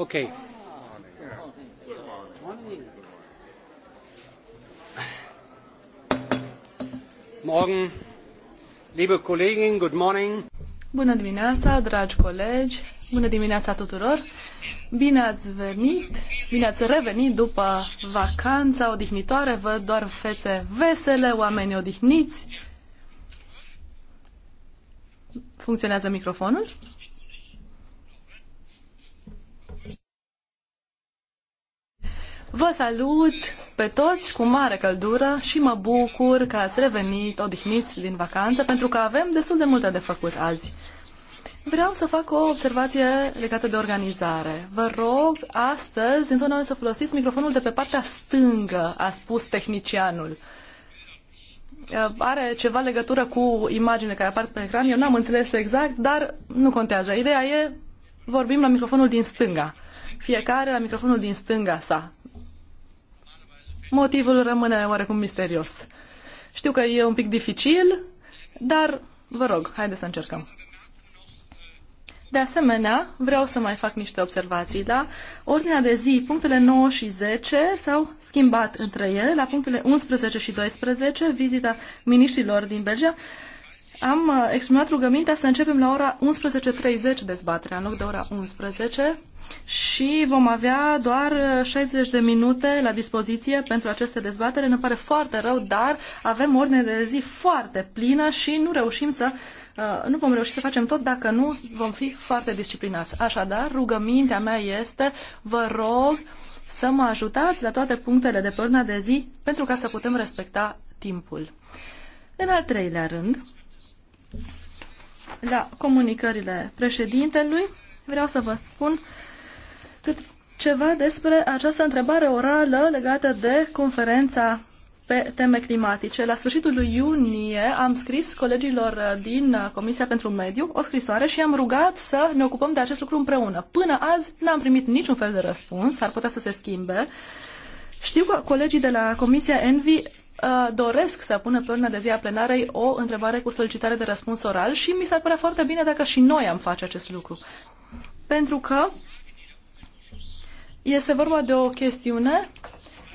Okay. Morgen, liebe Kolleginnen, good morning. Bună dimineața, dragi colegi. Bună dimineața tuturor. Bine ați venit, bine ați revenit după vacanța odihnitoare. Văd doar fețe vesele, oameni odihniți. Funcționează microfonul? Vă salut pe toți cu mare căldură și mă bucur că ați revenit odihniți din vacanță pentru că avem destul de multe de făcut azi. Vreau să fac o observație legată de organizare. Vă rog astăzi întotdeauna să folosiți microfonul de pe partea stângă, a spus tehnicianul. Uh, are ceva legătură cu imaginile care apar pe ecran, eu n-am înțeles exact, dar nu contează. Ideea e, vorbim la microfonul din stânga. Fiecare la microfonul din stânga sa. Motivul rămâne oarecum misterios. Știu că e un pic dificil, dar vă rog, haideți să încercăm. De asemenea, vreau să mai fac niște observații, da? Ordinea de zi, punctele 9 și 10 s-au schimbat între ele. La punctele 11 și 12, vizita miniștrilor din Belgia, am uh, exprimat rugămintea să începem la ora 11.30 dezbaterea, în loc de ora 11, și vom avea doar 60 uh, de minute la dispoziție pentru aceste dezbatere. Ne pare foarte rău, dar avem ordine de zi foarte plină și nu reușim să uh, nu vom reuși să facem tot dacă nu vom fi foarte disciplinați. Așadar, rugămintea mea este, vă rog să mă ajutați la toate punctele de pe de zi pentru ca să putem respecta timpul. În al treilea rând, la comunicările președintelui, vreau să vă spun cât ceva despre această întrebare orală legată de conferința pe teme climatice. La sfârșitul lui iunie am scris colegilor din Comisia pentru Mediu o scrisoare și am rugat să ne ocupăm de acest lucru împreună. Până azi n-am primit niciun fel de răspuns, ar putea să se schimbe. Știu că colegii de la Comisia Envi uh, doresc să pună pe urmă de zi a plenarei o întrebare cu solicitare de răspuns oral și mi s-ar părea foarte bine dacă și noi am face acest lucru. Pentru că este vorba de o chestiune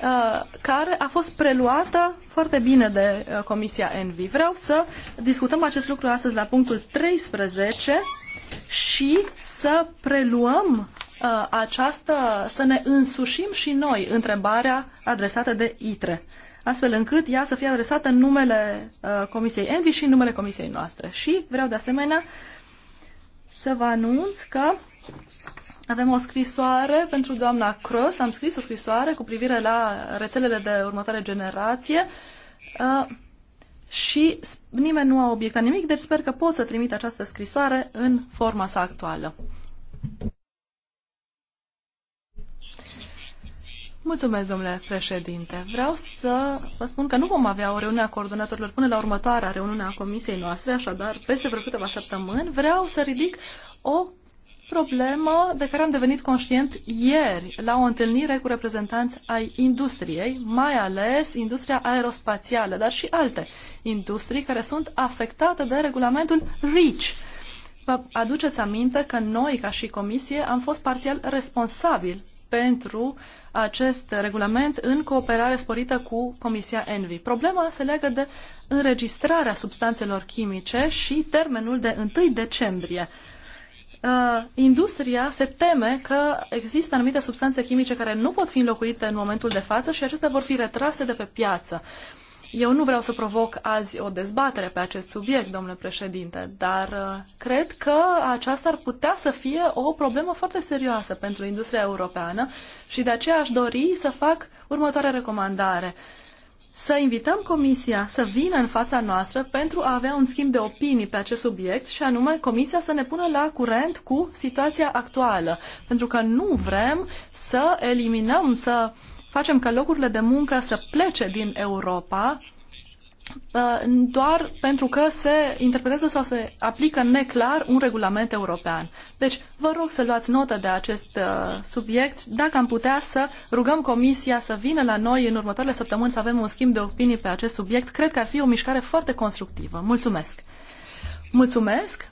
uh, care a fost preluată foarte bine de uh, Comisia Envi. Vreau să discutăm acest lucru astăzi la punctul 13 și să preluăm uh, această, să ne însușim și noi întrebarea adresată de ITRE, astfel încât ea să fie adresată în numele Comisiei Envi și în numele Comisiei noastre. Și vreau de asemenea să vă anunț că avem o scrisoare pentru doamna Cross. Am scris o scrisoare cu privire la rețelele de următoare generație uh, și nimeni nu a obiectat nimic, deci sper că pot să trimit această scrisoare în forma sa actuală. Mulțumesc, domnule președinte. Vreau să vă spun că nu vom avea o reuniune a coordonatorilor până la următoarea reuniune a comisiei noastre, așadar, peste vreo câteva săptămâni, vreau să ridic o problemă de care am devenit conștient ieri la o întâlnire cu reprezentanți ai industriei, mai ales industria aerospațială, dar și alte industrii care sunt afectate de regulamentul REACH. Vă aduceți aminte că noi, ca și comisie, am fost parțial responsabili pentru acest regulament în cooperare sporită cu Comisia Envi. Problema se leagă de înregistrarea substanțelor chimice și termenul de 1 decembrie uh, industria se teme că există anumite substanțe chimice care nu pot fi înlocuite în momentul de față și acestea vor fi retrase de pe piață. Eu nu vreau să provoc azi o dezbatere pe acest subiect, domnule președinte, dar uh, cred că aceasta ar putea să fie o problemă foarte serioasă pentru industria europeană și de aceea aș dori să fac următoarea recomandare. Uh, să invităm Comisia să vină în fața noastră pentru a avea un schimb de opinii pe acest subiect și anume Comisia să ne pună la curent cu situația actuală, pentru că nu vrem să eliminăm, să facem ca locurile de muncă să plece din Europa Uh, doar pentru că se interpretează sau se aplică neclar un regulament european. Deci, vă rog să luați notă de acest uh, subiect. Dacă am putea să rugăm Comisia să vină la noi în următoarele săptămâni să avem un schimb de opinii pe acest subiect, cred că ar fi o mișcare foarte constructivă. Mulțumesc! Mulțumesc!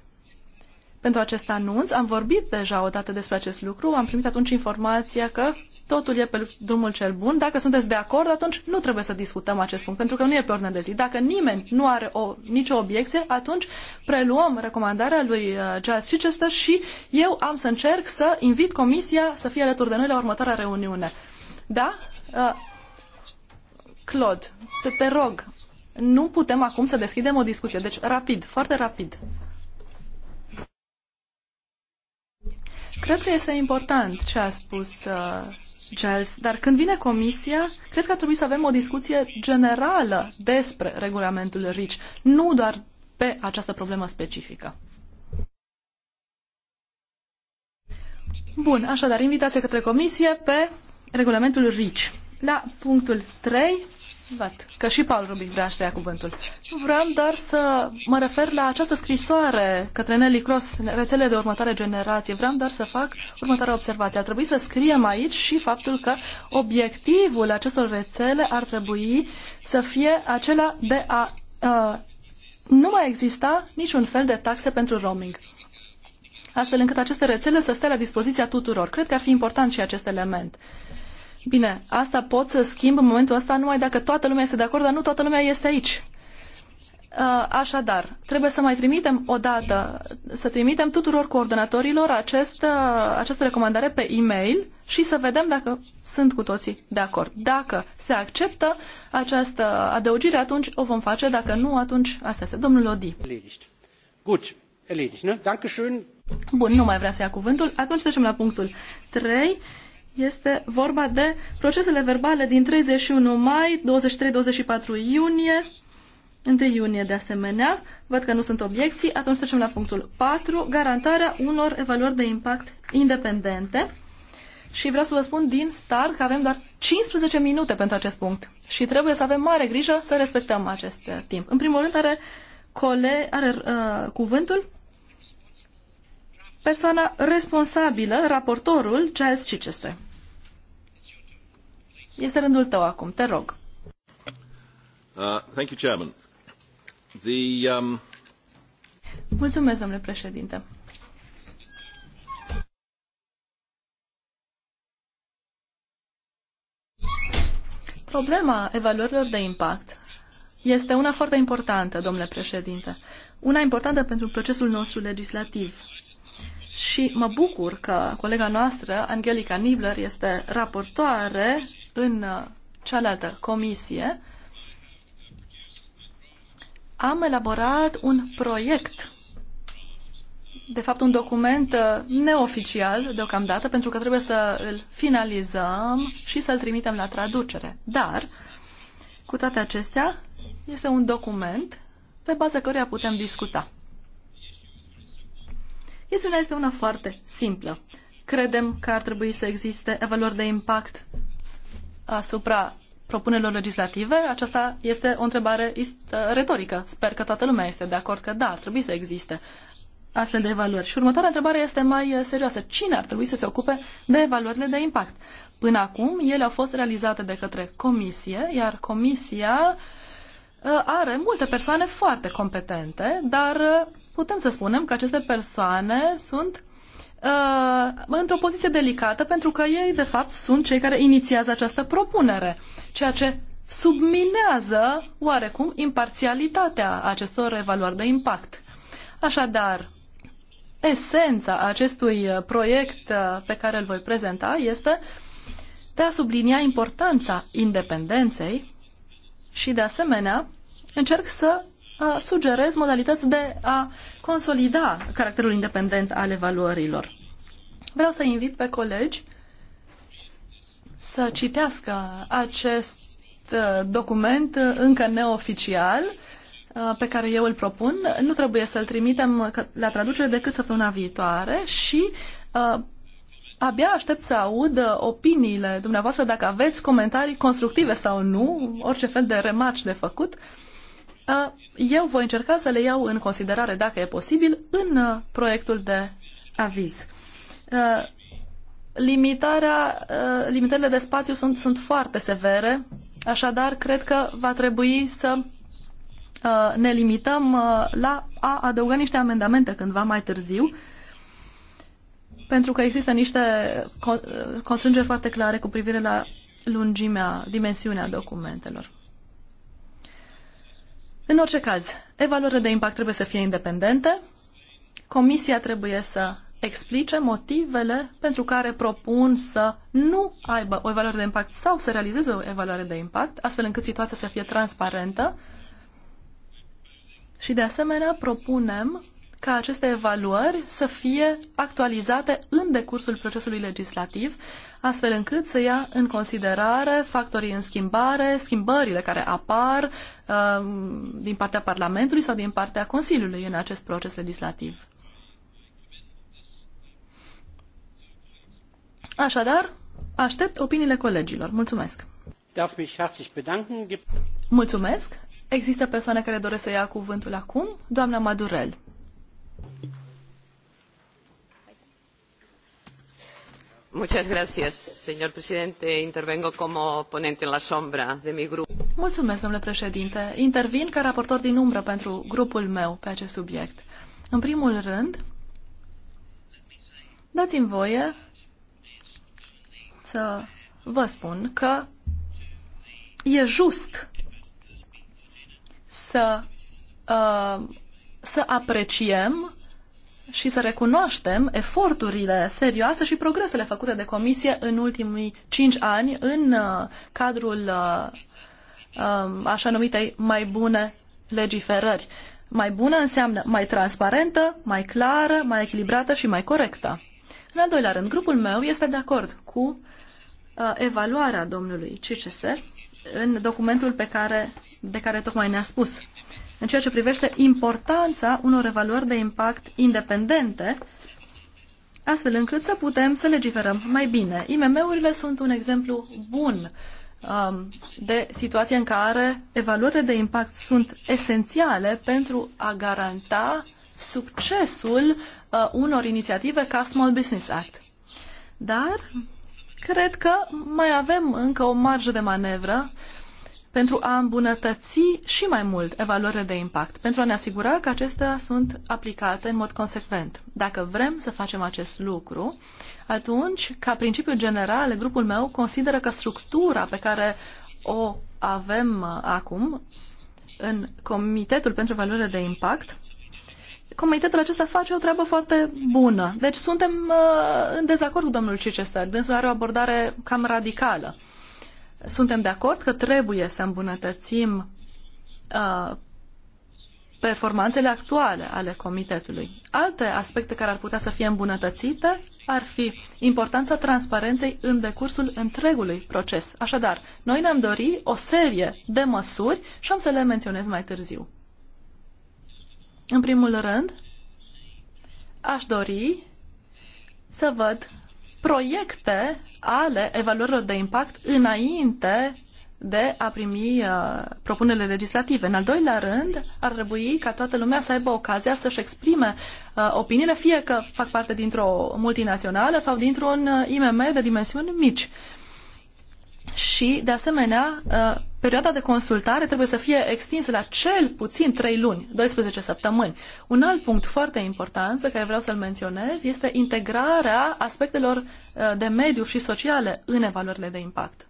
pentru acest anunț. Am vorbit deja o dată despre acest lucru, am primit atunci informația că totul e pe drumul cel bun. Dacă sunteți de acord, atunci nu trebuie să discutăm acest punct, pentru că nu e pe ordine de zi. Dacă nimeni nu are o, nicio obiecție, atunci preluăm recomandarea lui uh, Giles Chichester și eu am să încerc să invit comisia să fie alături de noi la următoarea reuniune. Da? Uh, Claude, te, te rog, nu putem acum să deschidem o discuție. Deci, rapid, foarte rapid. Cred că este important ce a spus uh, Giles, dar când vine comisia, cred că ar trebui să avem o discuție generală despre regulamentul RICI, nu doar pe această problemă specifică. Bun, așadar, invitație către comisie pe regulamentul RICI. La punctul 3 Văd că și Paul Rubic vrea să ia cuvântul. Vreau doar să mă refer la această scrisoare către Nelly Cross, rețele de următoare generație. Vreau doar să fac următoarea observație. Ar trebui să scriem aici și faptul că obiectivul acestor rețele ar trebui să fie acela de a uh, nu mai exista niciun fel de taxe pentru roaming astfel încât aceste rețele să stea la dispoziția tuturor. Cred că ar fi important și acest element. Uh, Bine, asta pot să schimb în momentul ăsta numai dacă toată lumea este de acord, dar nu toată lumea este aici. Uh, așadar, trebuie să mai trimitem o dată, să trimitem tuturor coordonatorilor acest, uh, această recomandare pe e-mail și să vedem dacă sunt cu toții de acord. Dacă se acceptă această adăugire, atunci o vom face, dacă nu, atunci asta este. Domnul Lodi. Gut, erledigt, ne? Dankeschön. Bun, nu mai vrea să ia cuvântul. Atunci trecem la punctul 3. Este vorba de procesele verbale din 31 mai, 23-24 iunie, 1 iunie de asemenea. Văd că nu sunt obiecții. Atunci trecem la punctul 4, garantarea unor evaluări de impact independente. Și vreau să vă spun din start că avem doar 15 minute pentru acest punct și trebuie să avem mare grijă să respectăm acest timp. În primul rând are, cole, are uh, cuvântul persoana responsabilă, raportorul, Giles Chichester. Este rândul tău acum, te rog. Uh, thank you, Chairman. The, um... Mulțumesc, domnule președinte. Problema evaluărilor de impact este una foarte importantă, domnule președinte. Una importantă pentru procesul nostru legislativ și mă bucur că colega noastră, Angelica Nibler, este raportoare în uh, cealaltă comisie. Am elaborat un proiect, de fapt un document uh, neoficial deocamdată, pentru că trebuie să îl finalizăm și să-l trimitem la traducere. Dar, cu toate acestea, este un document pe baza căruia putem discuta. Chestiunea este una foarte simplă. Credem că ar trebui să existe evaluări de impact asupra propunerilor legislative? Aceasta este o întrebare retorică. Sper că toată lumea este de acord că da, ar trebui să existe astfel de evaluări. Și următoarea întrebare este mai uh, serioasă. Cine ar trebui să se ocupe de evaluările de impact? Până acum, ele au fost realizate de către comisie, iar comisia uh, are multe persoane foarte competente, dar uh, putem să spunem că aceste persoane sunt uh, într-o poziție delicată pentru că ei, de fapt, sunt cei care inițiază această propunere, ceea ce subminează oarecum imparțialitatea acestor evaluări de impact. Așadar, esența acestui proiect uh, pe care îl voi prezenta este de a sublinia importanța independenței și, de asemenea, încerc să sugerez modalități de a consolida caracterul independent al evaluărilor. Vreau să invit pe colegi să citească acest document încă neoficial pe care eu îl propun. Nu trebuie să-l trimitem la traducere decât săptămâna viitoare și abia aștept să aud opiniile dumneavoastră dacă aveți comentarii constructive sau nu, orice fel de remarci de făcut eu voi încerca să le iau în considerare, dacă e posibil, în uh, proiectul de aviz. Uh, limitarea, uh, limitările de spațiu sunt, sunt foarte severe, așadar cred că va trebui să ne limităm la a adăuga niște amendamente cândva mai târziu, pentru că există niște constrângeri foarte clare cu privire la lungimea, dimensiunea documentelor. În orice caz, evaluările de impact trebuie să fie independente. Comisia trebuie să explice motivele pentru care propun să nu aibă o evaluare de impact sau să realizeze o evaluare de impact, astfel încât situația să fie transparentă. Și de asemenea propunem ca aceste evaluări să fie actualizate în decursul procesului legislativ, astfel încât să ia în considerare factorii în schimbare, schimbările care apar uh, din partea Parlamentului sau din partea Consiliului în acest proces legislativ. Așadar, aștept opiniile colegilor. Mulțumesc! Mulțumesc! Există persoane care doresc să ia cuvântul acum? Doamna Madurel. señor presidente. Intervengo como ponente de mi grupo. domnule președinte. Intervin ca raportor din umbră pentru grupul meu pe acest subiect. În primul rând, dați-mi voie să vă spun că e just să, uh, să apreciem și să recunoaștem eforturile serioase și progresele făcute de Comisie în ultimii cinci ani în uh, cadrul uh, um, așa numitei mai bune legiferări. Mai bună înseamnă mai transparentă, mai clară, mai echilibrată și mai corectă. În al doilea rând, grupul meu este de acord cu uh, evaluarea domnului CCS în documentul pe care, de care tocmai ne-a spus în ceea ce privește importanța unor evaluări de impact independente, astfel încât să putem să legiferăm mai bine. IMM-urile sunt un exemplu bun um, de situație în care evaluările de impact sunt esențiale pentru a garanta succesul uh, unor inițiative ca Small Business Act. Dar cred că mai avem încă o marjă de manevră pentru a îmbunătăți și mai mult evaluările de impact, pentru a ne asigura că acestea sunt aplicate în mod consecvent. Dacă vrem să facem acest lucru, atunci, ca principiu general, grupul meu consideră că structura pe care o avem acum în Comitetul pentru Evaluările de Impact, comitetul acesta face o treabă foarte bună. Deci suntem uh, în dezacord cu domnul Cicester. Dânsul are o abordare cam radicală suntem de acord că trebuie să îmbunătățim uh, performanțele actuale ale comitetului. Alte aspecte care ar putea să fie îmbunătățite ar fi importanța transparenței în decursul întregului proces. Așadar, noi ne-am dori o serie de măsuri și am să le menționez mai târziu. În primul rând, aș dori să văd proiecte ale evaluărilor de impact înainte de a primi uh, propunerile legislative. În al doilea rând, ar trebui ca toată lumea să aibă ocazia să-și exprime uh, opiniile, fie că fac parte dintr-o multinațională sau dintr-un uh, IMM de dimensiuni mici. Uh, și, de asemenea, uh, perioada de consultare trebuie să fie extinsă la cel puțin 3 luni, 12 săptămâni. Un alt punct foarte important pe care vreau să-l menționez este integrarea aspectelor uh, de mediu și sociale în evaluările de impact.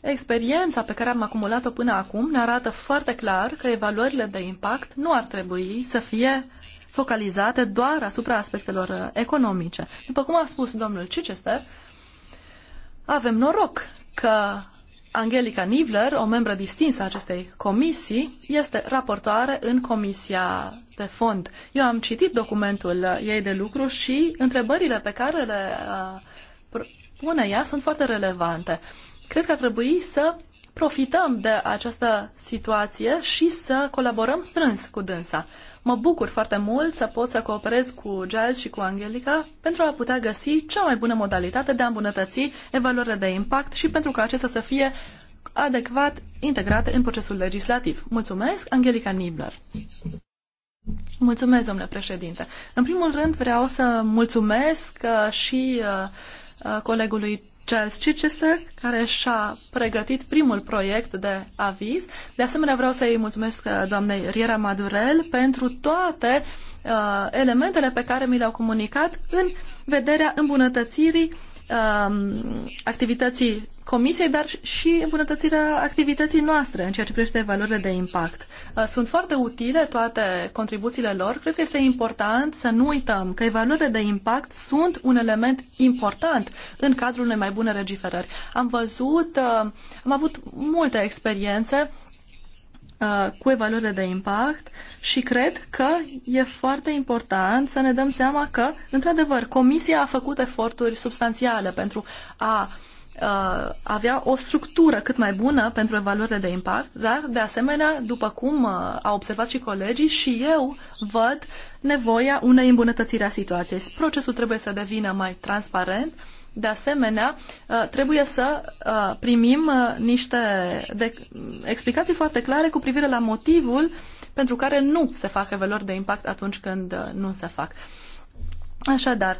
Experiența pe care am acumulat-o până acum ne arată foarte clar că evaluările de impact nu ar trebui să fie uh, focalizate doar asupra aspectelor uh, economice. După cum a spus domnul Chichester, avem noroc că Angelica Nibler, o membră distinsă a acestei comisii, este raportoare în Comisia de Fond. Eu am citit documentul uh, ei de lucru și întrebările pe care le uh, pune ea sunt foarte relevante. Cred că ar trebui să profităm de această situație și să colaborăm strâns cu dânsa. Mă bucur foarte mult să pot să cooperez cu Giles și cu Angelica pentru a putea găsi cea mai bună modalitate de a îmbunătăți evaluările de impact și pentru ca acesta să fie adecvat integrate în procesul legislativ. Mulțumesc, Angelica Nibler. Mulțumesc, domnule președinte. În primul rând vreau să mulțumesc uh, și uh, uh, colegului Charles Chichester, care și-a pregătit primul proiect de aviz. De asemenea, vreau să-i mulțumesc uh, doamnei Riera Madurel pentru toate uh, elementele pe care mi le-au comunicat în vederea îmbunătățirii uh, um, activității comisiei, dar și îmbunătățirea activității noastre în ceea ce privește valorile de impact. Uh, sunt foarte utile toate contribuțiile lor. Cred că este important să nu uităm că valorile de impact sunt un element important în cadrul unei mai bune regiferări. Am văzut, uh, am avut multe experiențe Uh, cu evaluare de impact și cred că e foarte important să ne dăm seama că, într-adevăr, Comisia a făcut eforturi substanțiale pentru a uh, avea o structură cât mai bună pentru evaluările de impact, dar, de asemenea, după cum uh, a observat și colegii, și eu văd nevoia unei îmbunătățiri a situației. Procesul trebuie să devină mai transparent, de asemenea, uh, trebuie să uh, primim uh, niște explicații foarte clare cu privire la motivul pentru care nu se fac evaluări de impact atunci când nu se fac. Așadar,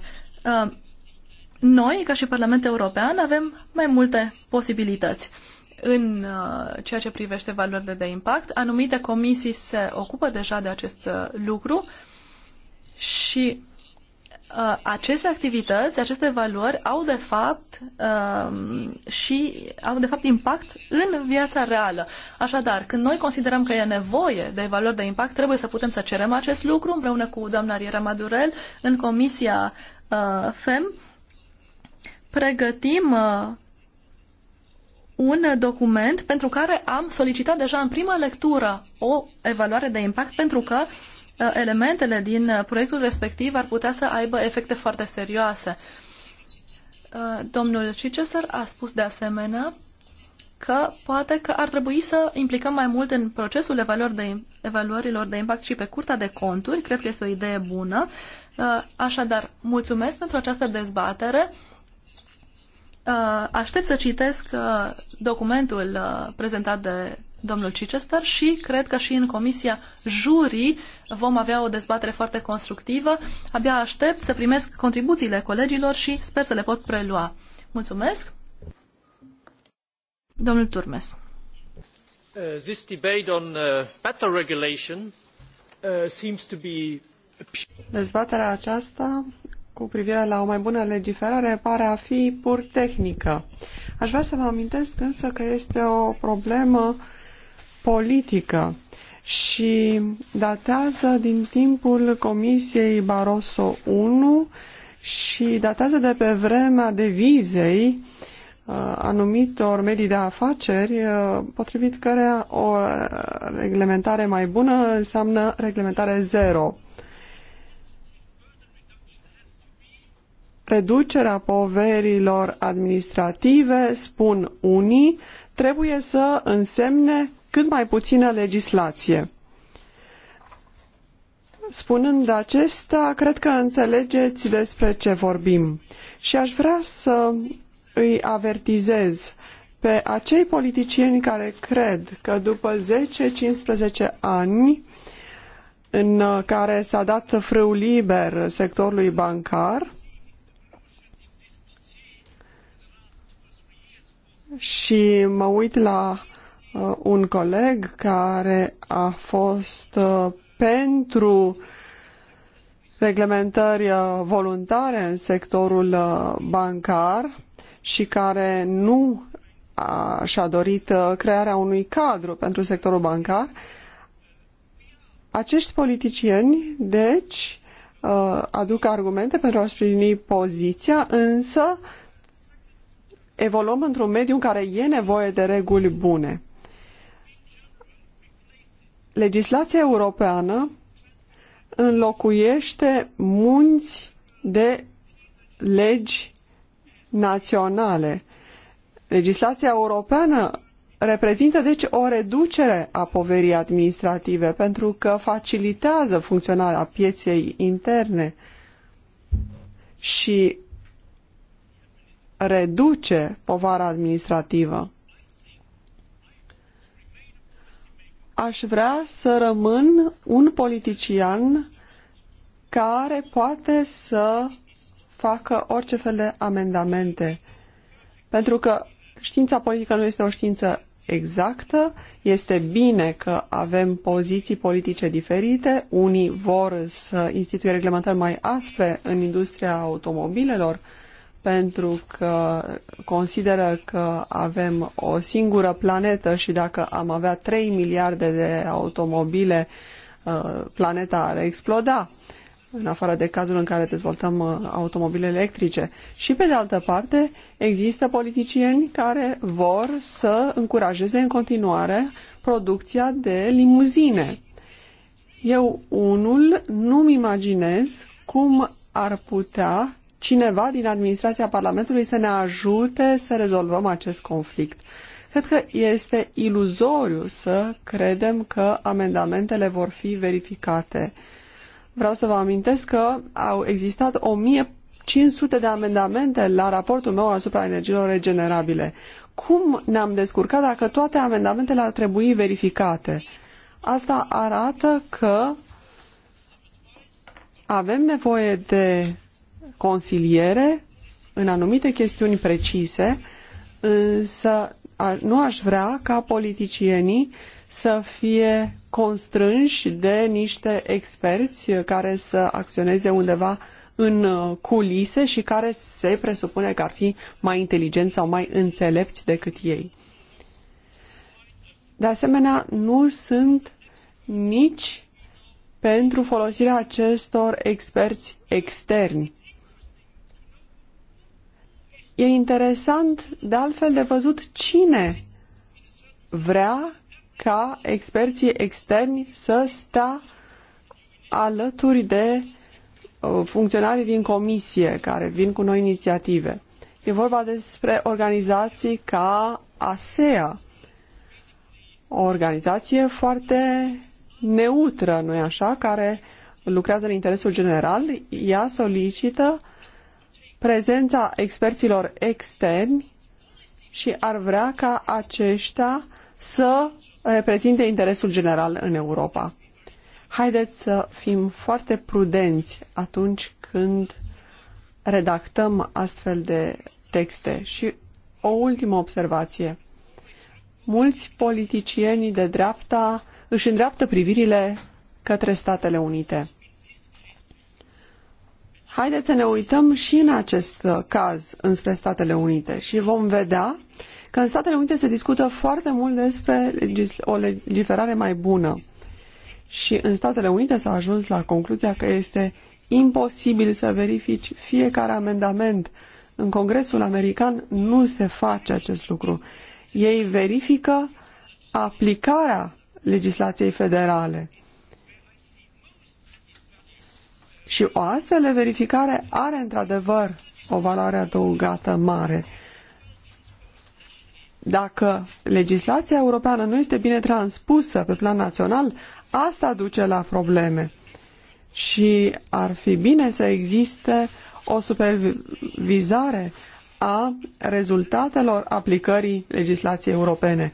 noi, ca și Parlamentul European, avem mai multe posibilități în ceea ce privește valorile de impact. Anumite comisii se ocupă deja de acest lucru și Uh, aceste activități, aceste valori au de fapt um, și au de fapt impact în viața reală. Așadar, când noi considerăm că e nevoie de valori de impact, trebuie să putem să cerem acest lucru împreună cu doamna Riera Madurel în comisia uh, FEM. Pregătim uh, un document pentru care am solicitat deja în prima lectură o evaluare de impact pentru că uh, Uh, elementele din uh, proiectul respectiv ar putea să aibă efecte foarte serioase. Uh, domnul Chichester a spus de asemenea că poate că ar trebui să implicăm mai mult în procesul de, evaluărilor de impact și pe curtea de conturi. Cred că este o idee bună. Așadar, mulțumesc pentru această dezbatere. Aștept să citesc documentul prezentat de domnul Chichester și cred că și în comisia jurii vom avea o dezbatere foarte constructivă. Abia aștept să primesc contribuțiile colegilor și sper să le pot prelua. Mulțumesc! Domnul Turmes. Uh, this debate on uh, better regulation uh, seems to be Dezbaterea aceasta cu privire la o mai bună legiferare pare a fi pur tehnică. Aș vrea să vă amintesc însă că este o problemă uh, politică și datează din timpul Comisiei Barroso I și datează de pe vremea devizei uh, anumitor medii de afaceri, uh, potrivit care o reglementare mai bună înseamnă reglementare zero. Reducerea poverilor administrative, spun unii, trebuie să însemne cât mai puțină legislație. Spunând acesta, cred că înțelegeți despre ce vorbim și aș vrea să îi avertizez pe acei politicieni care cred că după 10-15 ani în care s-a dat frâu liber sectorului bancar și mă uit la Uh, un coleg care a fost uh, pentru reglementări uh, voluntare în sectorul bancar și care nu a, și-a dorit crearea unui cadru pentru sectorul bancar. Acești politicieni, deci, aduc argumente pentru a sprijini poziția, însă evoluăm într-un mediu în care e nevoie de reguli bune legislația europeană înlocuiește munți de legi naționale. Legislația europeană reprezintă deci o reducere a poverii administrative pentru că facilitează funcționarea pieței interne și reduce povara administrativă. aș vrea să rămân un politician care poate să facă orice fel de amendamente. Pentru că știința politică nu este o știință exactă. Este bine că avem poziții politice diferite. Unii vor să instituie reglementări mai aspre în industria automobilelor, pentru că consideră că avem o singură planetă și dacă am avea 3 miliarde de automobile, uh, planeta ar exploda, în afară de cazul în care dezvoltăm uh, automobile electrice. Și pe de altă parte, există politicieni care vor să încurajeze în continuare producția de limuzine. Eu, unul, nu-mi imaginez cum ar putea cineva din administrația Parlamentului să ne ajute să rezolvăm acest conflict. Cred că este iluzoriu să credem că amendamentele vor fi verificate. Vreau să vă amintesc că au existat 1500 de amendamente la raportul meu asupra energiilor regenerabile. Cum ne-am descurcat dacă toate amendamentele ar trebui verificate? Asta arată că avem nevoie de consiliere în anumite chestiuni precise, însă nu aș vrea ca politicienii să fie constrânși de niște experți care să acționeze undeva în uh, culise și care se presupune că ar fi mai inteligenți sau mai înțelepți decât ei. De asemenea, nu sunt nici pentru folosirea acestor experți externi. E interesant de altfel de văzut cine vrea ca experții externi să stea alături de uh, funcționarii din comisie care vin cu noi inițiative. E vorba despre organizații ca ASEA, o organizație foarte neutră, nu-i așa, care lucrează în interesul general, ea solicită prezența experților externi și ar vrea ca aceștia să reprezinte interesul general în Europa. Haideți să fim foarte prudenți atunci când redactăm astfel de texte. Și o ultimă observație. Mulți politicieni de dreapta își îndreaptă privirile către Statele Unite. Haideți să ne uităm și în acest uh, caz înspre Statele Unite și vom vedea că în Statele Unite se discută foarte mult despre o legiferare mai bună. Și în Statele Unite s-a ajuns la concluzia că este imposibil să verifici fiecare amendament. În Congresul American nu se face acest lucru. Ei verifică aplicarea legislației federale. Și o astfel de verificare are într-adevăr o valoare adăugată mare. Dacă legislația europeană nu este bine transpusă pe plan național, asta duce la probleme. Și ar fi bine să existe o supervizare a rezultatelor aplicării legislației europene.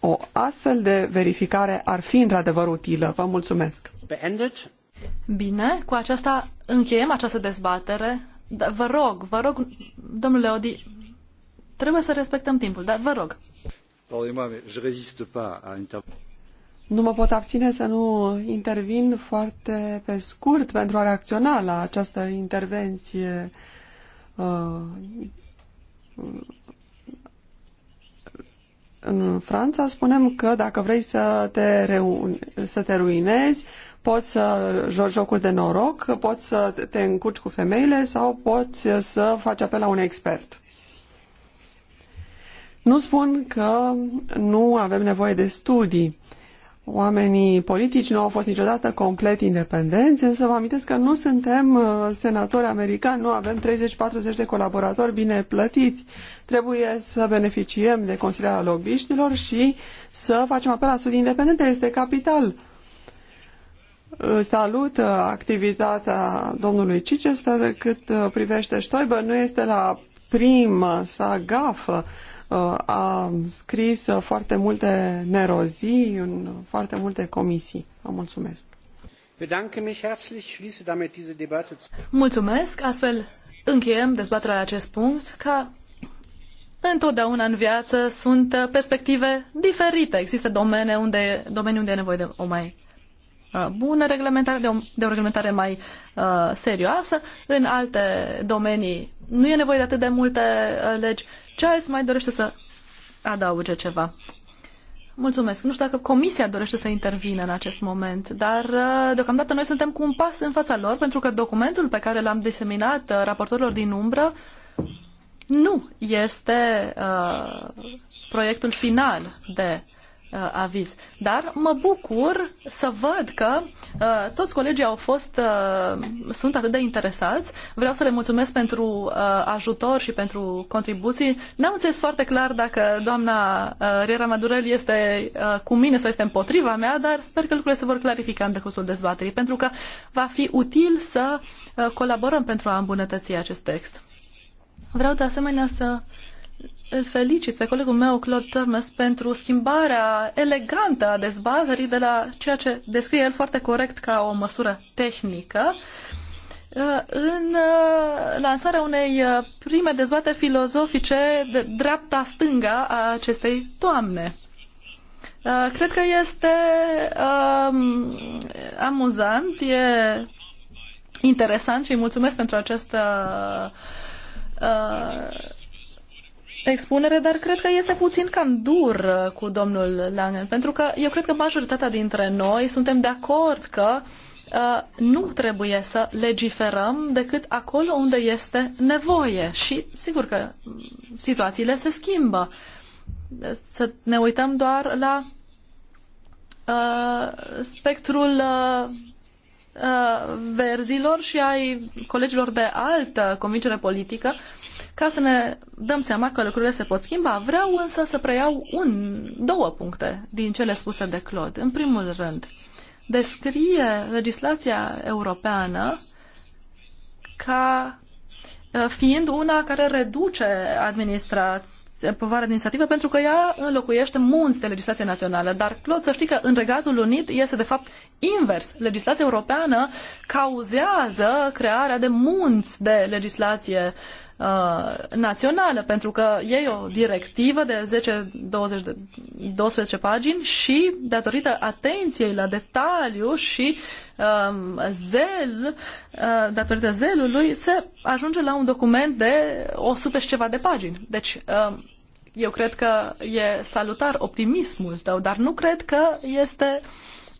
O astfel de verificare ar fi într-adevăr utilă. Vă mulțumesc! Beendet. Bine, cu aceasta încheiem această dezbatere. Da, vă rog, vă rog, domnule Odi, trebuie să respectăm timpul, dar vă rog. Nu mă pot abține să nu intervin foarte pe scurt pentru a reacționa la această intervenție uh, în Franța spunem că dacă vrei să te, reuni, să te ruinezi, Poți să joci jocul de noroc, poți să te încurci cu femeile sau poți să faci apel la un expert. Nu spun că nu avem nevoie de studii. Oamenii politici nu au fost niciodată complet independenți, însă vă amintesc că nu suntem uh, senatori americani, nu avem 30-40 de colaboratori bine plătiți. Trebuie să beneficiem de consilierea lobbyștilor și să facem apel la studii independente. Este capital salut uh, activitatea domnului Chichester cât uh, privește Stoiber. Nu este la prima sa gafă. Uh, a scris foarte multe nerozii în foarte multe comisii. Vă mulțumesc. Mulțumesc. Astfel încheiem dezbaterea la acest punct. Ca întotdeauna în viață sunt perspective diferite. Există domene unde, domenii unde e nevoie de o mai Uh, bună reglementare, de o, de o reglementare mai uh, serioasă. În alte domenii nu e nevoie de atât de multe uh, legi. Charles mai dorește să adauge ceva. Mulțumesc. Nu știu dacă Comisia dorește să intervină în acest moment, dar uh, deocamdată noi suntem cu un pas în fața lor, pentru că documentul pe care l-am diseminat uh, raportorilor din umbră nu este uh, proiectul final de uh, aviz. Dar mă bucur să văd că uh, toți colegii au fost, uh, sunt atât de interesați. Vreau să le mulțumesc pentru uh, ajutor și pentru contribuții. N-am înțeles foarte clar dacă doamna uh, Riera Madurel este uh, cu mine sau este împotriva mea, dar sper că lucrurile se vor clarifica în decursul dezbaterii, pentru că va fi util să uh, colaborăm pentru a îmbunătăți acest text. Vreau de asemenea să uh, îl felicit pe colegul meu, Claude Thomas, pentru schimbarea elegantă a dezbaterii de la ceea ce descrie el foarte corect ca o măsură tehnică uh, în uh, lansarea unei uh, prime dezbateri filozofice de dreapta-stânga a acestei toamne. Cred că este um, amuzant, e interesant și mulțumesc pentru această uh, expunere, dar cred că este puțin cam dur uh, cu domnul Langen, pentru că eu cred că majoritatea dintre noi suntem de acord că uh, nu trebuie să legiferăm decât acolo unde este nevoie și sigur că mm, situațiile se schimbă. Să ne uităm doar la uh, spectrul uh, uh verzilor și ai colegilor de altă convingere politică uh, ca să ne dăm seama că lucrurile se pot schimba. Vreau însă să preiau un, două puncte din cele spuse de Claude. În primul rând, descrie legislația europeană ca uh, fiind una care reduce administrația povară administrativă pentru că ea înlocuiește munți de legislație națională. Dar, Claude, să știi că în Regatul Unit este, de fapt, invers. Legislația europeană cauzează crearea de munți de legislație Uh, națională, pentru că e o directivă de 10-20 de 12 pagini și datorită atenției la detaliu și um, zel, uh, datorită zelului, se ajunge la un document de 100 și ceva de pagini. Deci, um, eu cred că e salutar optimismul tău, dar nu cred că este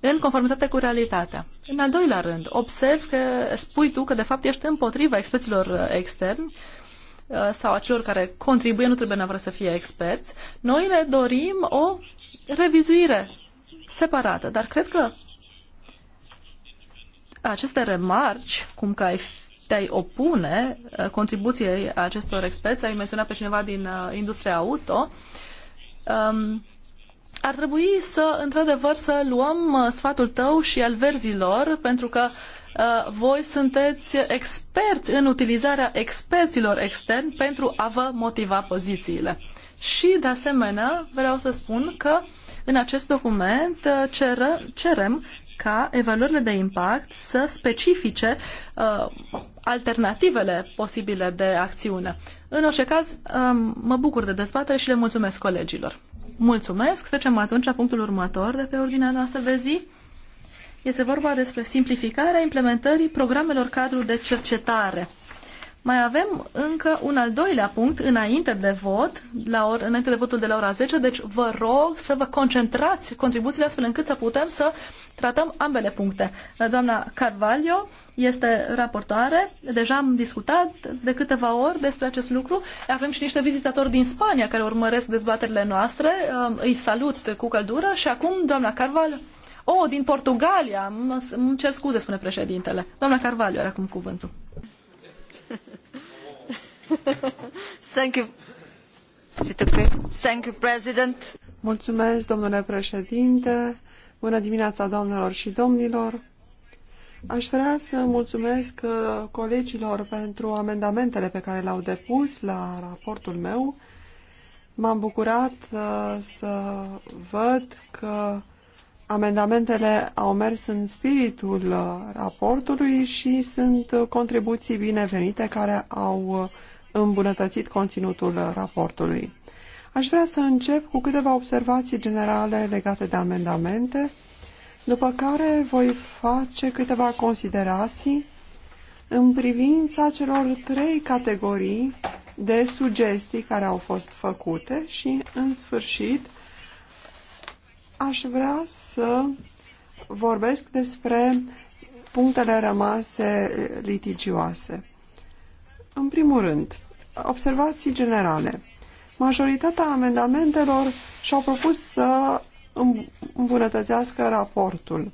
în conformitate cu realitatea. În al doilea rând, observ că spui tu că de fapt ești împotriva experților uh, externi uh, Uh, sau celor care contribuie, nu trebuie neapărat să fie experți, noi le dorim o revizuire separată. Dar cred că aceste remarci, cum că ai te-ai opune uh, contribuției acestor experți, ai menționat pe cineva din uh, industria auto, um, ar trebui să, într-adevăr, să luăm sfatul tău și al verzilor, pentru că uh, Uh, voi sunteți experți în utilizarea experților externi pentru a vă motiva pozițiile. Și, de asemenea, vreau să spun că în acest document uh, cer, cerem ca evaluările de impact să specifice uh, alternativele posibile de acțiune. În orice caz, uh, mă bucur de dezbatere și le mulțumesc colegilor. Mulțumesc. Trecem atunci la punctul următor de pe ordinea noastră de zi. Este vorba despre simplificarea implementării programelor cadru de cercetare. Mai avem încă un al doilea punct înainte de vot, la or, înainte de votul de la ora 10, deci vă rog să vă concentrați contribuțiile astfel încât să putem să tratăm ambele puncte. Doamna Carvalho este raportoare, deja am discutat de câteva ori despre acest lucru. Avem și niște vizitatori din Spania care urmăresc dezbaterile noastre, îi salut cu căldură și acum doamna Carvalho. O, din Portugalia. îmi cer scuze, spune președintele. Doamna Carvalho are acum cuvântul. Thank you. Thank you, President. Mulțumesc, domnule președinte. Bună dimineața, doamnelor și domnilor. Aș vrea să mulțumesc uh, colegilor pentru amendamentele pe care le-au depus la raportul meu. M-am bucurat uh, să văd că Amendamentele au mers în spiritul uh, raportului și sunt uh, contribuții binevenite care au uh, îmbunătățit conținutul raportului. Aș vrea să încep cu câteva observații generale legate de amendamente, după care voi face câteva considerații în privința celor trei categorii de sugestii care au fost făcute și, în sfârșit, Aș vrea să vorbesc despre punctele rămase litigioase. În primul rând, observații generale. Majoritatea amendamentelor și-au propus să îmbunătățească raportul.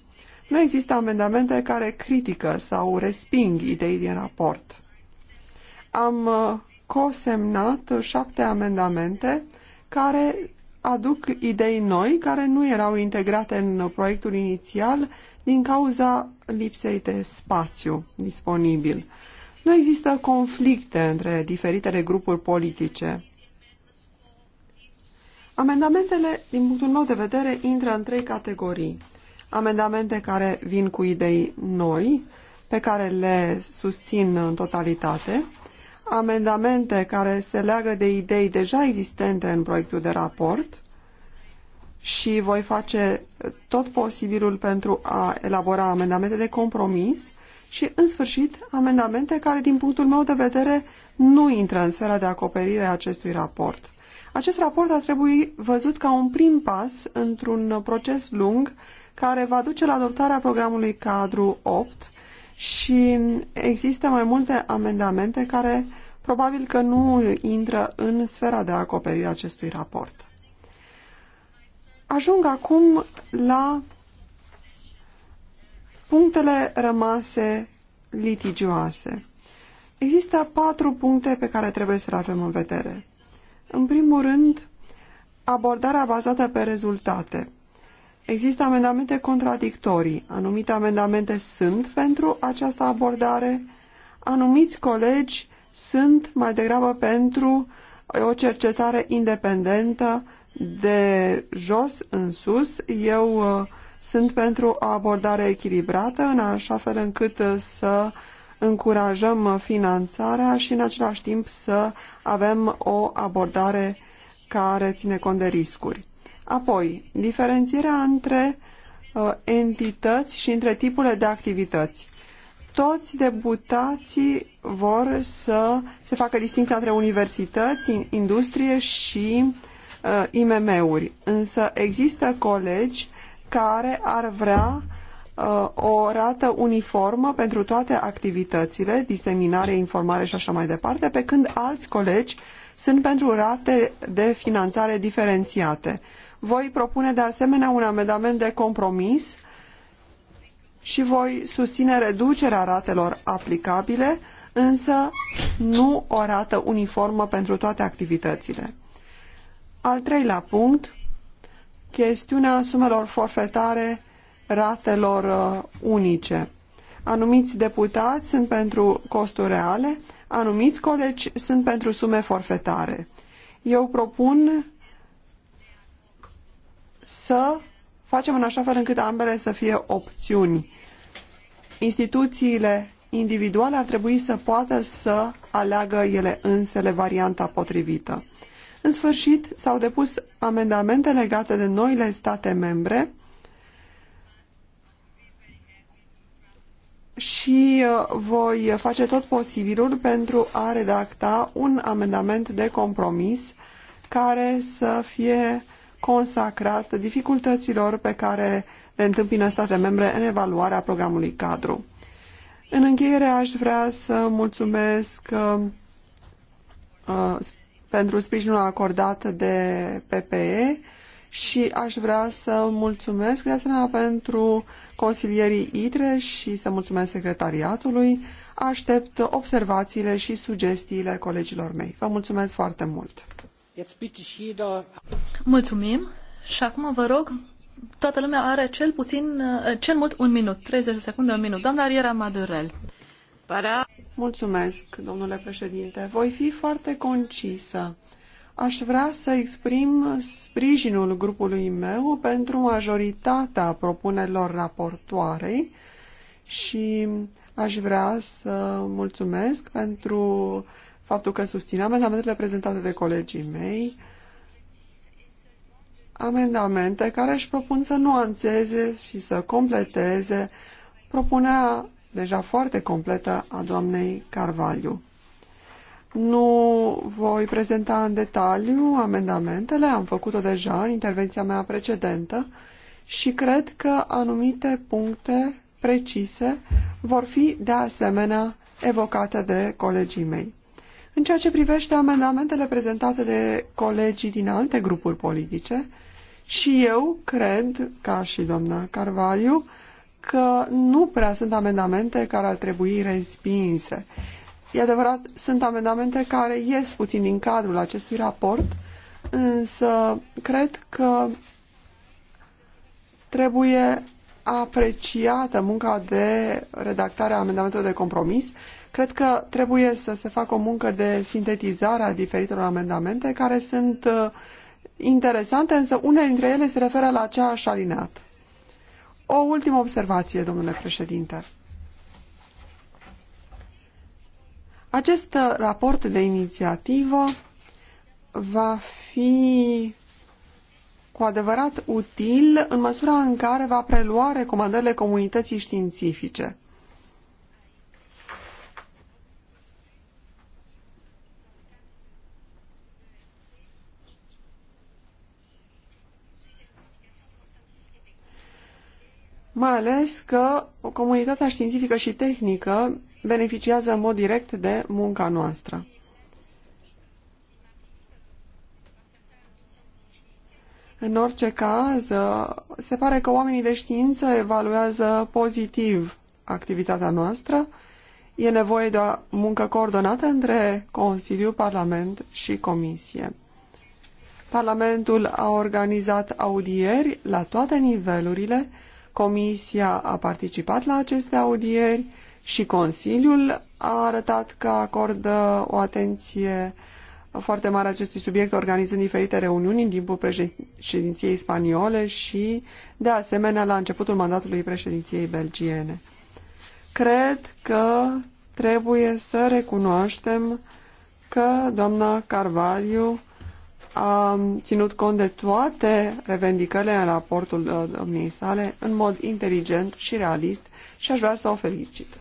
Nu există amendamente care critică sau resping idei din raport. Am uh, cosemnat șapte amendamente care aduc idei noi care nu erau integrate în proiectul inițial din cauza lipsei de spațiu disponibil. Nu există conflicte între diferitele grupuri politice. Amendamentele, din punctul meu de vedere, intră în trei categorii. Amendamente care vin cu idei noi, pe care le susțin în totalitate, amendamente care se leagă de idei deja existente în proiectul de raport și voi face tot posibilul pentru a elabora amendamente de compromis și, în sfârșit, amendamente care, din punctul meu de vedere, nu intră în sfera de acoperire a acestui raport. Acest raport ar trebui văzut ca un prim pas într-un proces lung care va duce la adoptarea programului cadru 8 și există mai multe amendamente care probabil că nu intră în sfera de acoperire acestui raport. Ajung acum la punctele rămase litigioase. Există patru puncte pe care trebuie să le avem în vedere. În primul rând, abordarea bazată pe rezultate. Există amendamente contradictorii. Anumite amendamente sunt pentru această abordare, anumiți colegi sunt mai degrabă pentru o cercetare independentă de jos în sus. Eu uh, sunt pentru o abordare echilibrată, în așa fel încât uh, să încurajăm finanțarea și în același timp să avem o abordare care ține cont de riscuri. Apoi, diferențierea între uh, entități și între tipurile de activități. Toți deputații vor să se facă distinția între universități, industrie și uh, IMM-uri, însă există colegi care ar vrea uh, o rată uniformă pentru toate activitățile, diseminare, informare și așa mai departe, pe când alți colegi sunt pentru rate de finanțare diferențiate. Uh, voi propune de asemenea un amendament de compromis și voi susține reducerea ratelor aplicabile, însă nu o rată uniformă pentru toate activitățile. Al treilea punct, chestiunea sumelor forfetare ratelor uh, unice. Anumiți deputați sunt pentru costuri reale, anumiți colegi sunt pentru sume forfetare. Eu propun să facem în așa fel încât ambele să fie opțiuni. Instituțiile individuale ar trebui să poată să aleagă ele însele varianta potrivită. În sfârșit, s-au depus amendamente legate de noile state membre și uh, voi face tot posibilul pentru a redacta un amendament de compromis care să fie consacrat dificultăților pe care le întâmpină statele membre în evaluarea programului cadru. În încheiere aș vrea să mulțumesc uh, uh pentru sprijinul acordat de PPE și aș vrea să mulțumesc de asemenea pentru consilierii ITRE și să mulțumesc secretariatului. Aștept observațiile și sugestiile colegilor mei. Vă mulțumesc foarte mult! Mulțumim. Și acum vă rog, toată lumea are cel puțin, eh, cel mult un minut, 30 secunde, un minut. Doamna Riera Madurel. Para... Mulțumesc, domnule președinte. Voi fi foarte concisă. Aș vrea să exprim sprijinul grupului meu pentru majoritatea propunerilor raportoarei și aș vrea să mulțumesc pentru faptul că susțin amendamentele prezentate de colegii mei, amendamente care își propun să nuanțeze și să completeze propunerea deja foarte completă a doamnei Carvaliu. Nu voi prezenta în detaliu amendamentele, am făcut-o deja în intervenția mea precedentă și cred că anumite puncte precise vor fi de asemenea evocate de colegii mei. În ceea ce privește amendamentele prezentate de colegii din alte grupuri politice, și eu cred, ca și doamna Carvaliu, că nu prea sunt amendamente care ar trebui respinse. E adevărat, sunt amendamente care ies puțin din cadrul acestui raport, însă cred că trebuie apreciată munca de redactare a amendamentelor de compromis Cred că trebuie să se facă o muncă de sintetizare a diferitelor amendamente care sunt uh, interesante, însă unele dintre ele se referă la aceeași alineat. O ultimă observație, domnule președinte. Acest uh, raport de inițiativă va fi cu adevărat util în măsura în care va prelua recomandările comunității științifice. mai ales că comunitatea științifică și tehnică beneficiază în mod direct de munca noastră. În orice caz, se pare că oamenii de știință evaluează pozitiv activitatea noastră. E nevoie de o muncă coordonată între Consiliu, Parlament și Comisie. Parlamentul a organizat audieri la toate nivelurile Comisia a participat la aceste audieri și Consiliul a arătat că acordă o atenție foarte mare acestui subiect, organizând diferite reuniuni în timpul președinției spaniole și, de asemenea, la începutul mandatului președinției belgiene. Cred că trebuie să recunoaștem că doamna Carvalho a ținut cont de toate revendicările în raportul uh, domniei sale în mod inteligent și realist și aș vrea să o felicit.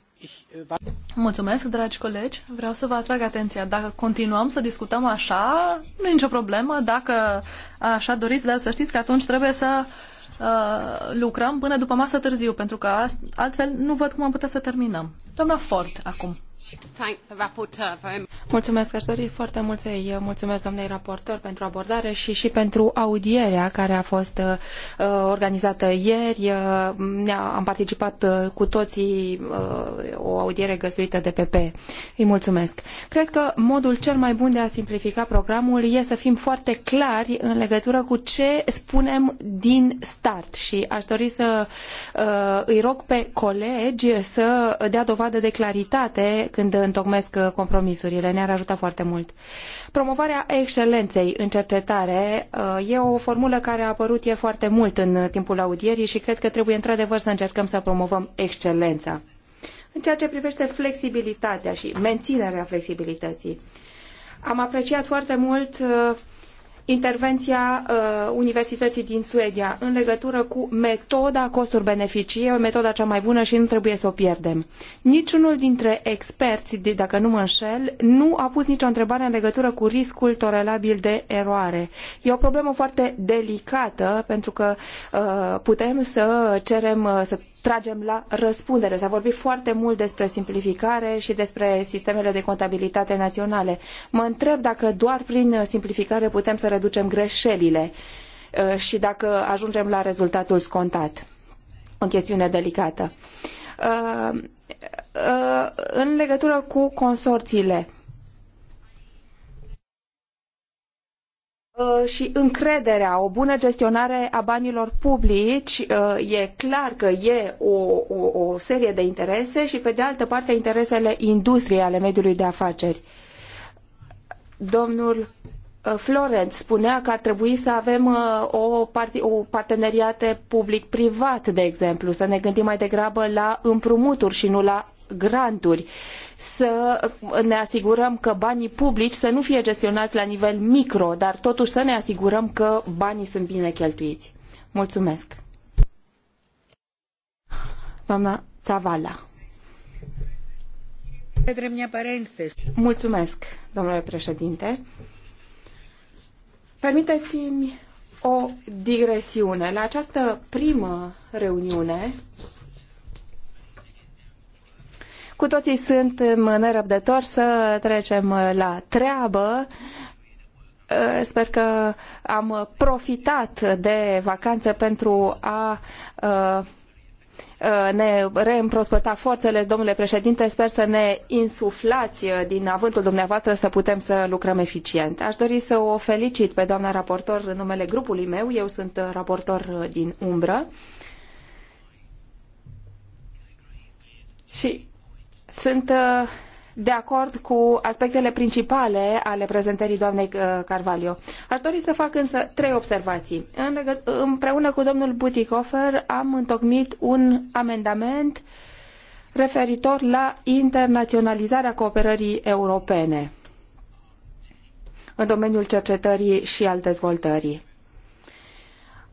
Mulțumesc, dragi colegi. Vreau să vă atrag atenția. Dacă continuăm să discutăm așa, nu e nicio problemă. Dacă așa doriți, dar să știți că atunci trebuie să uh, lucrăm până după masă târziu, pentru că altfel nu văd cum am putea să terminăm. Doamna Ford, acum. Mulțumesc, aș dori foarte mult să-i uh, mulțumesc doamnei raportor pentru abordare și și pentru audierea care a fost uh, organizată ieri. Uh, am participat uh, cu toții uh, o audiere găzduită de PP. Îi mulțumesc. Cred că modul cel mai bun de a simplifica programul este să fim foarte clari în legătură cu ce spunem din start și aș dori să uh, îi rog pe colegi să dea dovadă de claritate când când întocmesc uh, compromisurile. Ne-ar ajuta foarte mult. Promovarea excelenței în cercetare uh, e o formulă care a apărut e foarte mult în uh, timpul audierii și cred că trebuie într-adevăr să încercăm să promovăm excelența. În ceea ce privește flexibilitatea și menținerea flexibilității, am apreciat foarte mult intervenția uh, Universității din Suedia în legătură cu metoda costuri-beneficii, metoda cea mai bună și nu trebuie să o pierdem. Niciunul dintre experți, dacă nu mă înșel, nu a pus nicio întrebare în legătură cu riscul tolerabil de eroare. E o problemă foarte delicată pentru că uh, putem să cerem, uh, să tragem la răspundere. S-a vorbit foarte mult despre simplificare și despre sistemele de contabilitate naționale. Mă întreb dacă doar prin simplificare putem să reducem greșelile uh, și dacă ajungem la rezultatul scontat. O chestiune delicată. Uh, uh, în legătură cu consorțiile, Uh, și încrederea, o bună gestionare a banilor publici, uh, e clar că e o, o, o serie de interese și, pe de altă parte, interesele industriei ale mediului de afaceri. Domnul Uh, Florence spunea că ar trebui să avem uh, o, part- o parteneriate public-privat, de exemplu, să ne gândim mai degrabă la împrumuturi și nu la granturi, să uh, ne asigurăm că banii publici să nu fie gestionați la nivel micro, dar totuși să ne asigurăm că banii sunt bine cheltuiți. Mulțumesc. Doamna Zavala. Mulțumesc, domnule președinte. Permiteți-mi o digresiune. La această primă reuniune, cu toții suntem nerăbdători să trecem la treabă. Sper că am profitat de vacanță pentru a Uh, ne reîmprospăta forțele. Domnule președinte, sper să ne insuflați uh, din avântul dumneavoastră să putem să lucrăm eficient. Aș dori să o felicit pe doamna raportor în numele grupului meu. Eu sunt uh, raportor din umbră. Și sunt de acord cu aspectele principale ale prezentării doamnei uh, Carvalho. Aș dori să fac însă trei observații. Împreună cu domnul Butikofer am întocmit un amendament referitor la internaționalizarea cooperării europene în domeniul cercetării și al dezvoltării.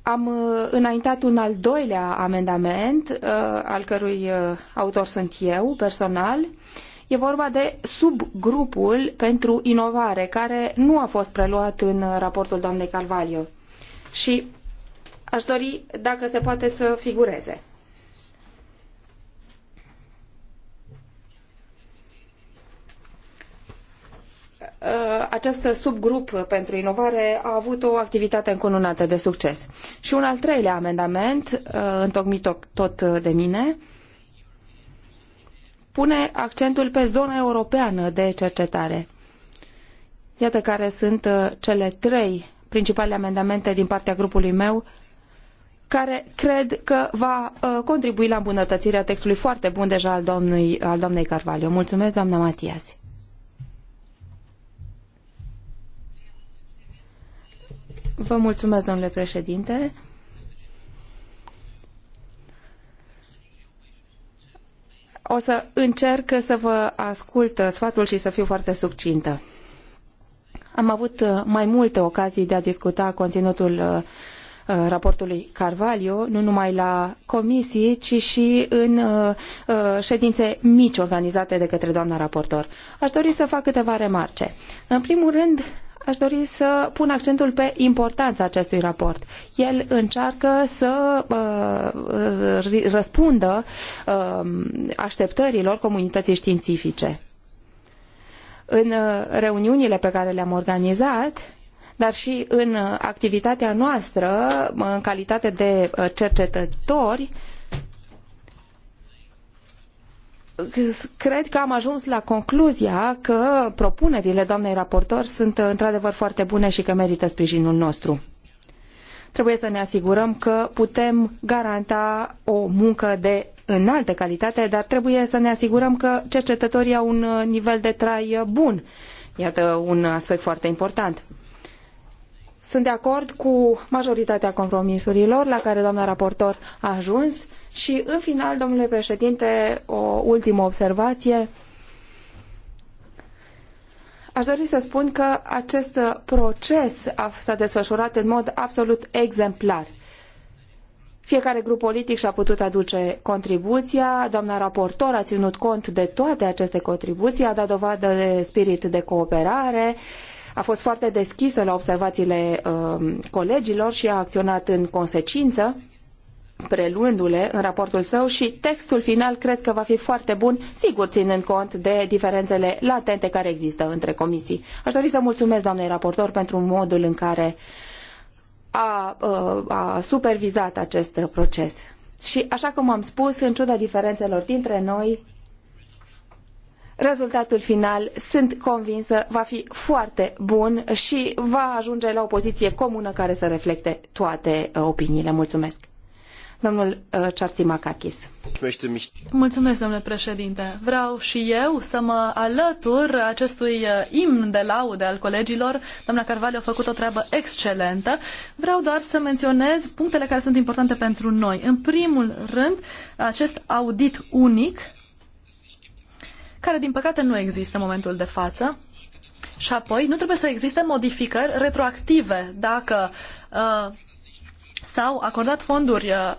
Am uh, înaintat un al doilea amendament, uh, al cărui autor sunt eu personal, E vorba de subgrupul pentru inovare, care nu a fost preluat în raportul doamnei Carvalho. Și aș dori, dacă se poate, să figureze. acest subgrup pentru inovare a avut o activitate încununată de succes. Și un al treilea amendament, uh, întocmit tot de mine, pune accentul pe zona europeană de cercetare. Iată care sunt uh, cele trei principale amendamente din partea grupului meu care cred că va uh, contribui la îmbunătățirea textului foarte bun deja al, domnului, al doamnei Carvalho. Mulțumesc, doamna Matias. Vă mulțumesc, domnule președinte. O să încerc să vă ascult sfatul și să fiu foarte succintă. Am avut mai multe ocazii de a discuta conținutul uh, raportului Carvalho, nu numai la comisii, ci și în uh, uh, ședințe mici organizate de către doamna raportor. Aș dori să fac câteva remarce. În primul rând, aș dori să pun accentul pe importanța acestui raport. El încearcă să uh, răspundă uh, așteptărilor comunității științifice. În uh, reuniunile pe care le-am organizat, dar și în activitatea noastră, în calitate de uh, cercetători, uh, cred că am ajuns la concluzia că propunerile doamnei raportor sunt într-adevăr foarte bune și că merită sprijinul nostru. Trebuie să ne asigurăm că putem garanta o muncă de înaltă calitate, dar trebuie să ne asigurăm că cercetătorii au un nivel de trai bun. Iată un aspect foarte important. Sunt de acord cu majoritatea compromisurilor la care doamna raportor a ajuns și, în final, domnule președinte, o ultimă observație. Aș dori să spun că acest proces s-a desfășurat în mod absolut exemplar. Fiecare grup politic și-a putut aduce contribuția, doamna raportor a ținut cont de toate aceste contribuții, a dat dovadă de spirit de cooperare, uh, a fost foarte deschisă la observațiile um, colegilor și a acționat în consecință preluându-le în raportul său și textul final cred că va fi foarte bun, sigur ținând cont de diferențele latente care există între comisii. Aș dori să mulțumesc doamnei raportor pentru modul în care a, a, uh, a supervizat acest proces. Și așa cum am spus, în ciuda diferențelor dintre noi, rezultatul final, sunt convinsă, va fi foarte bun și va ajunge la o poziție comună care să reflecte toate uh, opiniile. Mulțumesc! Domnul uh, Cearții Macachis. Mulțumesc, domnule președinte. Vreau și eu să mă alătur acestui uh, imn de laude al colegilor. Doamna Carvalho a făcut o treabă excelentă. Vreau doar să menționez punctele care sunt importante pentru noi. În primul rând, acest audit unic care din păcate nu există în momentul de față. Și apoi nu trebuie să existe modificări retroactive dacă uh, s-au acordat fonduri. Uh,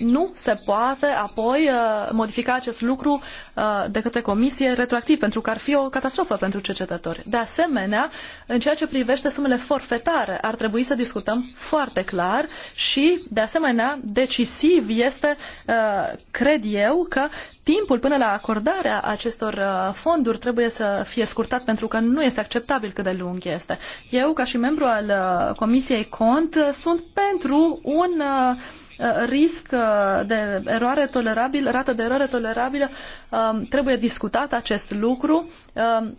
nu se poate apoi uh, modifica acest lucru uh, de către comisie retroactiv, pentru că ar fi o catastrofă pentru cercetători. De asemenea, în ceea ce privește sumele forfetare, ar trebui să discutăm foarte clar și, de asemenea, decisiv este, cred eu, că timpul până la acordarea acestor uh, fonduri trebuie să fie scurtat pentru că nu este acceptabil cât de lung este. Eu, ca și membru al uh, Comisiei Cont, uh, sunt pentru un risc de eroare tolerabil, rată de eroare tolerabilă, um, trebuie discutat acest lucru um,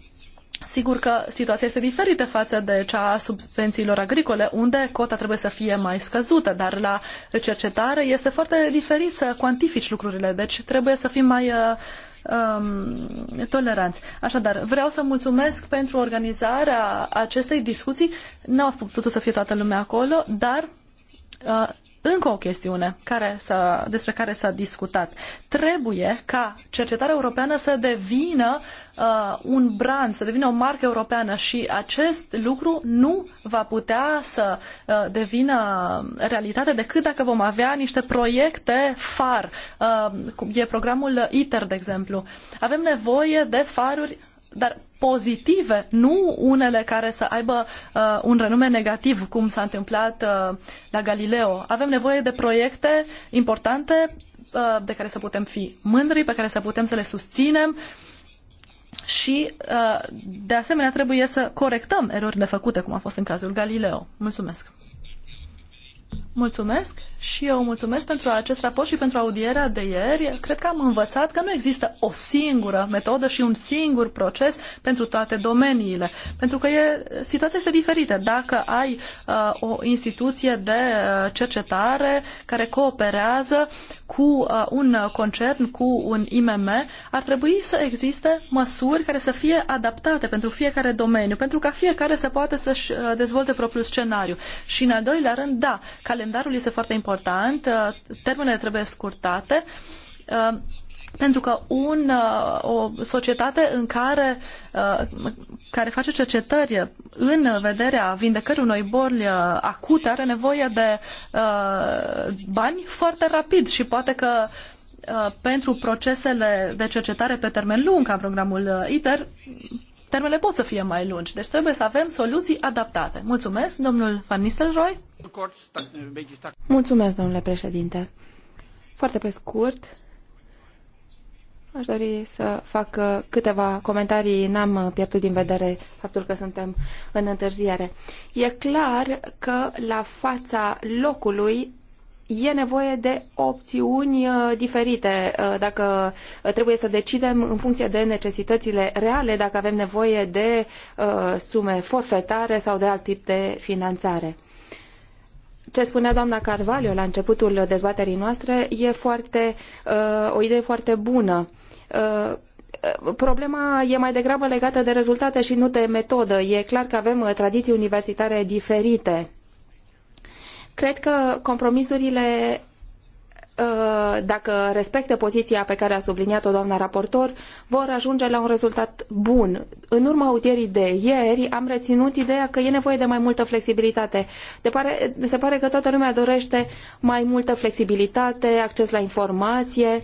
Sigur că situația este diferită față de cea a subvențiilor agricole, unde cota trebuie să fie mai scăzută, dar la cercetare este foarte diferit să cuantifici lucrurile, deci trebuie să fim mai uh, um, toleranți. Așadar, vreau să mulțumesc pentru organizarea acestei discuții. Nu a putut să fie toată lumea acolo, dar uh, încă o chestiune care s-a, despre care s-a discutat. Trebuie ca cercetarea europeană să devină uh, un brand, să devină o marcă europeană și acest lucru nu va putea să uh, devină realitate decât dacă vom avea niște proiecte far. Uh, e programul ITER, de exemplu. Avem nevoie de faruri dar pozitive, nu unele care să aibă uh, un renume negativ, cum s-a întâmplat uh, la Galileo. Avem nevoie de proiecte importante uh, de care să putem fi mândri, pe care să putem să le susținem și, uh, de asemenea, trebuie să corectăm erorile făcute, cum a fost în cazul Galileo. Mulțumesc! Mulțumesc și eu mulțumesc pentru acest raport și pentru audierea de ieri. Cred că am învățat că nu există o singură metodă și un singur proces pentru toate domeniile, pentru că e, situația este diferită. Dacă ai uh, o instituție de uh, cercetare care cooperează cu uh, un concern, cu un IMM, ar trebui să existe măsuri care să fie adaptate pentru fiecare domeniu, pentru ca fiecare să poată să-și uh, dezvolte propriul scenariu. Și în al doilea rând, da, calendarul este foarte important, uh, termenele trebuie scurtate, pentru că un, uh, o societate în care, uh, care face cercetări în vederea vindecării unei boli uh, acute are nevoie de bani foarte rapid și poate că pentru procesele de cercetare pe termen lung ca programul ITER, termenele pot să fie mai lungi, deci trebuie să avem soluții adaptate. Mulțumesc, domnul Van Nistelrooy. Mulțumesc, domnule președinte. Foarte pe scurt, Aș dori să fac uh, câteva comentarii. N-am uh, pierdut din vedere faptul că suntem în întârziere. E clar că la fața locului e nevoie de opțiuni uh, diferite. Dacă trebuie să decidem în funcție de necesitățile reale, dacă avem nevoie de sume forfetare sau de alt tip de finanțare ce spunea doamna Carvalho la începutul dezbaterii noastre e foarte, o idee foarte bună. Uh, problema e mai degrabă legată de rezultate și nu de metodă. E clar că avem uh, tradiții universitare diferite. Cred că compromisurile uh, dacă respectă poziția pe care a subliniat-o doamna raportor, vor ajunge la un rezultat bun. În urma audierii de ieri am reținut ideea că e nevoie de mai multă flexibilitate. De pare, se pare că toată lumea dorește mai multă flexibilitate, acces la informație,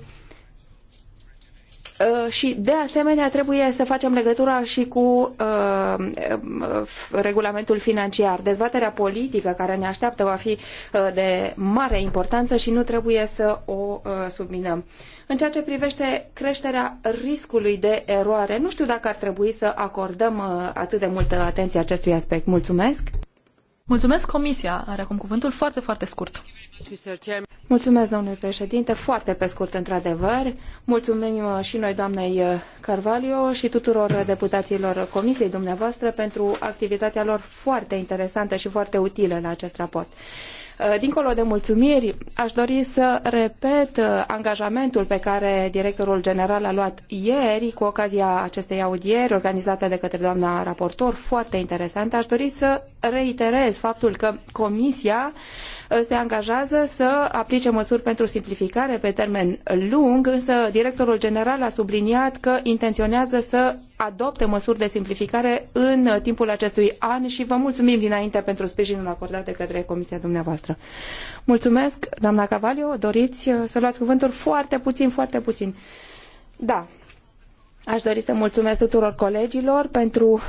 Uh, și de asemenea trebuie să facem legătura și cu uh, regulamentul financiar. Dezbaterea politică care ne așteaptă va fi uh, de mare importanță și nu trebuie să o uh, subminăm. În ceea ce privește creșterea riscului de eroare, nu știu dacă ar trebui să acordăm atât de multă atenție acestui aspect. Mulțumesc! Mulțumesc, Comisia. Are acum cuvântul foarte, foarte scurt. Mulțumesc, domnule președinte. Foarte pe scurt, într-adevăr. Mulțumim uh, și noi, doamnei uh, Carvalho și tuturor deputaților Comisiei dumneavoastră pentru activitatea lor foarte interesantă și foarte utilă la acest raport. Uh, dincolo de mulțumiri, aș dori să repet angajamentul pe care directorul general a luat ieri cu ocazia acestei audieri organizate de către doamna raportor, foarte interesant. Aș dori să reiterez faptul că Comisia Uh, se angajează să aplice măsuri pentru simplificare pe termen lung, însă directorul general a subliniat că intenționează să adopte măsuri de simplificare în timpul acestui an și vă mulțumim dinainte pentru sprijinul acordat de către Comisia dumneavoastră. Mulțumesc, doamna Cavaliu. doriți uh, să luați cuvântul foarte puțin, foarte puțin. Da, aș dori să mulțumesc tuturor colegilor pentru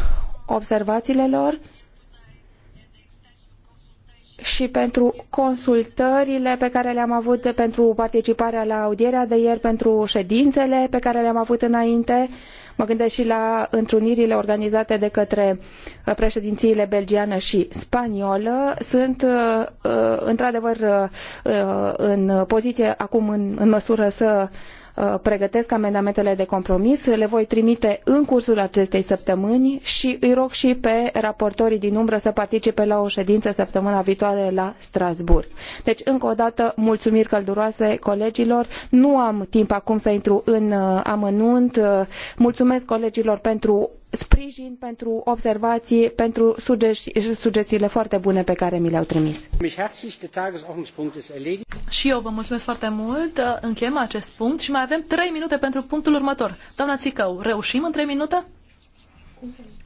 observațiile lor și pentru consultările pe care le-am avut pentru participarea la audierea de ieri, pentru ședințele pe care le-am avut înainte. Mă gândesc și la întrunirile organizate de către uh, președințiile belgiană și spaniolă. Sunt uh, uh, într-adevăr în poziție acum în, în măsură să Uh, pregătesc amendamentele de compromis, le voi trimite în cursul acestei săptămâni și îi rog și pe raportorii din umbră să participe la o ședință săptămâna viitoare la Strasbourg. Deci, încă o dată, mulțumiri călduroase colegilor. Nu am timp acum să intru în uh, amănunt. Uh, mulțumesc colegilor pentru sprijin pentru observații, pentru sugestiile foarte bune pe care mi le-au trimis. Și eu vă mulțumesc foarte mult. Încheiem acest punct și mai avem trei minute pentru punctul următor. Doamna Țicău, reușim în trei minute?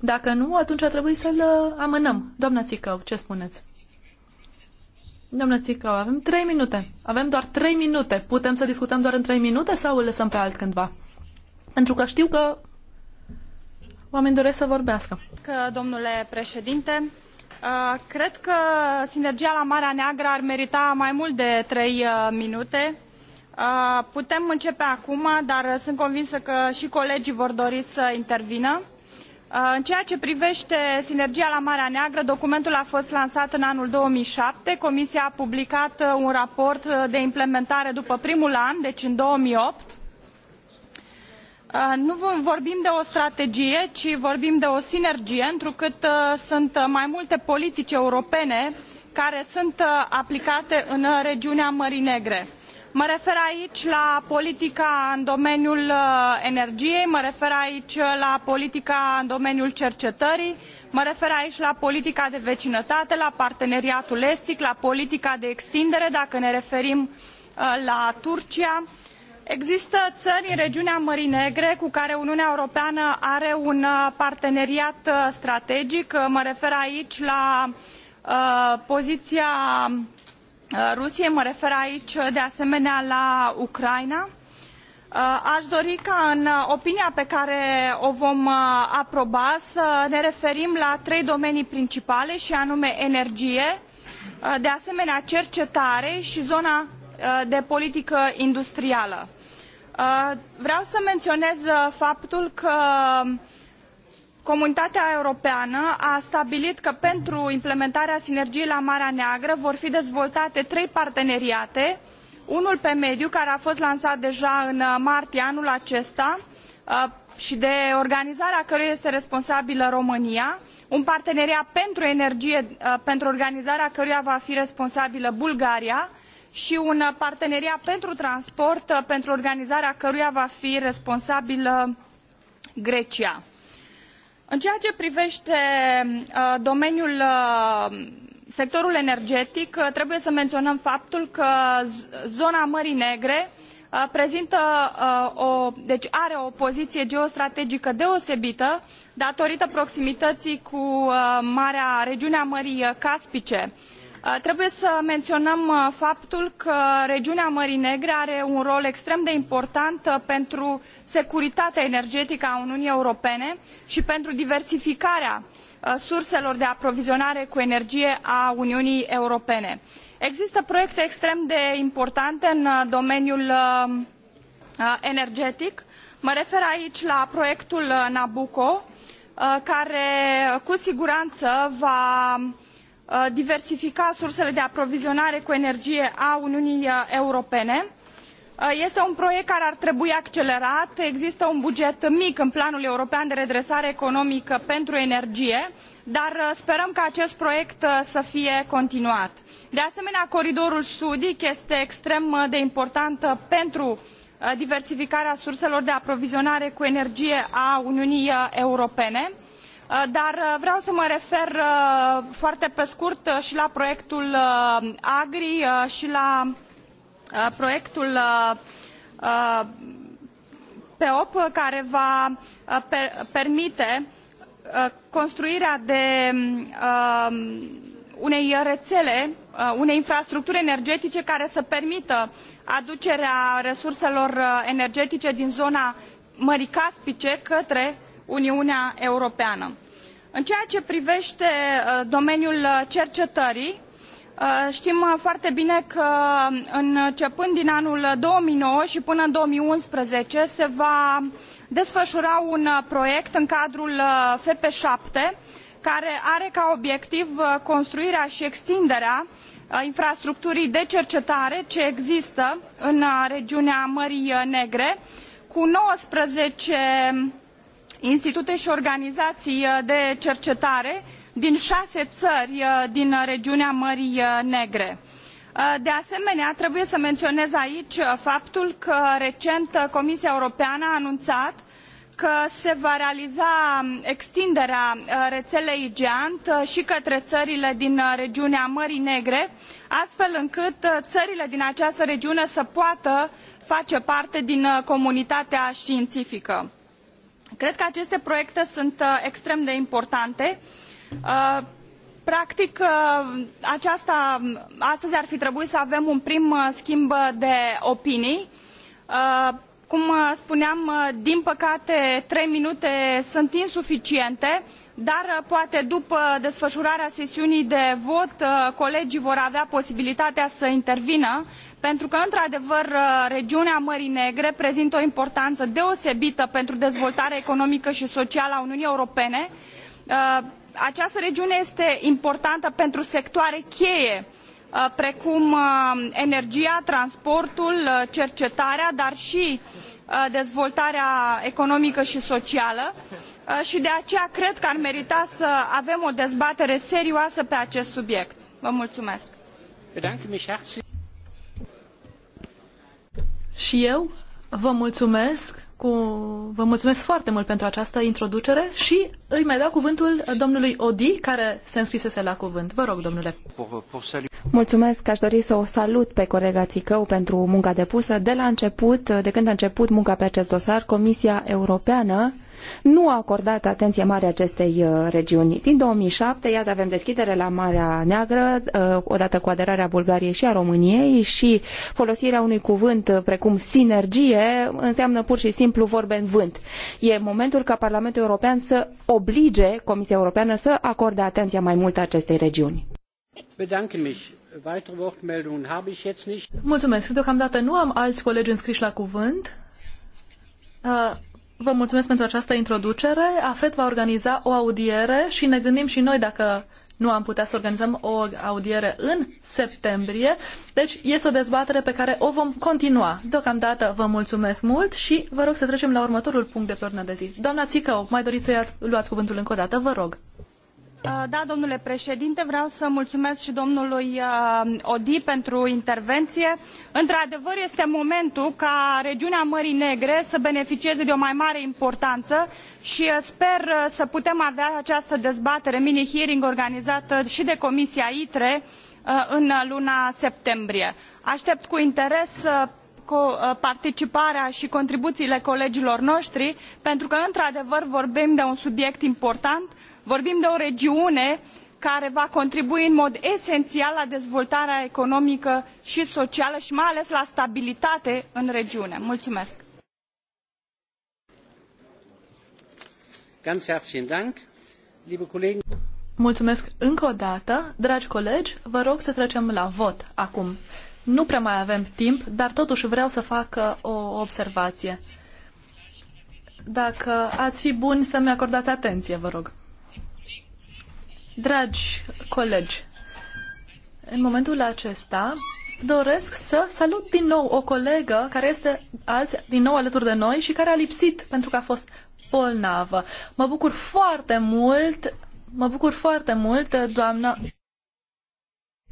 Dacă nu, atunci ar trebui să-l uh, amânăm. Doamna Țicău, ce spuneți? Doamna Țicău, avem trei minute. Avem doar trei minute. Putem să discutăm doar în trei minute sau îl lăsăm pe altcândva? Pentru că știu că Oameni doresc să vorbească. Că, domnule președinte, uh, cred că sinergia la Marea Neagră ar merita mai mult de trei uh, minute. Uh, putem începe acum, dar sunt convinsă că și colegii vor dori să intervină. În ceea ce privește sinergia la Marea Neagră, documentul a fost lansat în anul 2007. Comisia a publicat un raport de implementare după primul an, deci în 2008 Ah, nu vorbim de o strategie ci vorbim de o sinergie întrucât ah, sunt mai multe politici europene care sunt ah, aplicate în regiunea mării negre. mă refer aici la politica în domeniul energiei mă refer aici la politica în domeniul cercetării mă refer aici la politica de vecinătate la parteneriatul estic la politica de extindere dacă ne referim la turcia i există ări în regiunea mării negre cu care uniunea europeană are un uh, parteneriat uh, strategic uh, mă refer aici la poziia rusiei mă refer aici de asemenea la ucraina. a dori ca în opinia pe care o vom aproba să ne referim la trei domenii principale i anume energie de asemenea cercetare i zona de politică industrială Uh, vreau să menionez uh, faptul că um, comunitatea europeană a stabilit că pentru implementarea sinergiei la marea neagră vor fi dezvoltate trei parteneriate unul pe mediu care a fost lansat deja în uh, martie anul acesta i de organizarea căruia este responsabilă românia un parteneriat pentru energie pentru organizarea căruia va fi responsabilă bulgaria i un parteneriat pentru transport uh, pentru organizarea căruia va fi responsabilă grecia. în ceea ce privete uh, domeniul uh, sectorul energetic trebuie să menionăm faptul că zona mării negre prezintă deci are o poziie geostrategică deosebită datorită proximităii cu marea, regiunea mării caspice i trebuie să menionăm faptul că regiunea mării negre are un rol extrem de important pentru securitatea energetică a uniunii europene i pentru diversificarea surselor de aprovizionare cu energie a uniunii europene. există proiecte extrem de importante în domeniul energetic mă refer aici la proiectul nabucco care cu sigurană va Uh, diversifica sursele de aprovizionare cu energie a uniunii uh, europene. Uh, este un proiect care ar trebui accelerat există un buget mic în planul european de redresare economică pentru energie dar sperăm ca acest proiect să fie continuat. de asemenea coridorul sudic este extrem de important pentru diversificarea surselor de aprovizionare cu energie a uniunii europene. Uh, dar uh, vreau să mă refer uh, foarte pe scurt i la proiectul agri i la proiectul peop care va permite construirea um, unei reele unei infrastructuri energetice care să permită aducerea resurselor energetice din zona mării caspice către uniunea europeană. în ceea ce privete uh, domeniul cercetării uh, tim uh, foarte bine că începând din anul două mii nouă i până în două mii unsprezece se va desfăura un proiect în cadrul fp șapte care are ca obiectiv construirea i extinderea infrastructurii de cercetare ce există în regiunea mării negre cu nouăsprezece institute i organizaii uh, de cercetare din ase ări uh, din regiunea mării uh, negre. de asemenea trebuie să menionez aici faptul că recent comisia europeană a anunat că se va realiza um, extinderea reelei geant i către ările din regiunea mării negre astfel încât ările din această regiune să poată face parte din comunitatea tiinifică Cred că aceste proiecte sunt uh, extrem de importante. Uh, practic, uh, aceasta, um, astăzi ar fi trebuit să avem un prim schimb de opinii cum uh, spuneam uh, din păcate trei minute sunt insuficiente dar uh, poate după desfăurarea sesiunii de vot colegii vor avea posibilitatea să intervină pentru că într adevăr regiunea mării negre prezintă o importană deosebită pentru dezvoltarea economică i socială a uniunii europene. această regiune este importantă pentru sectoare cheie precum Uh, precum uh, energia transportul uh, cercetarea dar i dezvoltarea economică i socială i de aceea cred că ar merita să avem o dezbatere serioasă pe acest subiect. Vă mulțumesc. Și eu vă mulțumesc cu... vă mulțumesc foarte mult pentru această introducere și îi mai dau cuvântul domnului Odi, care se înscrisese la cuvânt. Vă rog, domnule. Mulțumesc, aș dori să o salut pe colega Țicău pentru munca depusă. De la început, de când a început munca pe acest dosar, Comisia Europeană nu a acordat atenție mare acestei uh, regiuni. Din 2007, iată, avem deschidere la Marea Neagră, uh, odată cu aderarea Bulgariei și a României și folosirea unui cuvânt uh, precum sinergie înseamnă pur și simplu vorbe în vânt. E momentul ca Parlamentul European să oblige Comisia Europeană să acorde atenția mai mult acestei regiuni. Mulțumesc. Deocamdată nu am alți colegi înscriși la cuvânt. Vă mulțumesc pentru această introducere. AFET va organiza o audiere și ne gândim și noi dacă nu am putea să organizăm o audiere în septembrie. Deci este o dezbatere pe care o vom continua. Deocamdată vă mulțumesc mult și vă rog să trecem la următorul punct de pe ordinea de zi. Doamna Țicău, mai doriți să luați cuvântul încă o dată? Vă rog. Uh, da, domnule președinte, vreau să mulțumesc și domnului uh, Odi pentru intervenție. Într-adevăr, este momentul ca regiunea Mării Negre să beneficieze de o mai mare importanță și uh, sper să putem avea această dezbatere mini-hearing organizată și de Comisia ITRE în luna septembrie. Aștept cu interes participarea i contribuiile colegilor notri pentru că într adevăr vorbim de un subiect important vorbim de o regiune care va contribui în mod esenial la dezvoltarea economică i socială i mai ales la stabilitate în regiune. Mulțumesc. Mulțumesc încă o dată. Dragi colegi, vă rog să trecem la vot acum. Nu prea mai avem timp, dar totuși vreau să fac uh, o observație. Dacă ați fi buni să-mi acordați atenție, vă rog. Dragi colegi, în momentul acesta doresc să salut din nou o colegă care este azi din nou alături de noi și care a lipsit pentru că a fost bolnavă. Mă bucur foarte mult, mă bucur foarte mult, doamna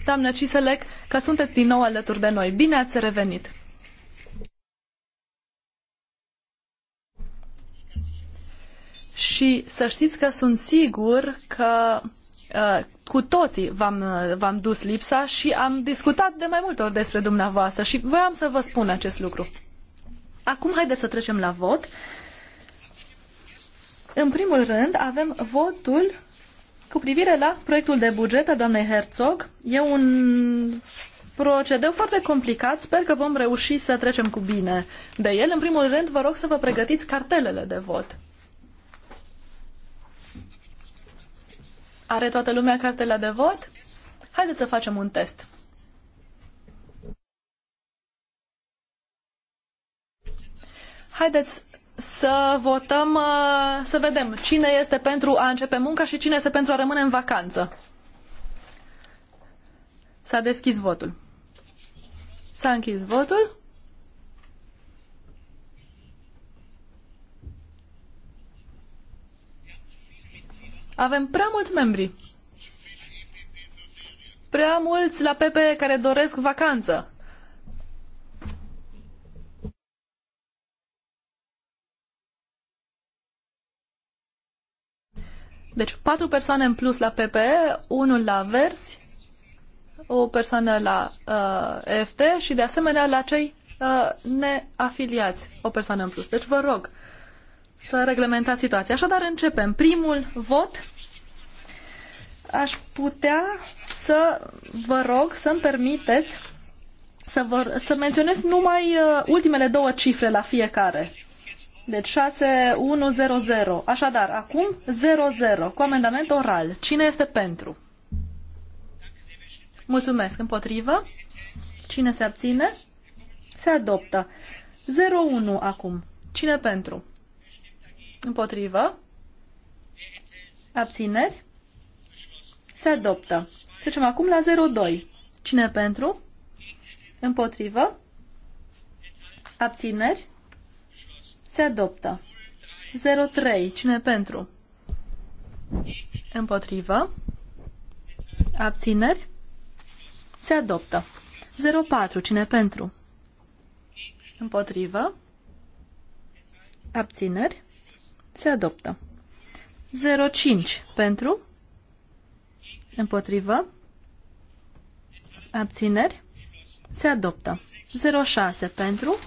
Doamnă Ciselec, că sunteți din nou alături de noi. Bine ați revenit! Și să știți că sunt sigur că Uh, cu toții v-am, uh, v-am dus lipsa și am discutat de mai multe ori despre dumneavoastră și voiam să vă spun acest lucru. Acum haideți să trecem la vot. În primul rând avem votul cu privire la proiectul de buget al doamnei Herzog. E un procedeu foarte complicat, sper că vom reuși să trecem cu bine de el. În primul rând, vă rog să vă pregătiți cartelele de vot. Are toată lumea cartela de vot? Haideți să facem un test. Haideți să votăm, uh, să vedem cine este pentru a începe munca și cine este pentru a rămâne în vacanță. S-a deschis votul. S-a închis votul. Avem prea mulți membri. Prea mulți la PP care doresc vacanță. Deci, patru persoane în plus la PPE, unul la Verzi, o persoană la uh, EFT și, de asemenea, la cei uh, neafiliați, o persoană în plus. Deci, vă rog, să reglementați situația. Așadar, începem. Primul vot aș putea să vă rog să-mi permiteți să, vă, să menționez numai uh, ultimele două cifre la fiecare. Deci 6100. Așadar, acum 00 cu amendament oral. Cine este pentru? Mulțumesc. Împotrivă? Cine se abține? Se adoptă. 01 acum. Cine pentru? Împotrivă. Abțineri. Se adoptă. Trecem acum la 02. Cine pentru? Împotrivă. Abțineri. Se adoptă. 03. Cine pentru? Împotrivă. Abțineri. Se adoptă. 04. Cine pentru? Împotrivă. Abțineri. Se adoptă. 05 pentru. Împotrivă. Abțineri. Se adoptă. 06 pentru.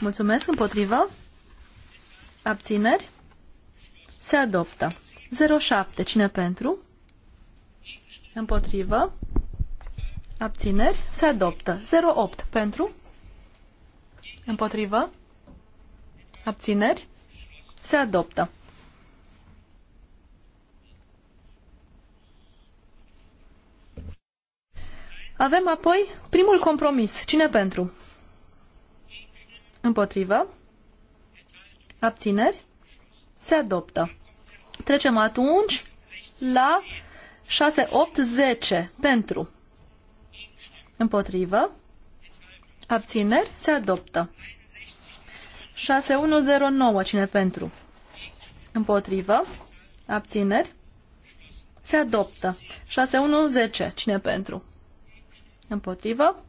Mulțumesc. Împotrivă. Abțineri. Se adoptă. 07. Cine pentru? Împotrivă. Abțineri. Se adoptă. 08. Pentru? Împotrivă. Abțineri. Se adoptă. Avem apoi primul compromis. Cine pentru? Împotrivă? Abțineri? Se adoptă. Trecem atunci la 6-8-10. Pentru? Împotrivă? Abțineri? Se adoptă. 6109. Cine pentru? Împotrivă. Abțineri. Se adoptă. 6110. Cine pentru? Împotrivă.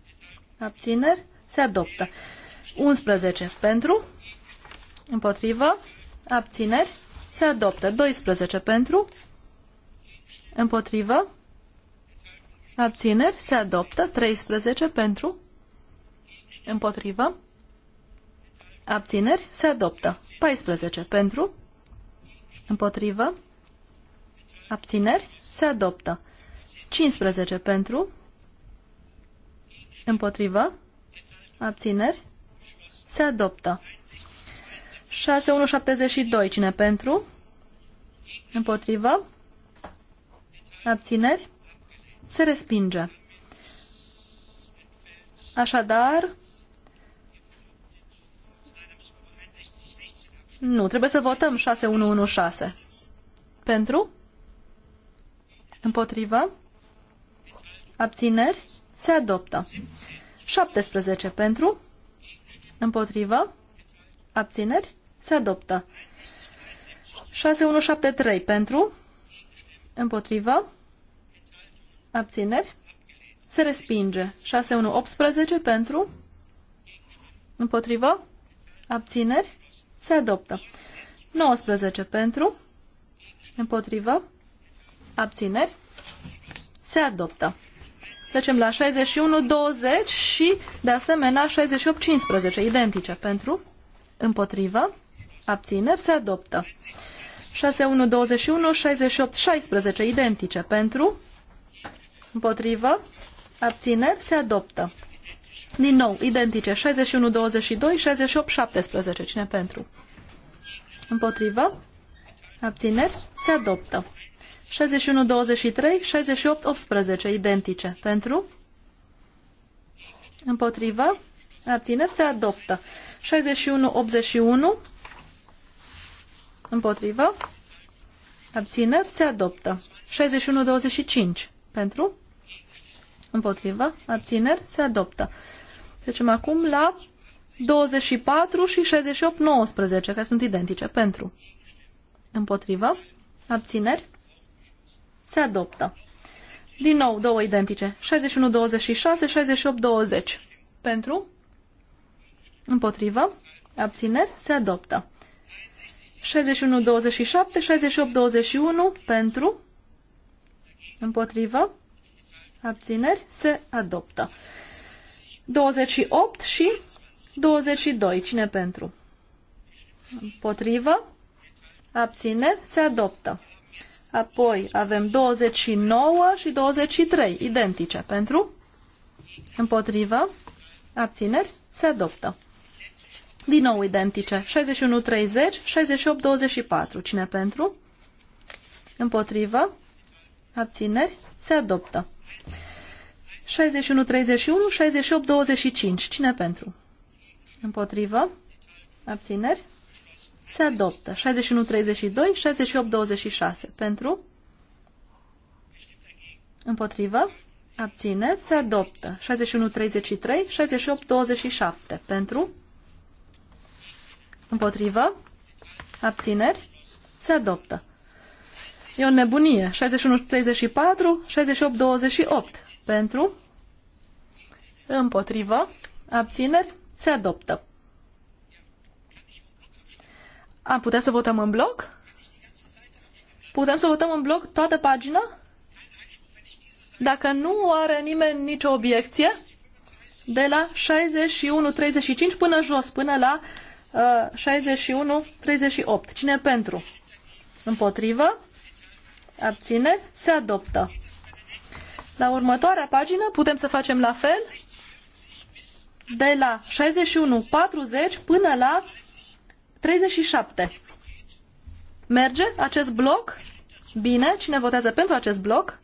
Abțineri. Se adoptă. 11. Pentru. Împotrivă. Abțineri. Se adoptă. 12. Pentru. Împotrivă. Abțineri. Se adoptă. 13. Pentru. Împotrivă. Abțineri? Se adoptă. 14. Pentru? Împotrivă? Abțineri? Se adoptă. 15. Pentru? Împotrivă? Abțineri? Se adoptă. 6172. Cine pentru? Împotrivă? Abțineri? Se respinge. Așadar, Nu, trebuie să votăm 6116. Pentru? Împotrivă? Abțineri? Se adoptă. 17 pentru? Împotrivă? Abțineri? Se adoptă. 6173 pentru? Împotrivă? Abțineri? Se respinge. 6118 pentru? Împotrivă? Abțineri? Se adoptă. 19 pentru. Împotrivă. Abțineri. Se adoptă. Trecem la 61, 20 și, de asemenea, 68, 15, identice. Pentru, împotrivă, abțineri, se adoptă. 61, 21, 68, 16, identice. Pentru, împotrivă, abțineri, se adoptă. Din nou, identice. 61, 22, 68, 17. Cine pentru? Împotrivă? Abțineri? Se adoptă. 61, 23, 68, 18. Identice. Pentru? Împotrivă? Abțineri? Se adoptă. 61, 81. Împotrivă? Abțineri? Se adoptă. 61, 25. Pentru? Împotrivă? Abțineri? Se adoptă. Trecem acum la 24 și 68, 19, care sunt identice. Pentru. Împotrivă. Abțineri. Se adoptă. Din nou, două identice. 61, 26, 68, 20. Pentru. Împotrivă. Abțineri. Se adoptă. 61, 27, 68, 21. Pentru. Împotrivă. Abțineri. Se adoptă. 28 și 22. Cine pentru? Împotrivă? Abține. Se adoptă. Apoi avem 29 și 23, identice. Pentru? Împotrivă? Abțineri? Se adoptă. Din nou identice. 61-30, 68-24. Cine pentru? Împotrivă? Abțineri? Se adoptă. 61, 31, 68, 25. Cine pentru? Împotrivă? Abțineri? Se adoptă. 61, 32, 68, 26. Pentru? Împotrivă? Abțineri? Se adoptă. 61, 33, 68, 27. Pentru? Împotrivă? Abțineri? Se adoptă. E o nebunie. 61, 34, 68, 28. Pentru? Împotrivă? Abțineri? Se adoptă. Am putea să votăm în bloc? Putem să votăm în bloc toată pagina? Dacă nu are nimeni nicio obiecție, de la 61.35 până jos, până la uh, 61.38. Cine pentru? Împotrivă? Abține? Se adoptă. La următoarea pagină putem să facem la fel de la 61, 40 până la 37. Merge acest bloc? Bine, cine votează pentru acest bloc?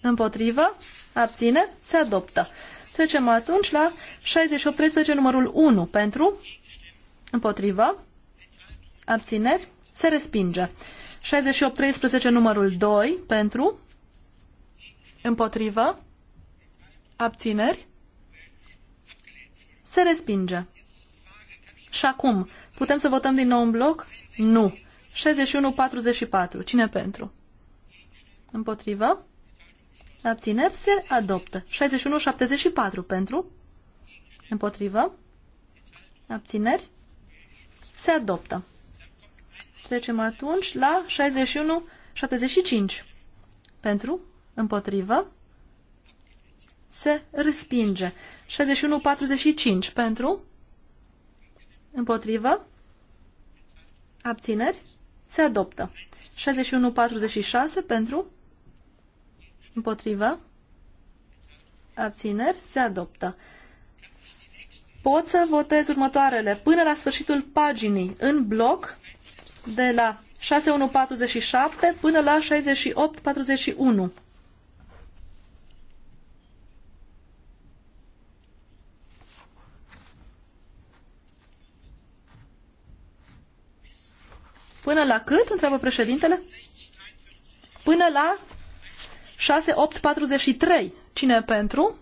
Împotrivă? Abține? Se adoptă. Trecem atunci la 68-13, numărul 1. Pentru? Împotrivă? Abțineri? Se respinge. 68-13, numărul 2. Pentru? Împotrivă? Abțineri? Se respinge. Și acum, putem să votăm din nou în bloc? Nu. 61-44. Cine pentru? Împotrivă? Abțineri se adoptă. 61-74 pentru? Împotrivă? Abțineri? Se adoptă. Trecem atunci la 61-75. Pentru? Împotrivă. Se respinge. 61-45 pentru. Împotrivă. Abțineri. Se adoptă. 61-46 pentru. Împotrivă. Abțineri. Se adoptă. Pot să votez următoarele până la sfârșitul paginii în bloc de la 6147 până la 6841. Până la cât? Întreabă președintele. Până la 6843. Cine pentru?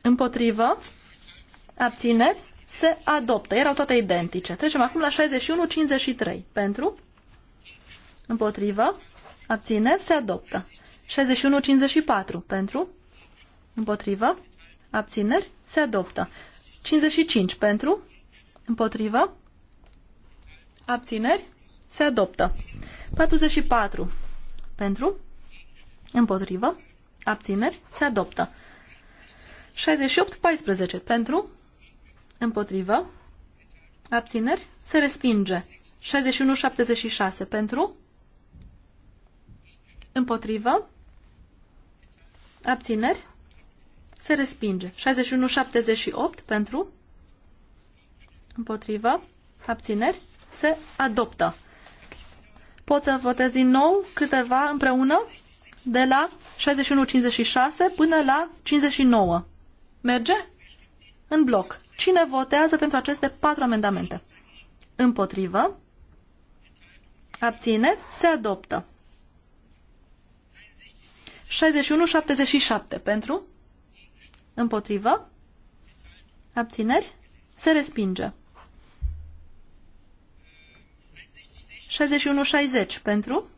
Împotrivă? Abțineri? Se adoptă. Erau toate identice. Trecem acum la 6153. Pentru? Împotrivă? Abțineri? Se adoptă. 6154. Pentru? Împotrivă? Abțineri? Se adoptă. 55 pentru? Împotrivă? Abțineri? Se adoptă. 44. Pentru? Împotrivă? Abțineri? Se adoptă. 68-14. Pentru? Împotrivă? Abțineri? Se respinge. 61-76. Pentru? Împotrivă? Abțineri? Se respinge. 61-78. Pentru? Împotrivă? Abțineri? se adoptă. Pot să votez din nou câteva împreună de la 61-56 până la 59. Merge? În bloc. Cine votează pentru aceste patru amendamente? Împotrivă. Abține. Se adoptă. 61-77 pentru. Împotrivă. Abțineri. Se respinge. 61-60 pentru,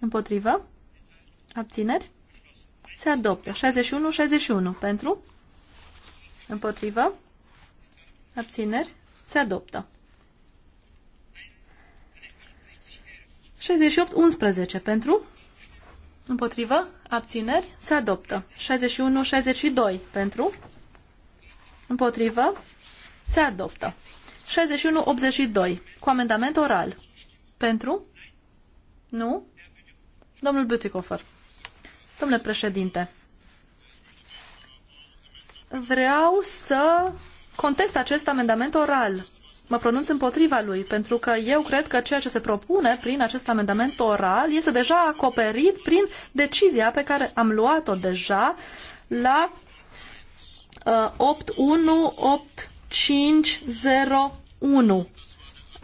împotrivă, abțineri, se adoptă. 61-61 pentru, împotrivă, abțineri, se adoptă. 68-11 pentru, împotrivă, abțineri, se adoptă. 61-62 pentru, împotrivă, se adoptă. 61-82 cu amendament oral pentru? Nu? Domnul Butikofer. Domnule președinte, vreau să contest acest amendament oral. Mă pronunț împotriva lui, pentru că eu cred că ceea ce se propune prin acest amendament oral este deja acoperit prin decizia pe care am luat-o deja la uh, 818501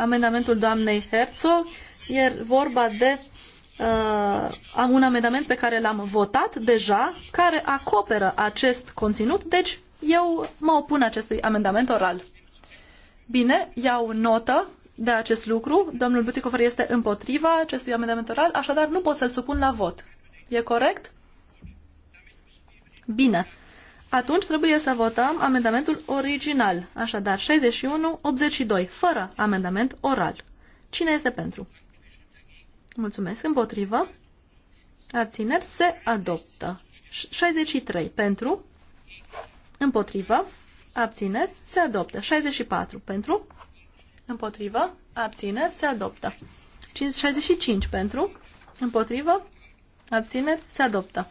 amendamentul doamnei Herzog. E vorba de uh, un amendament pe care l-am votat deja, care acoperă acest conținut, deci eu mă opun acestui amendament oral. Bine, iau notă de acest lucru. Domnul Buticofer este împotriva acestui amendament oral, așadar nu pot să-l supun la vot. E corect? Bine atunci trebuie să votăm amendamentul original, așadar 61-82, fără amendament oral. Cine este pentru? Mulțumesc. Împotrivă. Abțineri. Se adoptă. 63. Pentru. Împotrivă. Abțineri. Se adoptă. 64. Pentru. Împotrivă. Abțineri. Se adoptă. 65. Pentru. Împotrivă. Abțineri. Se adoptă.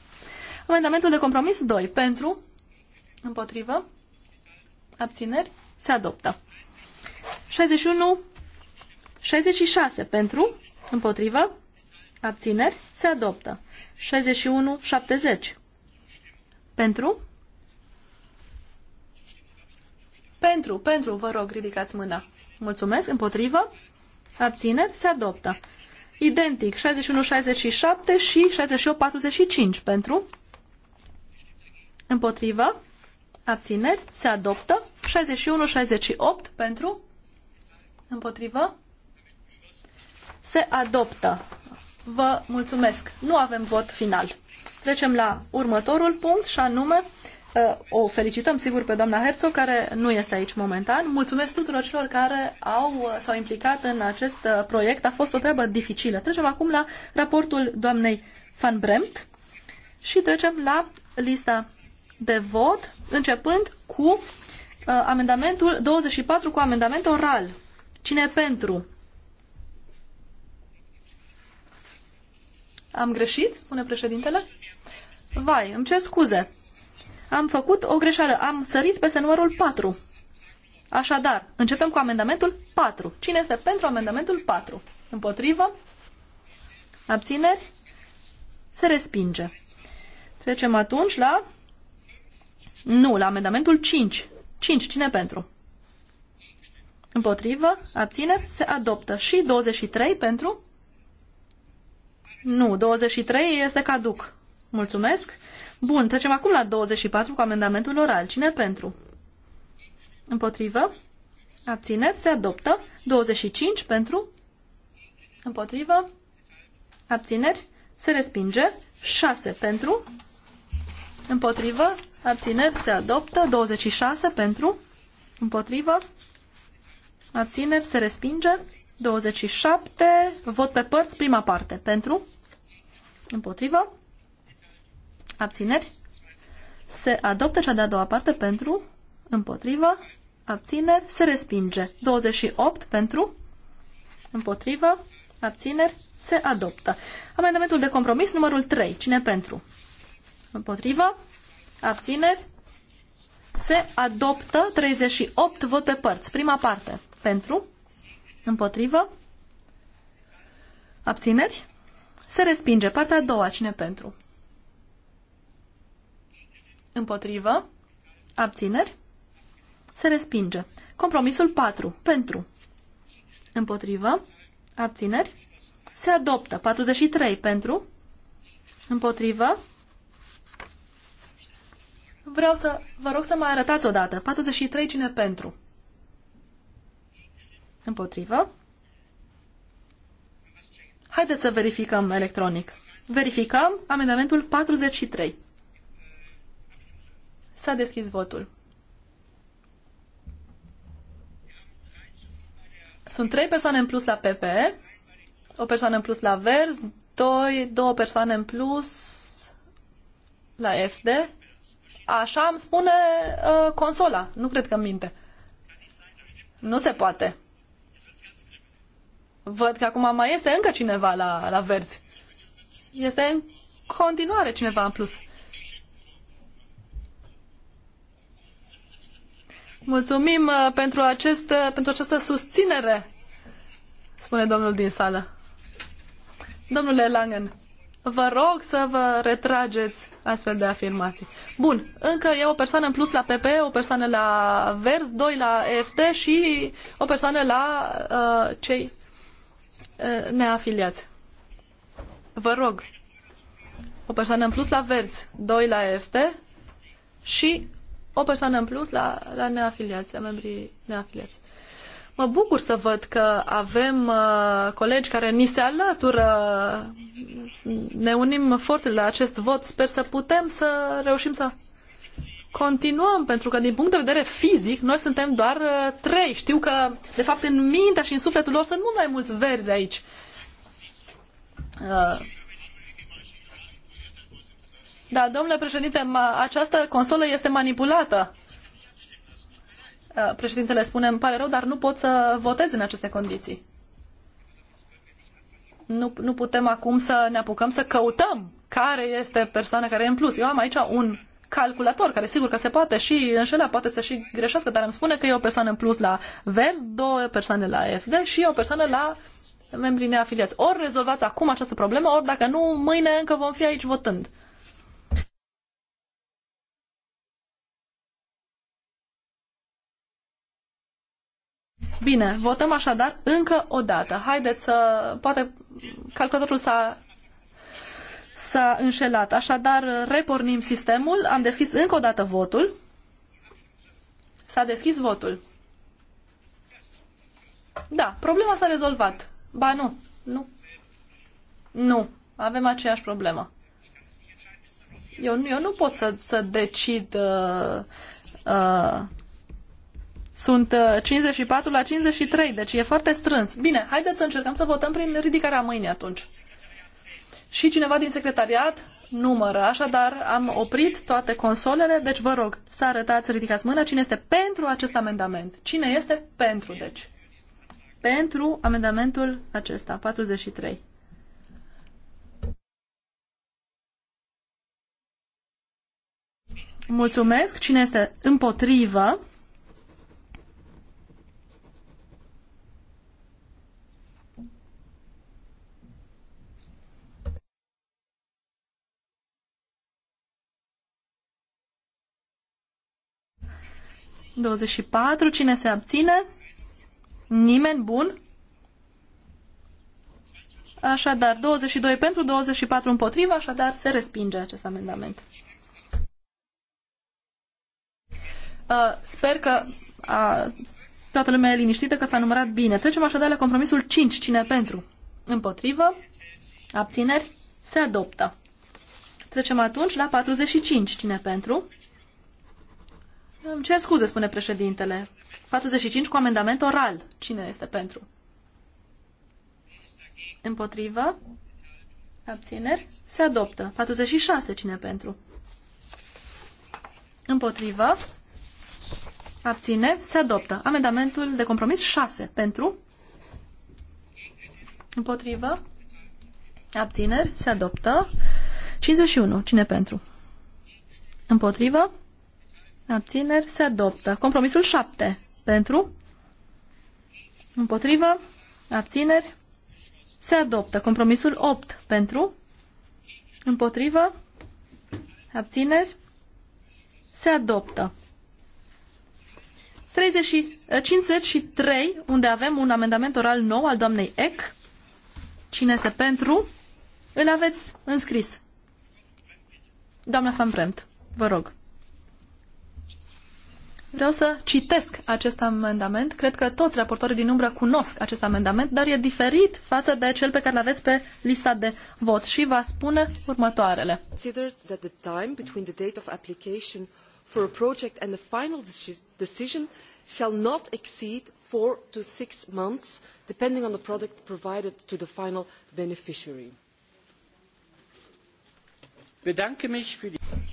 Amendamentul de compromis 2. Pentru. Împotrivă. Abțineri. Se adoptă. 61. 66 pentru. Împotrivă. Abțineri. Se adoptă. 61. 70. Pentru. Pentru, pentru, vă rog, ridicați mâna. Mulțumesc. Împotrivă. Abțineri. Se adoptă. Identic. 61-67 și 68-45 pentru. Împotrivă abțineri, se adoptă. 61-68 pentru, împotrivă, se adoptă. Vă mulțumesc. Nu avem vot final. Trecem la următorul punct și anume uh, o felicităm sigur pe doamna Herzog care nu este aici momentan. Mulțumesc tuturor celor care au, uh, s-au implicat în acest uh, proiect. A fost o treabă dificilă. Trecem acum la raportul doamnei Van Bremt și trecem la lista de vot, începând cu uh, amendamentul 24 cu amendament oral. Cine e pentru? Am greșit, spune președintele. Vai, îmi ce scuze. Am făcut o greșeală. Am sărit peste numărul 4. Așadar, începem cu amendamentul 4. Cine este pentru amendamentul 4? Împotrivă? Abțineri? Se respinge. Trecem atunci la nu, la amendamentul 5. 5. Cine pentru? Împotrivă, abțineri, se adoptă. Și 23 pentru? Nu, 23 este caduc. Mulțumesc. Bun, trecem acum la 24 cu amendamentul oral. Cine pentru? Împotrivă, abțineri, se adoptă. 25 pentru? Împotrivă, abțineri, se respinge. 6 pentru? Împotrivă, Abțineri se adoptă. 26 pentru. Împotrivă. Abțineri se respinge. 27. Vot pe părți. Prima parte. Pentru. Împotrivă. Abțineri. Se adoptă cea de-a doua parte pentru. Împotrivă. Abțineri. Se respinge. 28 pentru. Împotrivă. Abțineri. Se adoptă. Amendamentul de compromis numărul 3. Cine pentru? Împotrivă abțineri, se adoptă 38 vot pe părți. Prima parte. Pentru, împotrivă, abțineri, se respinge. Partea a doua, cine pentru? Împotrivă, abțineri, se respinge. Compromisul 4, pentru, împotrivă, abțineri, se adoptă. 43 pentru, împotrivă, Vreau să vă rog să mă arătați o dată 43 cine pentru? Împotrivă. Haideți să verificăm electronic. Verificăm amendamentul 43. S-a deschis votul. Sunt trei persoane în plus la PP, o persoană în plus la Verzi, doi, două persoane în plus la FD Așa îmi spune uh, consola. Nu cred că minte. Nu se poate. Văd că acum mai este încă cineva la, la verzi. Este în continuare cineva în plus. Mulțumim uh, pentru, acest, uh, pentru această susținere, spune domnul din sală. Domnule Langen, Vă rog să vă retrageți astfel de afirmații. Bun, încă e o persoană în plus la PP, o persoană la Vers, doi la EFT și o persoană la uh, cei uh, neafiliați. Vă rog, o persoană în plus la Vers, doi la EFT și o persoană în plus la, la neafiliați, la membrii neafiliați. Uh, Mă bucur să văd că avem uh, colegi care ni se alătură. Ne unim forțele la acest vot. Sper să putem să reușim să continuăm, pentru că din punct de vedere fizic, noi suntem doar uh, trei. Știu că, de fapt, în mintea și în sufletul lor sunt mult mai mulți verzi aici. Uh. Da, domnule președinte, această consolă este manipulată. Uh, președintele spune, îmi pare rău, dar nu pot să votez în aceste condiții. Nu, nu putem acum să ne apucăm să căutăm care este persoana care e în plus. Eu am aici un calculator, care sigur că se poate și înșela, poate să și greșească, dar îmi spune că e o persoană în plus la vers, două persoane la FD și o persoană la membrii neafiliați. Ori rezolvați acum această problemă, ori dacă nu, mâine încă vom fi aici votând. Bine, votăm așadar încă o dată. Haideți să... Poate calculatorul s-a s-a înșelat. Așadar, repornim sistemul. Am deschis încă o dată votul. S-a deschis votul. Da, problema s-a rezolvat. Ba nu, nu. Nu, avem aceeași problemă. Eu, eu nu pot să, să decid uh, uh, sunt 54 uh, la 53, deci e foarte strâns. Bine, haideți să încercăm să votăm prin ridicarea mâinii atunci. Și cineva din secretariat numără, așadar am oprit toate consolele, deci vă rog să arătați, să ridicați mâna cine este pentru acest amendament. Cine este pentru, deci? Pentru amendamentul acesta, 43. Mulțumesc. Cine este împotrivă? 24. Cine se abține? Nimeni bun? Așadar, 22 pentru, 24 împotriva, așadar se respinge acest amendament. Uh, sper că uh, toată lumea e liniștită că s-a numărat bine. Trecem așadar la compromisul 5. Cine pentru? Împotrivă? Abțineri? Se adoptă. Trecem atunci la 45. Cine pentru? Îmi cer scuze, spune președintele. 45 cu amendament oral. Cine este pentru? Împotrivă? Abțineri? Se adoptă. 46. Cine pentru? Împotrivă? Abține? Se adoptă. Amendamentul de compromis 6. Pentru? Împotrivă? Abțineri? Se adoptă. 51. Cine pentru? Împotrivă? Abțineri se adoptă. Compromisul 7. Pentru? Împotrivă? Abțineri? Se adoptă. Compromisul 8. Pentru? Împotrivă? Abțineri? Se adoptă. 30, 53, eh, unde avem un amendament oral nou al doamnei Eck. Cine este pentru? Îl aveți înscris. Doamna Van vă rog. Vreau să citesc acest amendament. Cred că toți raportorii din umbră cunosc acest amendament, dar e diferit față de cel pe care îl aveți pe lista de vot și va spune următoarele. Consider that the time between the date of application for a project and the final deci-, decision shall not exceed four to six months, depending on the product provided to the final beneficiary.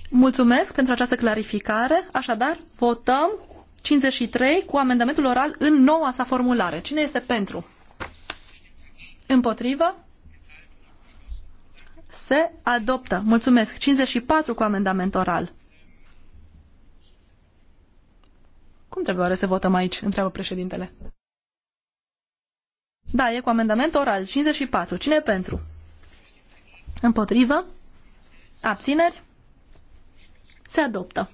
Mulțumesc pentru această clarificare. Așadar, votăm 53 cu amendamentul oral în noua sa formulare. Cine este pentru? Împotrivă? Se adoptă. Mulțumesc. 54 cu amendament oral. Cum trebuie oare să votăm aici? Întreabă președintele. Da, e cu amendament oral. 54. Cine e pentru? Împotrivă? Abțineri? Se adoptă.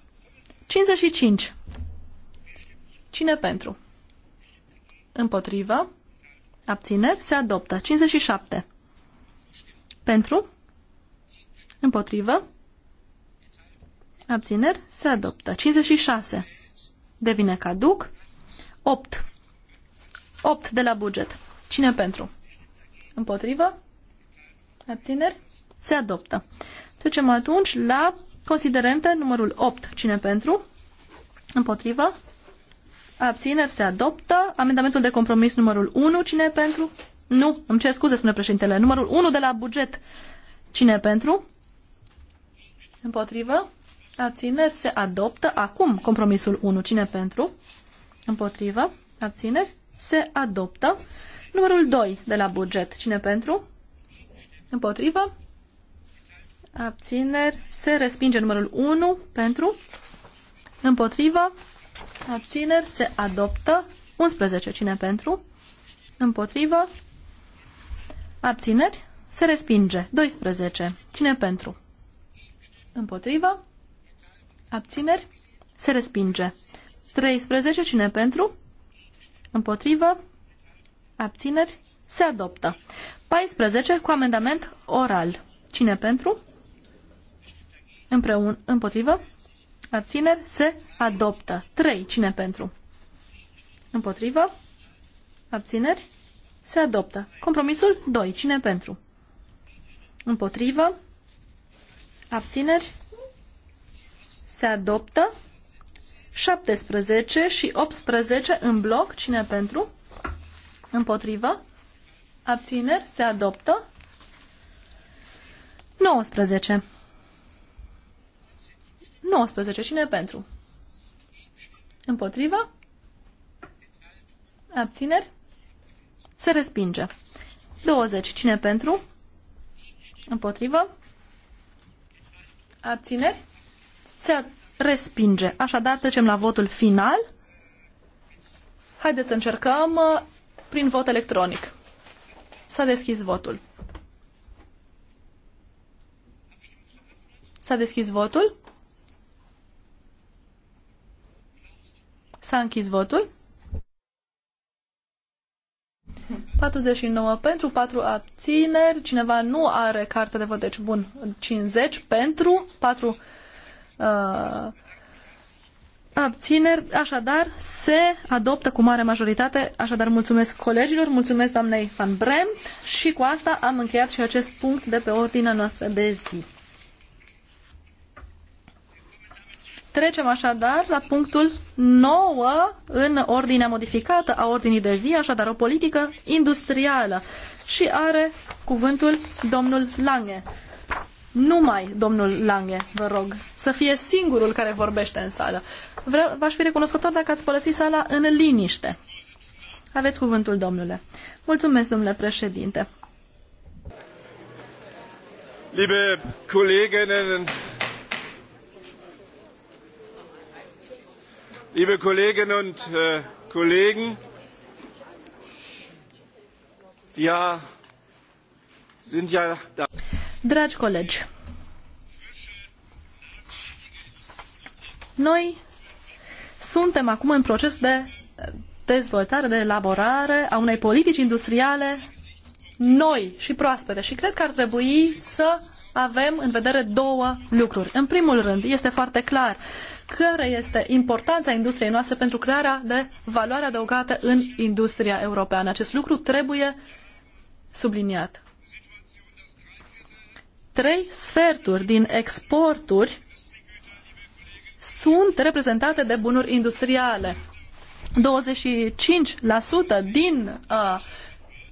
55. Cine pentru? Împotrivă. Abțineri? Se adoptă. 57. Pentru? Împotrivă. Abțineri? Se adoptă. 56. Devine caduc. 8. 8 de la buget. Cine pentru? Împotrivă? Abțineri? Se adoptă. Trecem atunci la considerente numărul 8. Cine pentru? Împotrivă? Abțineri se adoptă. Amendamentul de compromis numărul 1. Cine pentru? Nu, îmi cer scuze, spune președintele. Numărul 1 de la buget. Cine pentru? Împotrivă? Abțineri se adoptă acum compromisul 1. Cine pentru? Împotrivă? Abțineri se adoptă. Numărul 2 de la buget. Cine pentru? Împotrivă? abțineri, se respinge numărul 1 pentru, împotrivă, abțineri, se adoptă 11. Cine pentru, împotrivă, abțineri, se respinge 12. Cine pentru, împotrivă, abțineri, se respinge 13. Cine pentru, împotrivă, abțineri, se adoptă. 14. Cu amendament oral. Cine pentru? împreună, împotrivă, abțineri, se adoptă. 3. Cine pentru? Împotrivă, abțineri, se adoptă. Compromisul 2. Cine pentru? Împotrivă, abțineri, se adoptă. 17 și 18 în bloc. Cine pentru? Împotrivă, abțineri, se adoptă. 19. 19. Cine pentru? Împotrivă? Abțineri? Se respinge. 20. Cine pentru? Împotrivă? Abțineri? Se respinge. Așadar, trecem la votul final. Haideți să încercăm uh, prin vot electronic. S-a deschis votul. S-a deschis votul. S-a închis votul. 49 pentru, 4 abțineri, cineva nu are carte de vot, deci bun, 50 pentru, 4 uh, abțineri, așadar se adoptă cu mare majoritate, așadar mulțumesc colegilor, mulțumesc doamnei Van Brem și cu asta am încheiat și acest punct de pe ordinea noastră de zi. Trecem așadar la punctul 9 în ordinea modificată a ordinii de zi, așadar o politică industrială. Și are cuvântul domnul Lange. Numai domnul Lange, vă rog, să fie singurul care vorbește în sală. Vreau, v-aș fi recunoscător dacă ați folosit sala în liniște. Aveți cuvântul, domnule. Mulțumesc, domnule președinte. Liebe Kolleginnen Liebe Kolleginnen und äh, Kollegen, ja, sind ja da. Dragi colegi, noi suntem acum în proces de dezvoltare, de elaborare a unei politici industriale noi și proaspete și cred că ar trebui să avem în vedere două lucruri. În primul rând, este foarte clar, care este importanța industriei noastre pentru crearea de valoare adăugată în industria europeană. Acest lucru trebuie subliniat. Trei sferturi din exporturi sunt reprezentate de bunuri industriale. 25% din uh,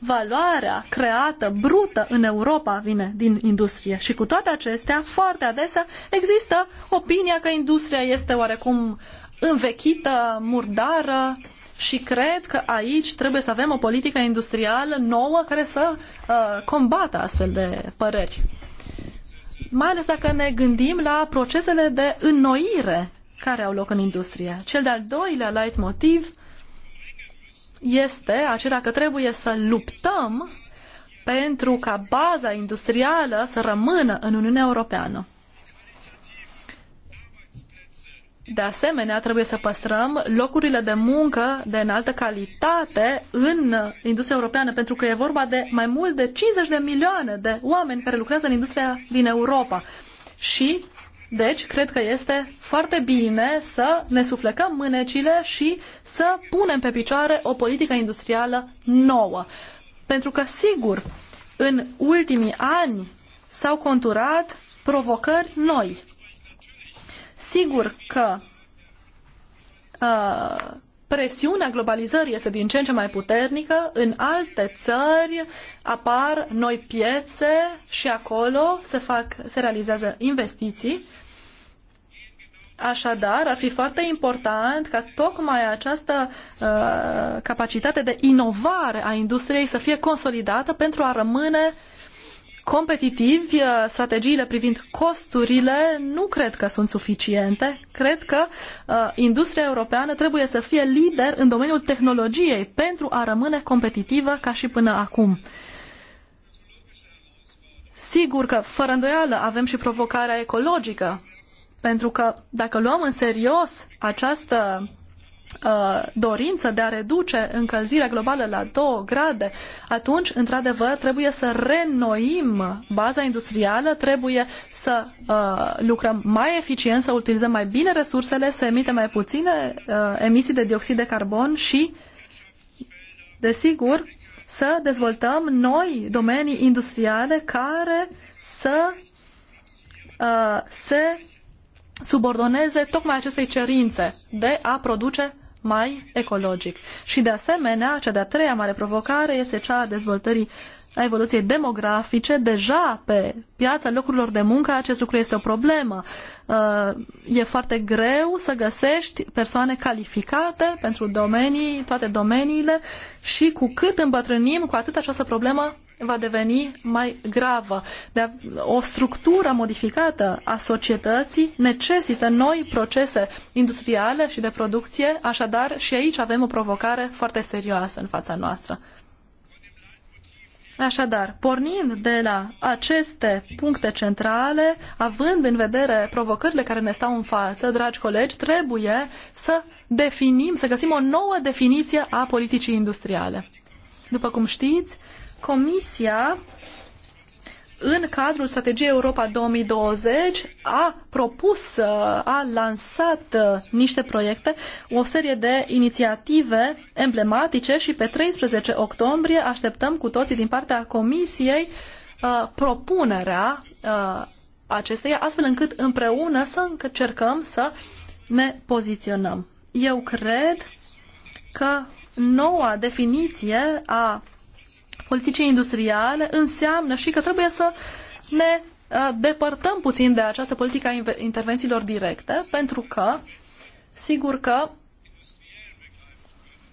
valoarea creată, brută în Europa vine din industrie. Și cu toate acestea, foarte adesea există opinia că industria este oarecum învechită, murdară și cred că aici trebuie să avem o politică industrială nouă care să uh, combată astfel de păreri. Mai ales dacă ne gândim la procesele de înnoire care au loc în industrie. Cel de-al doilea leitmotiv motiv este acela că trebuie să luptăm pentru ca baza industrială să rămână în Uniunea Europeană. De asemenea, trebuie să păstrăm locurile de muncă de înaltă calitate în industria europeană, pentru că e vorba de mai mult de 50 de milioane de oameni care lucrează în industria din Europa. Și deci, cred că este foarte bine să ne suflecăm mânecile și să punem pe picioare o politică industrială nouă. Pentru că, sigur, în ultimii ani s-au conturat provocări noi. Sigur că uh, presiunea globalizării este din ce în ce mai puternică, în alte țări apar noi piețe și acolo se, fac, se realizează investiții Așadar, ar fi foarte important ca tocmai această uh, capacitate de inovare a industriei să fie consolidată pentru a rămâne competitivi. Uh, strategiile privind costurile nu cred că sunt suficiente. Cred că uh, industria europeană trebuie să fie lider în domeniul tehnologiei pentru a rămâne competitivă ca și până acum. Sigur că, fără îndoială, avem și provocarea ecologică pentru că dacă luăm în serios această uh, dorință de a reduce încălzirea globală la 2 grade, atunci, într-adevăr, trebuie să reînnoim baza industrială, trebuie să uh, lucrăm mai eficient, să utilizăm mai bine resursele, să emitem mai puține uh, emisii de dioxid de carbon și, desigur, să dezvoltăm noi domenii industriale care să uh, se subordoneze tocmai acestei cerințe de a produce mai ecologic. Și de asemenea, cea de-a treia mare provocare este cea a dezvoltării a evoluției demografice. Deja pe piața locurilor de muncă acest lucru este o problemă. Uh, e foarte greu să găsești persoane calificate pentru domenii, toate domeniile și cu cât îmbătrânim, cu atât această problemă va deveni mai gravă. De o structură modificată a societății necesită noi procese industriale și de producție, așadar și aici avem o provocare foarte serioasă în fața noastră. Așadar, pornind de la aceste puncte centrale, având în vedere provocările care ne stau în față, dragi colegi, trebuie să definim, să găsim o nouă definiție a politicii industriale. După cum știți, Comisia, în cadrul strategiei Europa 2020, a propus, a lansat uh, niște proiecte, o serie de inițiative emblematice și pe 13 octombrie așteptăm cu toții din partea Comisiei uh, propunerea uh, acesteia, astfel încât împreună să încercăm să ne poziționăm. Eu cred că noua definiție a politicii industriale înseamnă și că trebuie să ne uh, depărtăm puțin de această politică a intervențiilor directe, pentru că, sigur că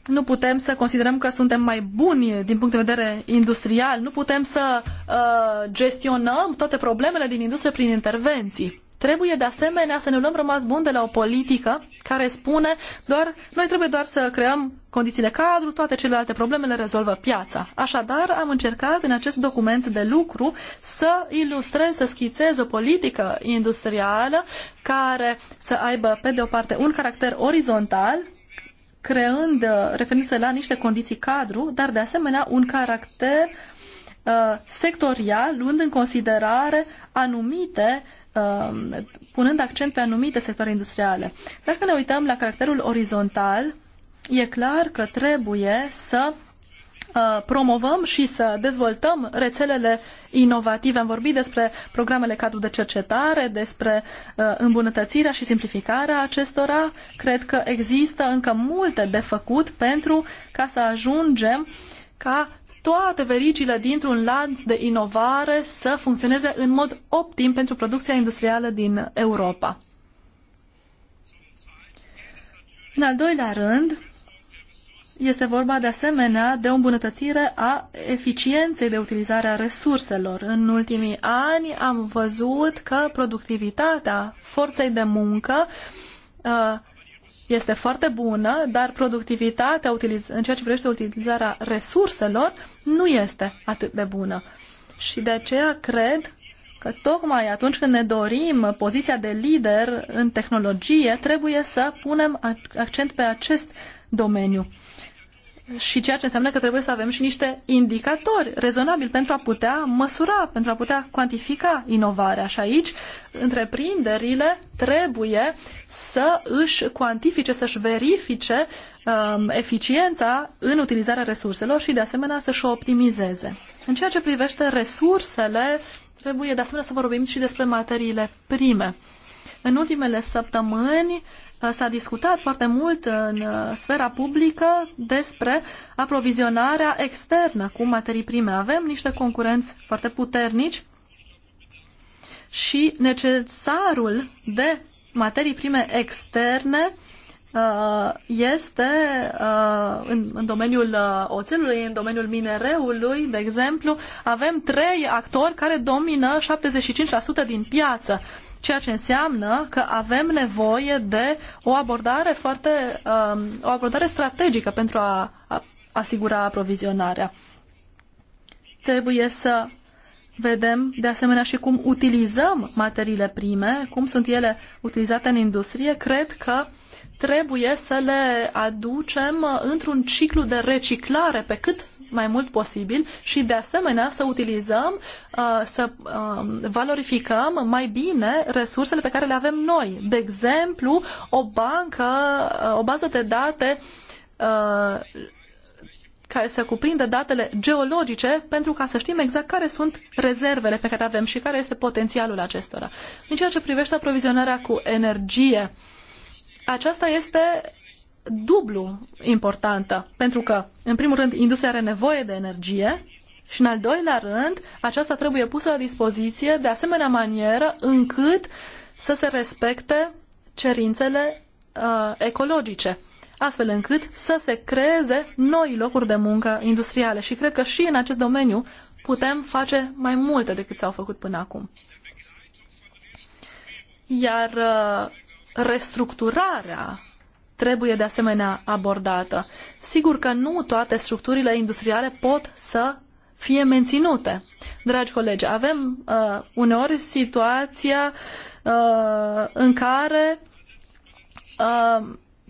nu putem să considerăm că suntem mai buni din punct de vedere industrial, nu putem să uh, gestionăm toate problemele din industrie prin intervenții. Trebuie de asemenea să ne luăm rămas bun de la o politică care spune doar, noi trebuie doar să creăm condițiile cadru, toate celelalte probleme le rezolvă piața. Așadar, am încercat în acest document de lucru să ilustrez, să schițez o politică industrială care să aibă, pe de o parte, un caracter orizontal, creând uh, referințe la niște condiții cadru, dar de asemenea un caracter uh, sectorial, luând în considerare anumite Um, punând accent pe anumite sectoare industriale. Dacă ne uităm la caracterul orizontal, e clar că trebuie să uh, promovăm și să dezvoltăm rețelele inovative. Am vorbit despre programele cadru de cercetare, despre uh, îmbunătățirea și simplificarea acestora. Cred că există încă multe de făcut pentru ca să ajungem ca toate vericile dintr-un lanț de inovare să funcționeze în mod optim pentru producția industrială din Europa. În al doilea rând, este vorba de asemenea de o îmbunătățire a eficienței de utilizare a resurselor. În ultimii ani am văzut că productivitatea forței de muncă uh, este foarte bună, dar productivitatea în ceea ce privește utilizarea resurselor nu este atât de bună. Și de aceea cred că tocmai atunci când ne dorim poziția de lider în tehnologie, trebuie să punem accent pe acest domeniu și ceea ce înseamnă că trebuie să avem și niște indicatori rezonabili pentru a putea măsura, pentru a putea cuantifica inovarea. Și aici, întreprinderile trebuie să își cuantifice, să-și verifice um, eficiența în utilizarea resurselor și, de asemenea, să-și o optimizeze. În ceea ce privește resursele, trebuie, de asemenea, să vorbim și despre materiile prime. În ultimele săptămâni, Uh, s-a discutat foarte mult în uh, sfera publică despre aprovizionarea externă cu materii prime. Avem niște concurenți foarte puternici și necesarul de materii prime externe uh, este în, domeniul oțelului, în domeniul minereului, de exemplu, avem trei actori care domină 75% din piață ceea ce înseamnă că avem nevoie de o abordare foarte, um, o abordare strategică pentru a, a asigura aprovizionarea. Trebuie să vedem de asemenea și cum utilizăm materiile prime, cum sunt ele utilizate în industrie. Cred că trebuie să le aducem într-un ciclu de reciclare pe cât mai mult posibil și de asemenea să utilizăm, uh, să uh, valorificăm mai bine resursele pe care le avem noi. De exemplu, o bancă, uh, o bază de date care să cuprindă datele geologice pentru ca să știm exact care sunt rezervele pe care le avem și care este potențialul acestora. În ceea ce privește aprovizionarea cu energie, aceasta este dublu importantă, pentru că, în primul rând, industria are nevoie de energie și, în al doilea rând, aceasta trebuie pusă la dispoziție de asemenea manieră încât să se respecte cerințele uh, ecologice, astfel încât să se creeze noi locuri de muncă industriale. Și cred că și în acest domeniu putem face mai multe decât s-au făcut până acum. Iar uh, restructurarea trebuie de asemenea abordată. Sigur că nu toate structurile industriale pot să fie menținute. Dragi colegi, avem uh, uneori situația uh, în care uh,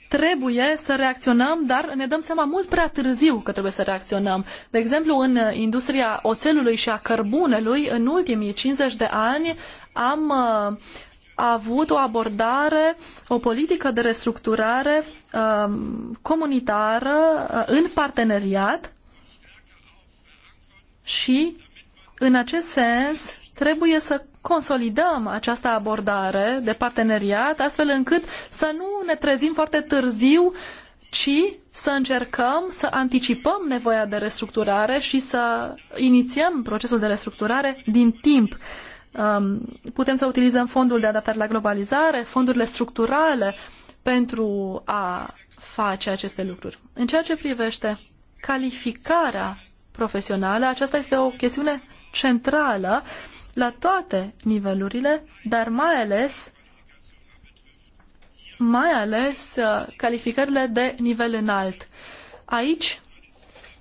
trebuie să reacționăm, dar ne dăm seama mult prea târziu că trebuie să reacționăm. De exemplu, în industria oțelului și a cărbunelui, în ultimii 50 de ani am uh, a avut o abordare, o politică de restructurare um, comunitară uh, în parteneriat și, în acest sens, trebuie să consolidăm această abordare de parteneriat astfel încât să nu ne trezim foarte târziu ci să încercăm să anticipăm nevoia de restructurare și să inițiem procesul de restructurare din timp. Uh, Um, putem să utilizăm fondul de adaptare la globalizare, fondurile structurale pentru a face aceste lucruri. În ceea ce privește calificarea profesională, aceasta este o chestiune centrală la toate nivelurile, dar mai ales mai ales uh, calificările de nivel înalt. Aici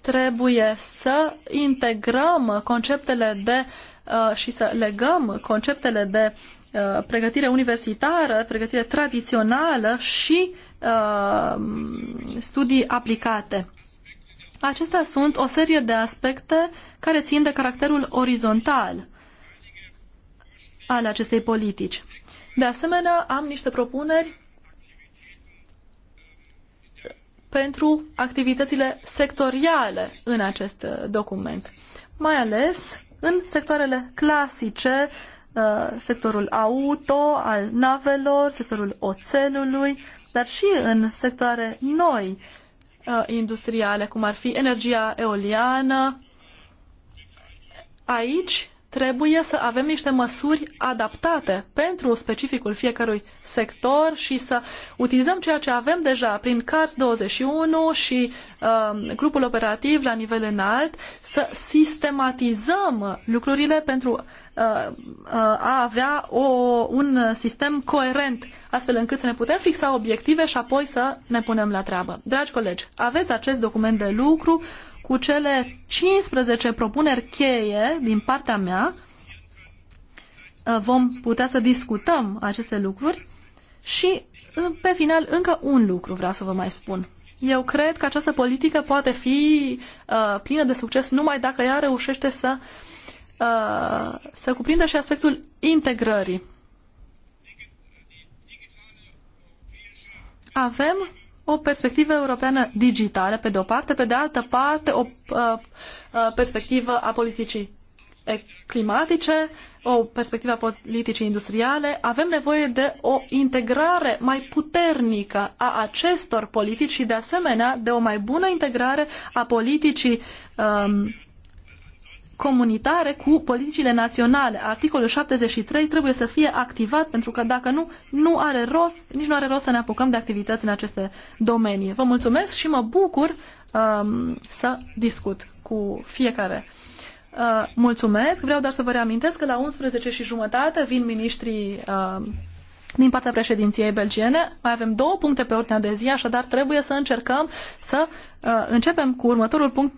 trebuie să integrăm conceptele de Uh, și să legăm conceptele de uh, pregătire universitară, pregătire tradițională și uh, studii aplicate. Acestea sunt o serie de aspecte care țin de caracterul orizontal al acestei politici. De asemenea, am niște propuneri pentru activitățile sectoriale în acest document, mai ales în sectoarele clasice, uh, sectorul auto, al navelor, sectorul oțelului, dar și în sectoare noi uh, industriale, cum ar fi energia eoliană. Aici trebuie să avem niște măsuri adaptate pentru specificul fiecărui sector și să utilizăm ceea ce avem deja prin CARS 21 și uh, grupul operativ la nivel înalt, să sistematizăm lucrurile pentru uh, uh, a avea o, un sistem coerent, astfel încât să ne putem fixa obiective și apoi să ne punem la treabă. Dragi colegi, aveți acest document de lucru, cu cele 15 propuneri cheie din partea mea. Uh, vom putea să discutăm aceste lucruri și, uh, pe final, încă un lucru vreau să vă mai spun. Eu cred că această politică poate fi uh, plină de succes numai dacă ea reușește să, uh, să cuprindă și aspectul integrării. Avem o perspectivă europeană digitală, pe de o parte, pe de altă parte o uh, uh, perspectivă a politicii climatice, o perspectivă a politicii industriale, avem nevoie de o integrare mai puternică a acestor politici și, de asemenea, de o mai bună integrare a politicii um, comunitare cu politicile naționale. Articolul 73 trebuie să fie activat pentru că dacă nu, nu are rost, nici nu are rost să ne apucăm de activități în aceste domenii. Vă mulțumesc și mă bucur um, să discut cu fiecare. Uh, mulțumesc. Vreau doar să vă reamintesc că la 11 și jumătate vin ministrii uh, din partea președinției belgiene. Mai avem două puncte pe ordinea de zi, așadar trebuie să încercăm să uh, începem cu următorul punct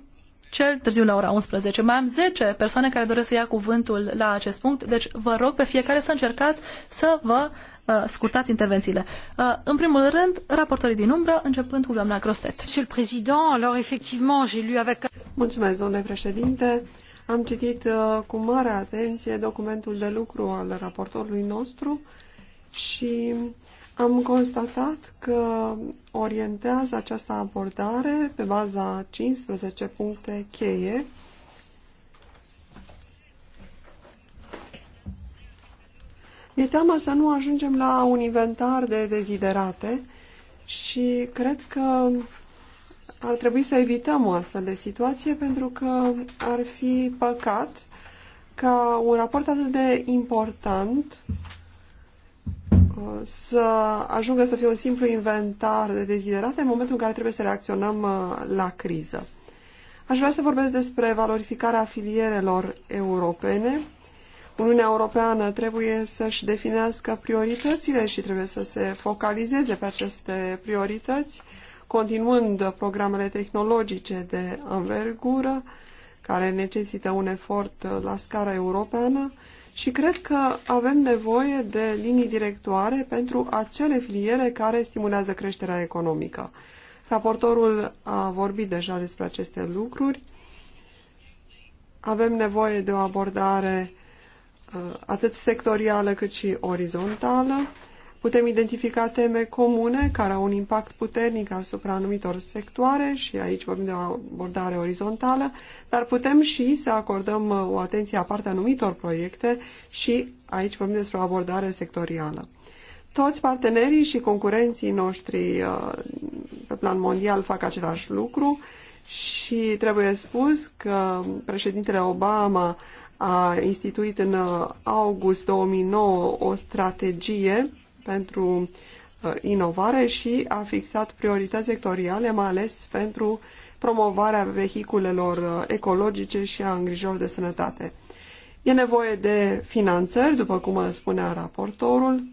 cel târziu la ora 11. Mai am 10 persoane care doresc să ia cuvântul la acest punct, deci vă rog pe fiecare să încercați să vă uh, scurtați intervențiile. Uh, în primul rând, raportorii din umbră, începând cu doamna Crostet. Mulțumesc, domnule președinte. Am citit uh, cu mare atenție documentul de lucru al raportorului nostru și am constatat că orientează această abordare pe baza 15 puncte cheie Mi-e teamă să nu ajungem la un inventar de deziderate și cred că ar trebui să evităm o astfel de situație pentru că ar fi păcat ca un raport atât de important să ajungă să fie un simplu inventar de deziderate în momentul în care trebuie să reacționăm uh, la criză. Aș vrea să vorbesc despre valorificarea filierelor europene. Uniunea Europeană trebuie să-și definească prioritățile și trebuie să se focalizeze pe aceste priorități, continuând programele tehnologice de învergură, care necesită un efort uh, la scară europeană și cred că avem nevoie de linii directoare pentru acele filiere care stimulează creșterea economică. Raportorul a vorbit deja despre aceste lucruri. Avem nevoie de o abordare uh, atât sectorială cât și orizontală. Putem identifica teme comune care au un impact puternic asupra anumitor sectoare și aici vorbim de o abordare orizontală, dar putem și să acordăm uh, o atenție aparte anumitor proiecte și aici vorbim despre o abordare sectorială. Toți partenerii și concurenții noștri uh, pe plan mondial fac același lucru și trebuie spus că președintele Obama a instituit în uh, august 2009 o strategie pentru uh, inovare și a fixat priorități sectoriale, mai ales pentru promovarea vehiculelor uh, ecologice și a îngrijorilor de sănătate. E nevoie de finanțări, după cum spunea raportorul.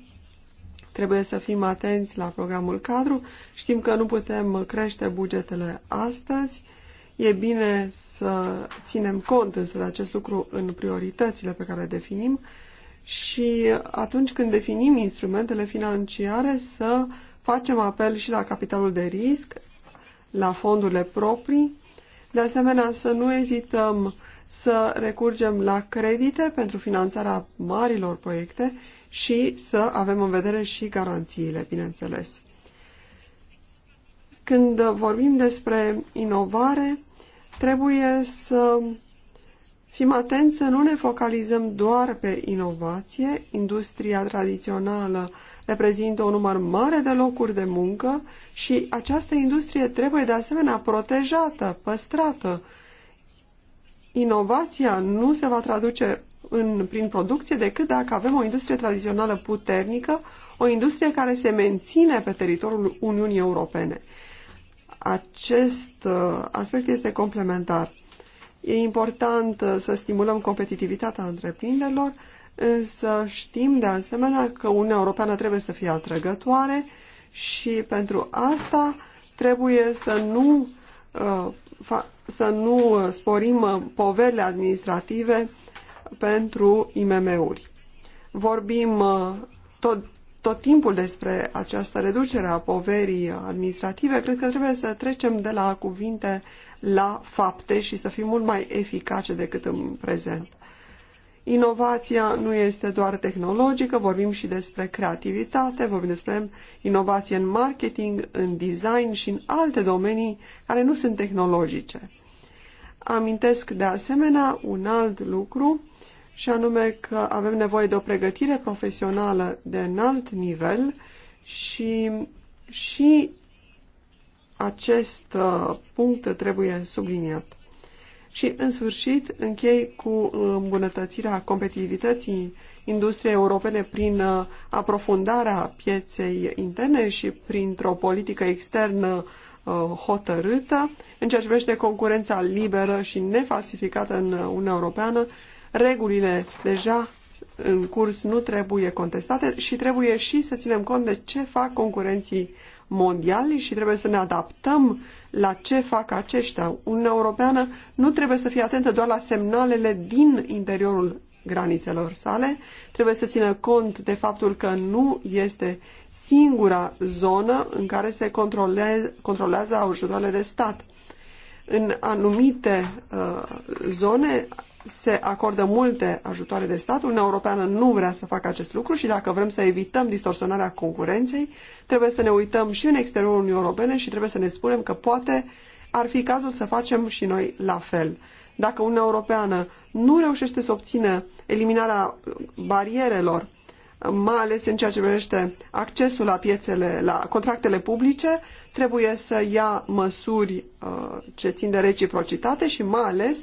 Trebuie să fim atenți la programul cadru. Știm că nu putem crește bugetele astăzi. E bine să ținem cont însă de acest lucru în prioritățile pe care le definim și atunci când definim instrumentele financiare să facem apel și la capitalul de risc, la fondurile proprii, de asemenea să nu ezităm să recurgem la credite pentru finanțarea marilor proiecte și să avem în vedere și garanțiile, bineînțeles. Când vorbim despre inovare, trebuie să fim atenți să nu ne focalizăm doar pe inovație. Industria tradițională reprezintă un număr mare de locuri de muncă și această industrie trebuie de asemenea protejată, păstrată. Inovația nu se va traduce în, prin producție decât dacă avem o industrie tradițională puternică, o industrie care se menține pe teritoriul Uniunii Europene. Acest uh, aspect este complementar. E important uh, să stimulăm competitivitatea întreprinderilor, însă știm de asemenea că Uniunea Europeană trebuie să fie atrăgătoare și pentru asta trebuie să nu, uh, să nu uh, sporim poverile administrative pentru IMM-uri. Vorbim tot tot timpul despre această reducere a poverii administrative, cred că trebuie să trecem de la cuvinte la fapte și să fim mult mai eficace decât în prezent. Inovația nu este doar tehnologică, vorbim și despre creativitate, vorbim despre inovație în marketing, în design și în alte domenii care nu sunt tehnologice. Amintesc de asemenea un alt lucru, și anume că avem nevoie de o pregătire profesională de înalt nivel și și acest uh, punct trebuie subliniat. Și, în sfârșit, închei cu uh, îmbunătățirea competitivității industriei europene prin uh, aprofundarea pieței interne și printr-o politică externă hotărâtă în ceea ce privește concurența liberă și nefalsificată în Uniunea Europeană regulile deja în curs nu trebuie contestate și trebuie și să ținem cont de ce fac concurenții mondiali și trebuie să ne adaptăm la ce fac aceștia. Uniunea Europeană nu trebuie să fie atentă doar la semnalele din interiorul granițelor sale, trebuie să țină cont de faptul că nu este singura zonă în care se controlează ajutoarele de stat. În anumite uh, zone, se acordă multe ajutoare de stat, Uniunea Europeană nu vrea să facă acest lucru și dacă vrem să evităm distorsionarea concurenței, trebuie să ne uităm și în exteriorul Uniunii Europene și trebuie să ne spunem că poate ar fi cazul să facem și noi la fel. Dacă Uniunea Europeană nu reușește să obțină eliminarea barierelor, mai ales în ceea ce privește accesul la piețele, la contractele publice, trebuie să ia măsuri uh, ce țin de reciprocitate și mai ales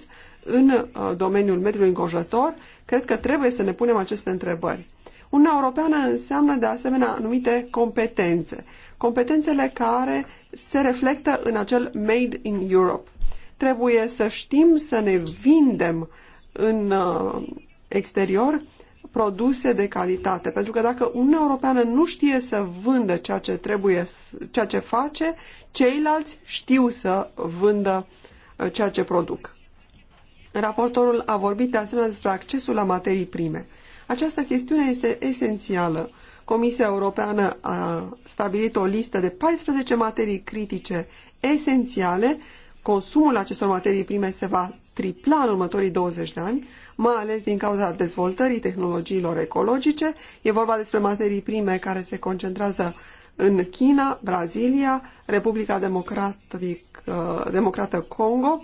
în uh, domeniul mediului înconjurător, cred că trebuie să ne punem aceste întrebări. Uniunea Europeană înseamnă de asemenea anumite competențe, competențele care se reflectă în acel Made in Europe. Trebuie să știm să ne vindem în uh, exterior produse de calitate, pentru că dacă Uniunea Europeană nu știe să vândă ceea ce trebuie, ceea ce face, ceilalți știu să vândă uh, ceea ce produc. Raportorul a vorbit de asemenea despre accesul la materii prime. Această chestiune este esențială. Comisia Europeană a stabilit o listă de 14 materii critice esențiale. Consumul acestor materii prime se va tripla în următorii 20 de ani, mai ales din cauza dezvoltării tehnologiilor ecologice. E vorba despre materii prime care se concentrează în China, Brazilia, Republica Democratic, uh, Democrată Congo,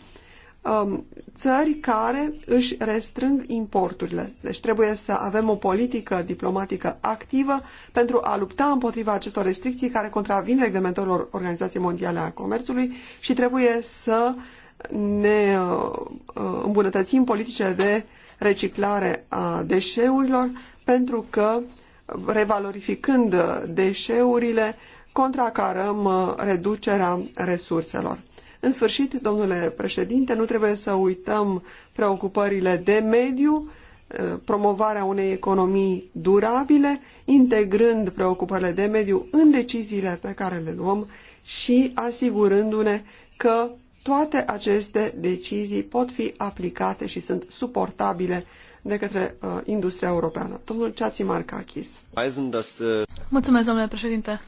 um, țări care își restrâng importurile. Deci trebuie să avem o politică diplomatică activă pentru a lupta împotriva acestor restricții care contravin reglementărilor Organizației Mondiale a Comerțului și trebuie să ne uh, uh îmbunătățim politice de reciclare a deșeurilor pentru că revalorificând deșeurile contracarăm uh, reducerea resurselor. În sfârșit, domnule președinte, nu trebuie să uităm preocupările de mediu, eh, promovarea unei economii durabile, integrând preocupările de mediu în deciziile pe care le luăm și asigurându-ne că toate aceste decizii pot fi aplicate și sunt suportabile de către uh, industria europeană. Domnul Ceații Marcachis. Mulțumesc, domnule președinte.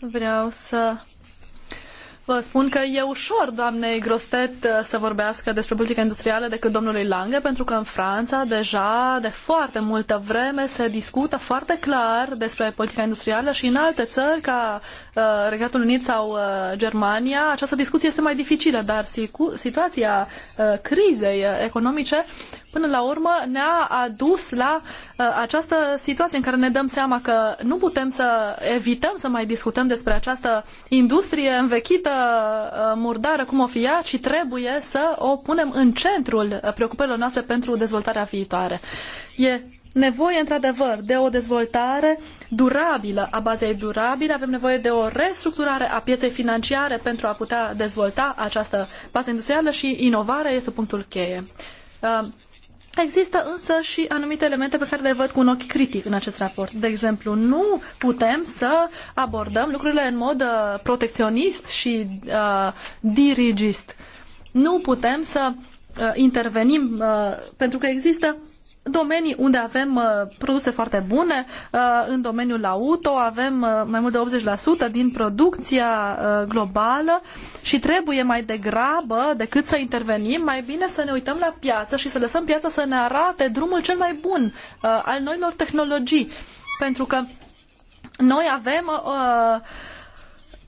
Vreau să Vă spun că e ușor doamnei Grostet uh, să vorbească despre politica industrială decât domnului Lange, pentru că în Franța deja de foarte multă vreme se discută foarte clar despre politica industrială și în alte țări ca uh, Regatul Unit sau uh, Germania această discuție este mai dificilă, dar situația uh, crizei uh, economice până la urmă ne-a adus la uh, această situație în care ne dăm seama că nu putem să evităm să mai discutăm despre această industrie învechită, uh, murdară, cum o fi ea, ci trebuie să o punem în centrul preocupărilor noastre pentru dezvoltarea viitoare. E nevoie, într-adevăr, de o dezvoltare durabilă a bazei durabile, avem nevoie de o restructurare a pieței financiare pentru a putea dezvolta această bază industrială și inovarea este punctul cheie. Uh, Există însă și anumite elemente pe care le văd cu un ochi critic în acest raport. De exemplu, nu putem să abordăm lucrurile în mod uh, protecționist și uh, dirigist. Nu putem să uh, intervenim uh, pentru că există domenii unde avem uh, produse foarte bune. Uh, în domeniul auto avem uh, mai mult de 80% din producția globală și trebuie mai degrabă decât să intervenim, mai bine să ne uităm la piață și să lăsăm piața să ne arate drumul cel mai bun al noilor tehnologii. Pentru că noi avem uh,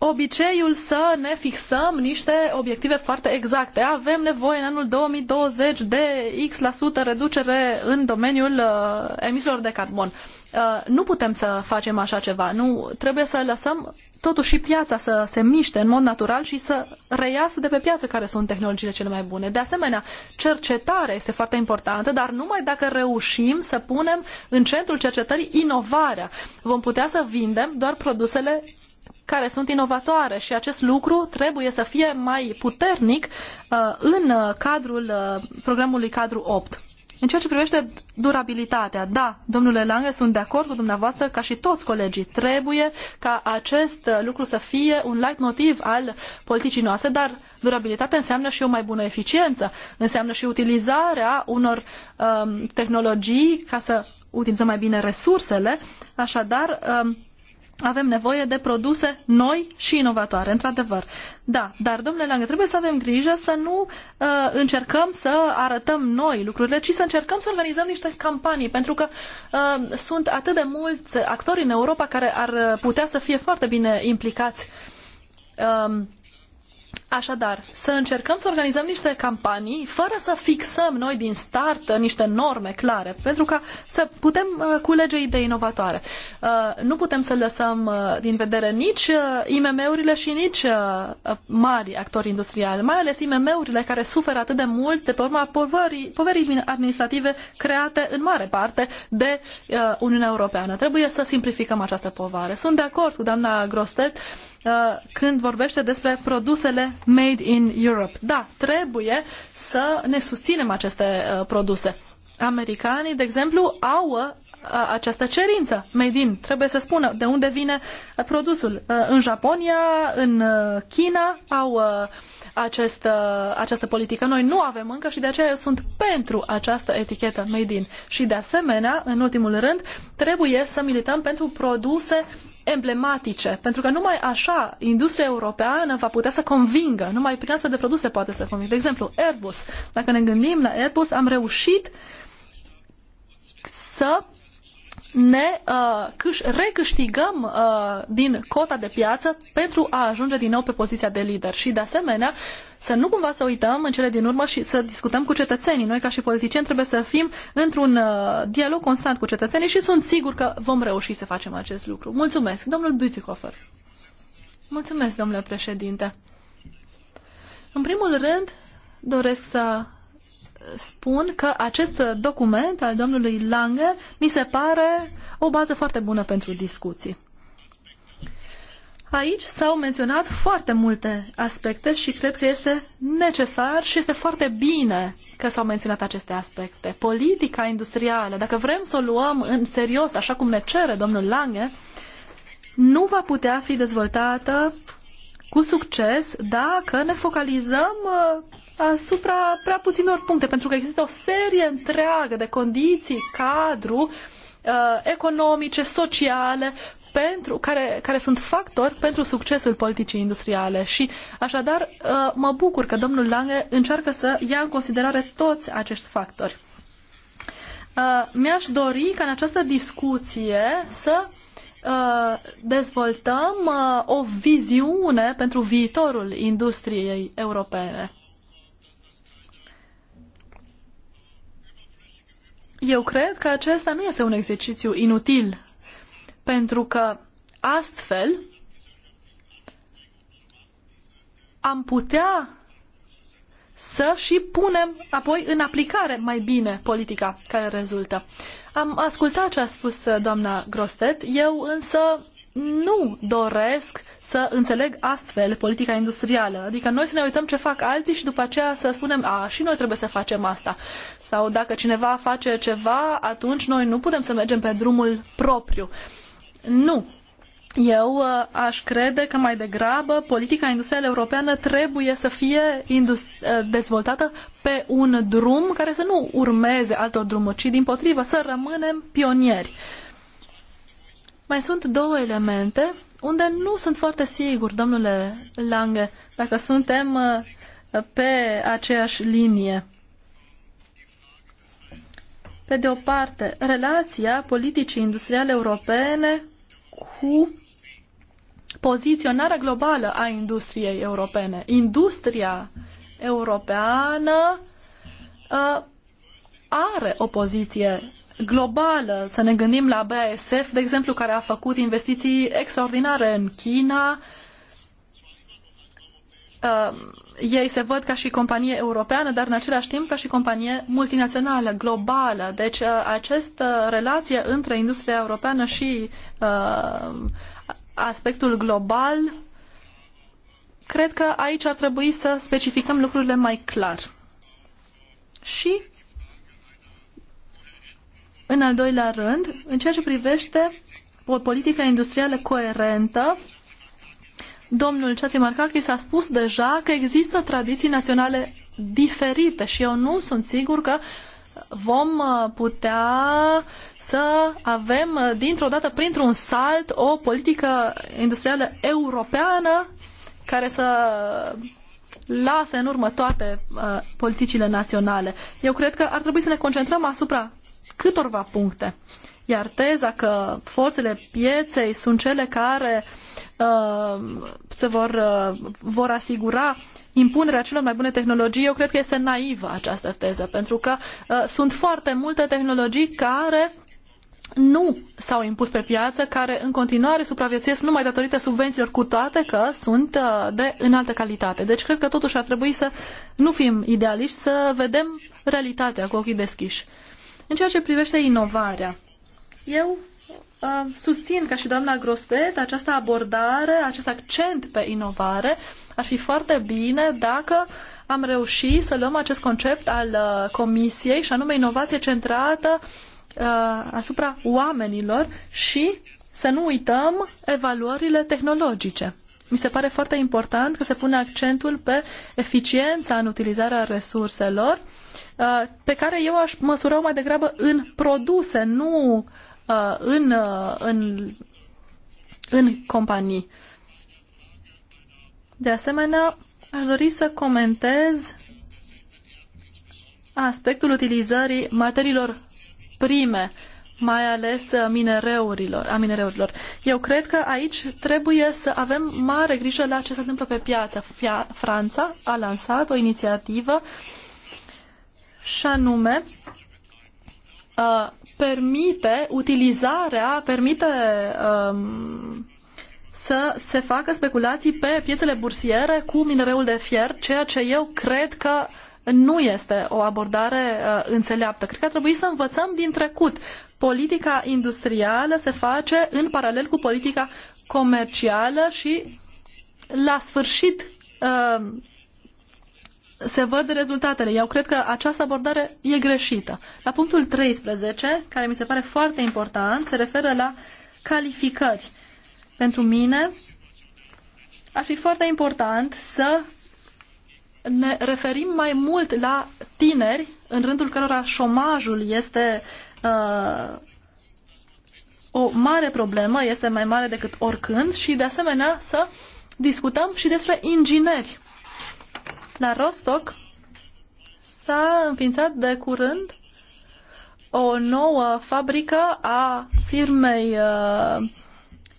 obiceiul să ne fixăm niște obiective foarte exacte. Avem nevoie în anul 2020 de X% reducere în domeniul uh, emisiilor de carbon. Uh, nu putem să facem așa ceva. Nu Trebuie să lăsăm totuși și piața să se miște în mod natural și să reiasă de pe piață care sunt tehnologiile cele mai bune. De asemenea, cercetarea este foarte importantă, dar numai dacă reușim să punem în centrul cercetării inovarea. Vom putea să vindem doar produsele care sunt inovatoare și acest lucru trebuie să fie mai puternic uh, în uh, cadrul uh, programului cadru 8. În ceea ce privește durabilitatea, da, domnule Lange, sunt de acord cu dumneavoastră ca și toți colegii. Trebuie ca acest lucru să fie un light motiv al politicii noastre, dar durabilitatea înseamnă și o mai bună eficiență, înseamnă și utilizarea unor um, tehnologii ca să utilizăm mai bine resursele, așadar um, avem nevoie de produse noi și inovatoare, într-adevăr. Da, dar, domnule Lange, trebuie să avem grijă să nu uh, încercăm să arătăm noi lucrurile, ci să încercăm să organizăm niște campanii, pentru că uh, sunt atât de mulți actori în Europa care ar putea să fie foarte bine implicați. Uh, Așadar, să încercăm să organizăm niște campanii fără să fixăm noi din start niște norme clare, pentru ca să putem uh, culege idei inovatoare. Uh, nu putem să lăsăm uh, din vedere nici uh, IMM-urile și nici uh, uh, mari actori industriali, mai ales IMM-urile care suferă atât de mult de pe urma poverii, poverii administrative create în mare parte de Uniunea Europeană. Trebuie să simplificăm această povară. Sunt de acord cu doamna Grostet Uh, când vorbește despre produsele made in Europe. Da, trebuie să ne susținem aceste uh, produse. Americanii, de exemplu, au uh, această cerință made in. Trebuie să spună de unde vine produsul. În Japonia, în China au această, această politică. Noi nu avem încă și de aceea eu sunt pentru această etichetă made in. Și de asemenea, în ultimul rând, trebuie să milităm pentru produse emblematice, pentru că numai așa industria europeană va putea să convingă, numai prin astfel de produse poate să convingă. De exemplu, Airbus. Dacă ne gândim la Airbus, am reușit să ne uh, recâștigăm uh, din cota de piață pentru a ajunge din nou pe poziția de lider. Și de asemenea, să nu cumva să uităm în cele din urmă și să discutăm cu cetățenii. Noi ca și politicieni trebuie să fim într-un uh, dialog constant cu cetățenii și sunt sigur că vom reuși să facem acest lucru. Mulțumesc, domnul Bütikofer. Mulțumesc, domnule președinte. În primul rând, doresc să spun că acest document al domnului Lange mi se pare o bază foarte bună pentru discuții. Aici s-au menționat foarte multe aspecte și cred că este necesar și este foarte bine că s-au menționat aceste aspecte. Politica industrială, dacă vrem să o luăm în serios, așa cum ne cere domnul Lange, nu va putea fi dezvoltată cu succes dacă ne focalizăm uh, asupra prea puținor puncte, pentru că există o serie întreagă de condiții, cadru, uh, economice, sociale, pentru, care, care sunt factori pentru succesul politicii industriale și așadar uh, mă bucur că domnul Lange încearcă să ia în considerare toți acești factori. Uh, mi-aș dori ca în această discuție să dezvoltăm o viziune pentru viitorul industriei europene. Eu cred că acesta nu este un exercițiu inutil, pentru că astfel am putea să și punem apoi în aplicare mai bine politica care rezultă. Am ascultat ce a spus uh, doamna Grostet, eu însă nu doresc să înțeleg astfel politica industrială. Adică noi să ne uităm ce fac alții și după aceea să spunem, a, și noi trebuie să facem asta. Sau dacă cineva face ceva, atunci noi nu putem să mergem pe drumul propriu. Nu. Eu uh, aș crede că mai degrabă politica industrială europeană trebuie să fie uh, dezvoltată pe un drum care să nu urmeze altor drumuri, ci din potrivă să rămânem pionieri. Uh, mai sunt două elemente unde nu sunt foarte sigur, domnule Lange, dacă suntem uh, pe aceeași linie. Pe de o parte, relația politicii industriale europene cu poziționarea globală a industriei europene. Industria europeană uh, are o poziție globală, să ne gândim la BASF, de exemplu, care a făcut investiții extraordinare în China. Uh, ei se văd ca și companie europeană, dar în același timp ca și companie multinațională, globală. Deci uh, această relație între industria europeană și uh, aspectul global, cred că aici ar trebui să specificăm lucrurile mai clar. Și în al doilea rând, în ceea ce privește o politică industrială coerentă, domnul Marcachis a spus deja că există tradiții naționale diferite și eu nu sunt sigur că vom uh, putea să avem uh, dintr-o dată, printr-un salt, o politică industrială europeană care să lase în urmă toate uh, politicile naționale. Eu cred că ar trebui să ne concentrăm asupra câtorva puncte. Iar teza că forțele pieței sunt cele care uh, se vor, uh, vor asigura impunerea celor mai bune tehnologii, eu cred că este naivă această teză, pentru că uh, sunt foarte multe tehnologii care nu s-au impus pe piață, care în continuare supraviețuiesc numai datorită subvențiilor, cu toate că sunt uh, de înaltă calitate. Deci cred că totuși ar trebui să nu fim idealiști, să vedem realitatea cu ochii deschiși. În ceea ce privește inovarea, eu uh, susțin ca și doamna Grostet această abordare, acest accent pe inovare. Ar fi foarte bine dacă am reușit să luăm acest concept al uh, comisiei și anume inovație centrată uh, Uh, asupra oamenilor și să nu uităm evaluările tehnologice. Mi se pare foarte important că se pune accentul pe eficiența în utilizarea resurselor, uh, pe care eu aș măsura mai degrabă în produse, nu uh, în, în, în companii. De asemenea, aș dori să comentez aspectul utilizării materiilor prime, mai ales uh, minereurilor, a minereurilor. Eu cred că aici trebuie să avem mare grijă la ce se întâmplă pe piață. Fia, Franța a lansat o inițiativă și anume uh, permite utilizarea, permite um, să se facă speculații pe piețele bursiere cu minereul de fier, ceea ce eu cred că nu este o abordare uh, înțeleaptă. Cred că ar trebui să învățăm din trecut. Politica industrială se face în paralel cu politica comercială și la sfârșit uh, se văd rezultatele. Eu cred că această abordare e greșită. La punctul 13, care mi se pare foarte important, se referă la calificări. Pentru mine ar fi foarte important să ne referim mai mult la tineri, în rândul cărora șomajul este uh, o mare problemă, este mai mare decât oricând și de asemenea să discutăm și despre ingineri. La Rostock s-a înființat de curând o nouă fabrică a firmei uh,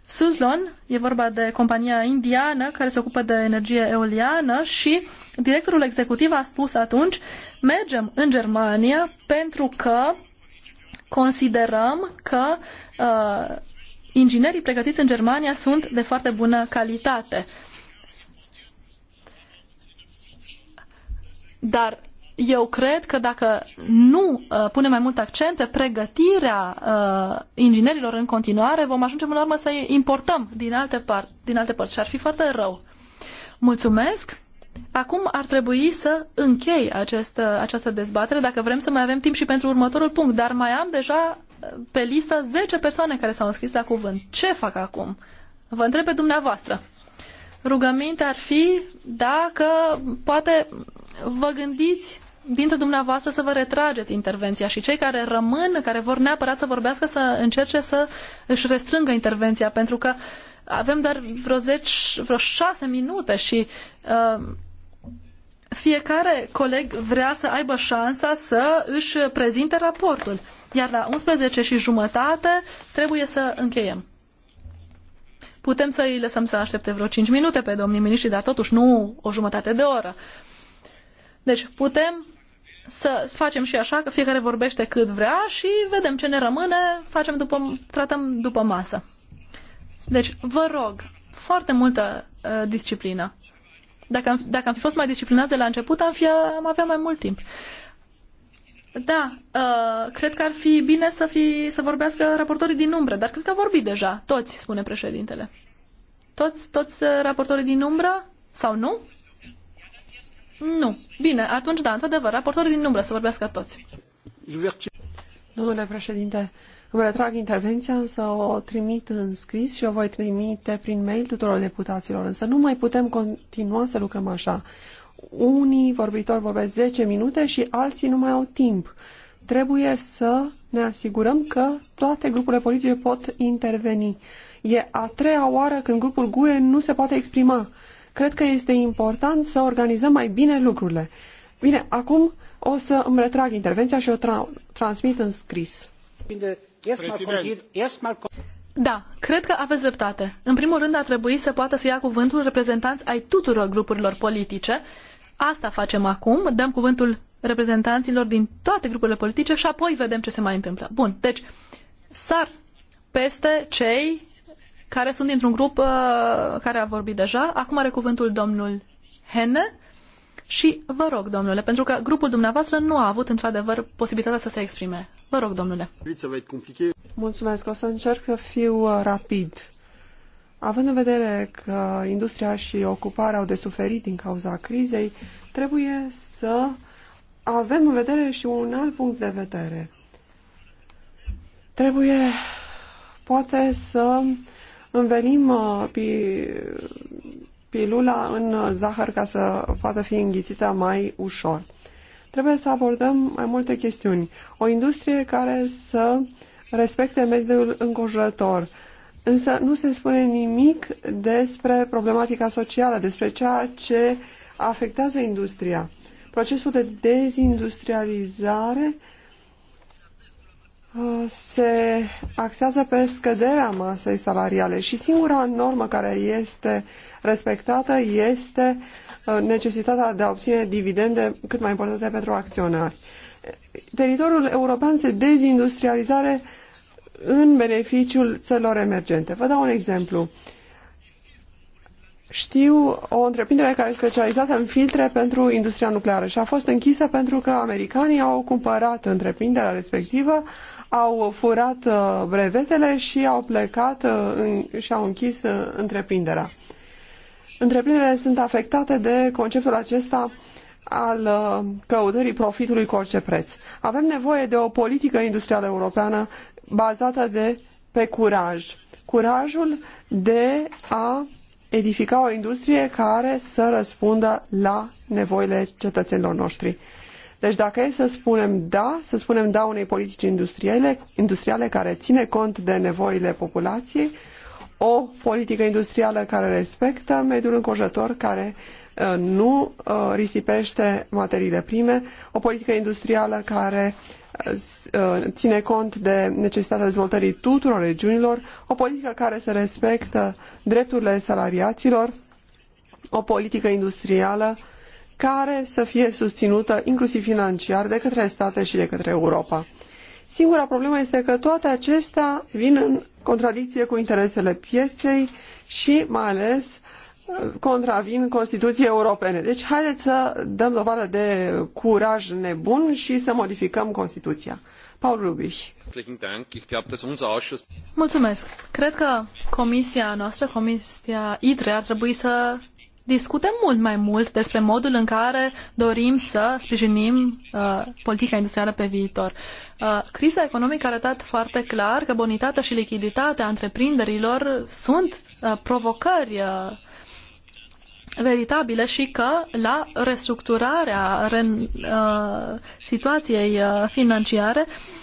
Suzlon, e vorba de compania indiană care se ocupă de energie eoliană și directorul executiv a spus atunci, mergem în Germania pentru că considerăm că uh, inginerii pregătiți în Germania sunt de foarte bună calitate. Dar eu cred că dacă nu uh, punem mai mult accent pe pregătirea uh, inginerilor în continuare, vom ajunge în urmă să importăm din alte, par- din alte părți și ar fi foarte rău. Mulțumesc! Acum ar trebui să închei această, această dezbatere, dacă vrem să mai avem timp și pentru următorul punct, dar mai am deja pe listă 10 persoane care s-au înscris la cuvânt. Ce fac acum? Vă întreb pe dumneavoastră. Rugămintea ar fi dacă poate vă gândiți dintre dumneavoastră să vă retrageți intervenția și cei care rămân, care vor neapărat să vorbească, să încerce să își restrângă intervenția, pentru că avem doar vreo 10, vreo 6 minute și uh, fiecare coleg vrea să aibă șansa să își prezinte raportul. Iar la 11 și jumătate trebuie să încheiem. Putem să îi lăsăm să aștepte vreo 5 minute pe domnii miniștri, dar totuși nu o jumătate de oră. Deci putem să facem și așa, că fiecare vorbește cât vrea și vedem ce ne rămâne, facem după, tratăm după masă. Deci, vă rog, foarte multă uh, disciplină. Dacă am, dacă am fi fost mai disciplinați de la început, am, fi, am avea mai mult timp. Da, uh, cred că ar fi bine să, fi, să vorbească raportorii din umbră, dar cred că a vorbit deja, toți, spune președintele. Toți, toți uh, raportorii din umbră sau nu? Nu. Bine, atunci da, într-adevăr, raportorii din umbră să vorbească toți. Domnule președinte, uh, îmi retrag intervenția, însă o trimit în scris și o voi trimite prin mail tuturor deputaților. Însă nu mai putem continua să lucrăm așa. Unii vorbitori vorbesc 10 minute și alții nu mai au timp. Trebuie să ne asigurăm că toate grupurile politice pot interveni. E a treia oară când grupul GUE nu se poate exprima. Cred că este important să organizăm mai bine lucrurile. Bine, acum o să îmi retrag intervenția și o tra transmit în scris. Bine. Da, cred că aveți dreptate. În primul rând ar trebui să poată să ia cuvântul reprezentanți ai tuturor grupurilor politice. Asta facem acum, dăm cuvântul reprezentanților din toate grupurile politice și apoi vedem ce se mai întâmplă. Bun, deci sar peste cei care sunt dintr-un grup uh, care a vorbit deja. Acum are cuvântul domnul Henne și vă rog, domnule, pentru că grupul dumneavoastră nu a avut într-adevăr posibilitatea să se exprime. Vă rog, domnule. Mulțumesc. O să încerc să fiu uh, rapid. Având în vedere că industria și ocuparea au de suferit din cauza crizei, trebuie să avem în vedere și un alt punct de vedere. Trebuie poate să învenim uh, pilula în zahăr ca să poată fi înghițită mai ușor. Trebuie să abordăm mai multe chestiuni. O industrie care să respecte mediul înconjurător, însă nu se spune nimic despre problematica socială, despre ceea ce afectează industria. Procesul de dezindustrializare uh, se axează pe scăderea masei salariale și singura normă care este respectată este uh, necesitatea de a obține dividende cât mai importante pentru acționari. Teritoriul european se dezindustrializare în beneficiul țărilor emergente. Vă dau un exemplu. Știu o întreprindere care este specializată în filtre pentru industria nucleară și a fost închisă pentru că americanii au cumpărat întreprinderea respectivă, au furat uh, brevetele și au plecat uh, și au închis uh, întreprinderea. Întreprinderile sunt afectate de conceptul acesta al căutării profitului cu orice preț. Avem nevoie de o politică industrială europeană bazată de, pe curaj. Curajul de a edifica o industrie care să răspundă la nevoile cetățenilor noștri. Deci dacă e să spunem da, să spunem da unei politici industriale, industriale care ține cont de nevoile populației, o politică industrială care respectă mediul înconjător, care uh, nu uh, risipește materiile prime, o politică industrială care uh, ține cont de necesitatea dezvoltării tuturor regiunilor, o politică care se respectă drepturile salariaților, o politică industrială care să fie susținută inclusiv financiar de către state și de către Europa. Singura problemă este că toate acestea vin în contradicție cu interesele pieței și mai ales contravin Constituției Europene. Deci haideți să dăm dovadă de curaj nebun și să modificăm Constituția. Paul Rubiș. Mulțumesc. Cred că comisia noastră, comisia ITRE, ar trebui să discutăm mult mai mult despre modul în care dorim să sprijinim uh, politica industrială pe viitor. Uh, criza economică a arătat foarte clar că bonitatea și lichiditatea întreprinderilor sunt uh, provocări uh, veritabile și că la restructurarea re, uh, situației uh, financiare uh,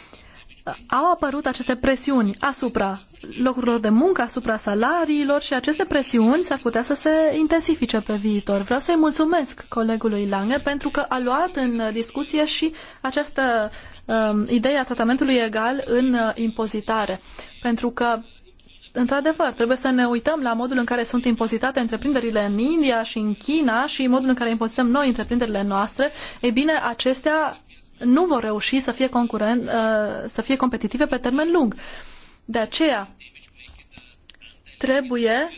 au apărut aceste presiuni asupra locurilor de muncă, asupra salariilor și aceste presiuni s-ar putea să se intensifice pe viitor. Vreau să-i mulțumesc colegului Lange pentru că a luat în discuție și această um, idee a tratamentului egal în uh, impozitare. Pentru că Într-adevăr, trebuie să ne uităm la modul în care sunt impozitate întreprinderile în India și în China și modul în care impozităm noi întreprinderile noastre. Ei bine, acestea nu vor reuși să fie, concurent, uh, să fie competitive pe termen lung. De aceea, trebuie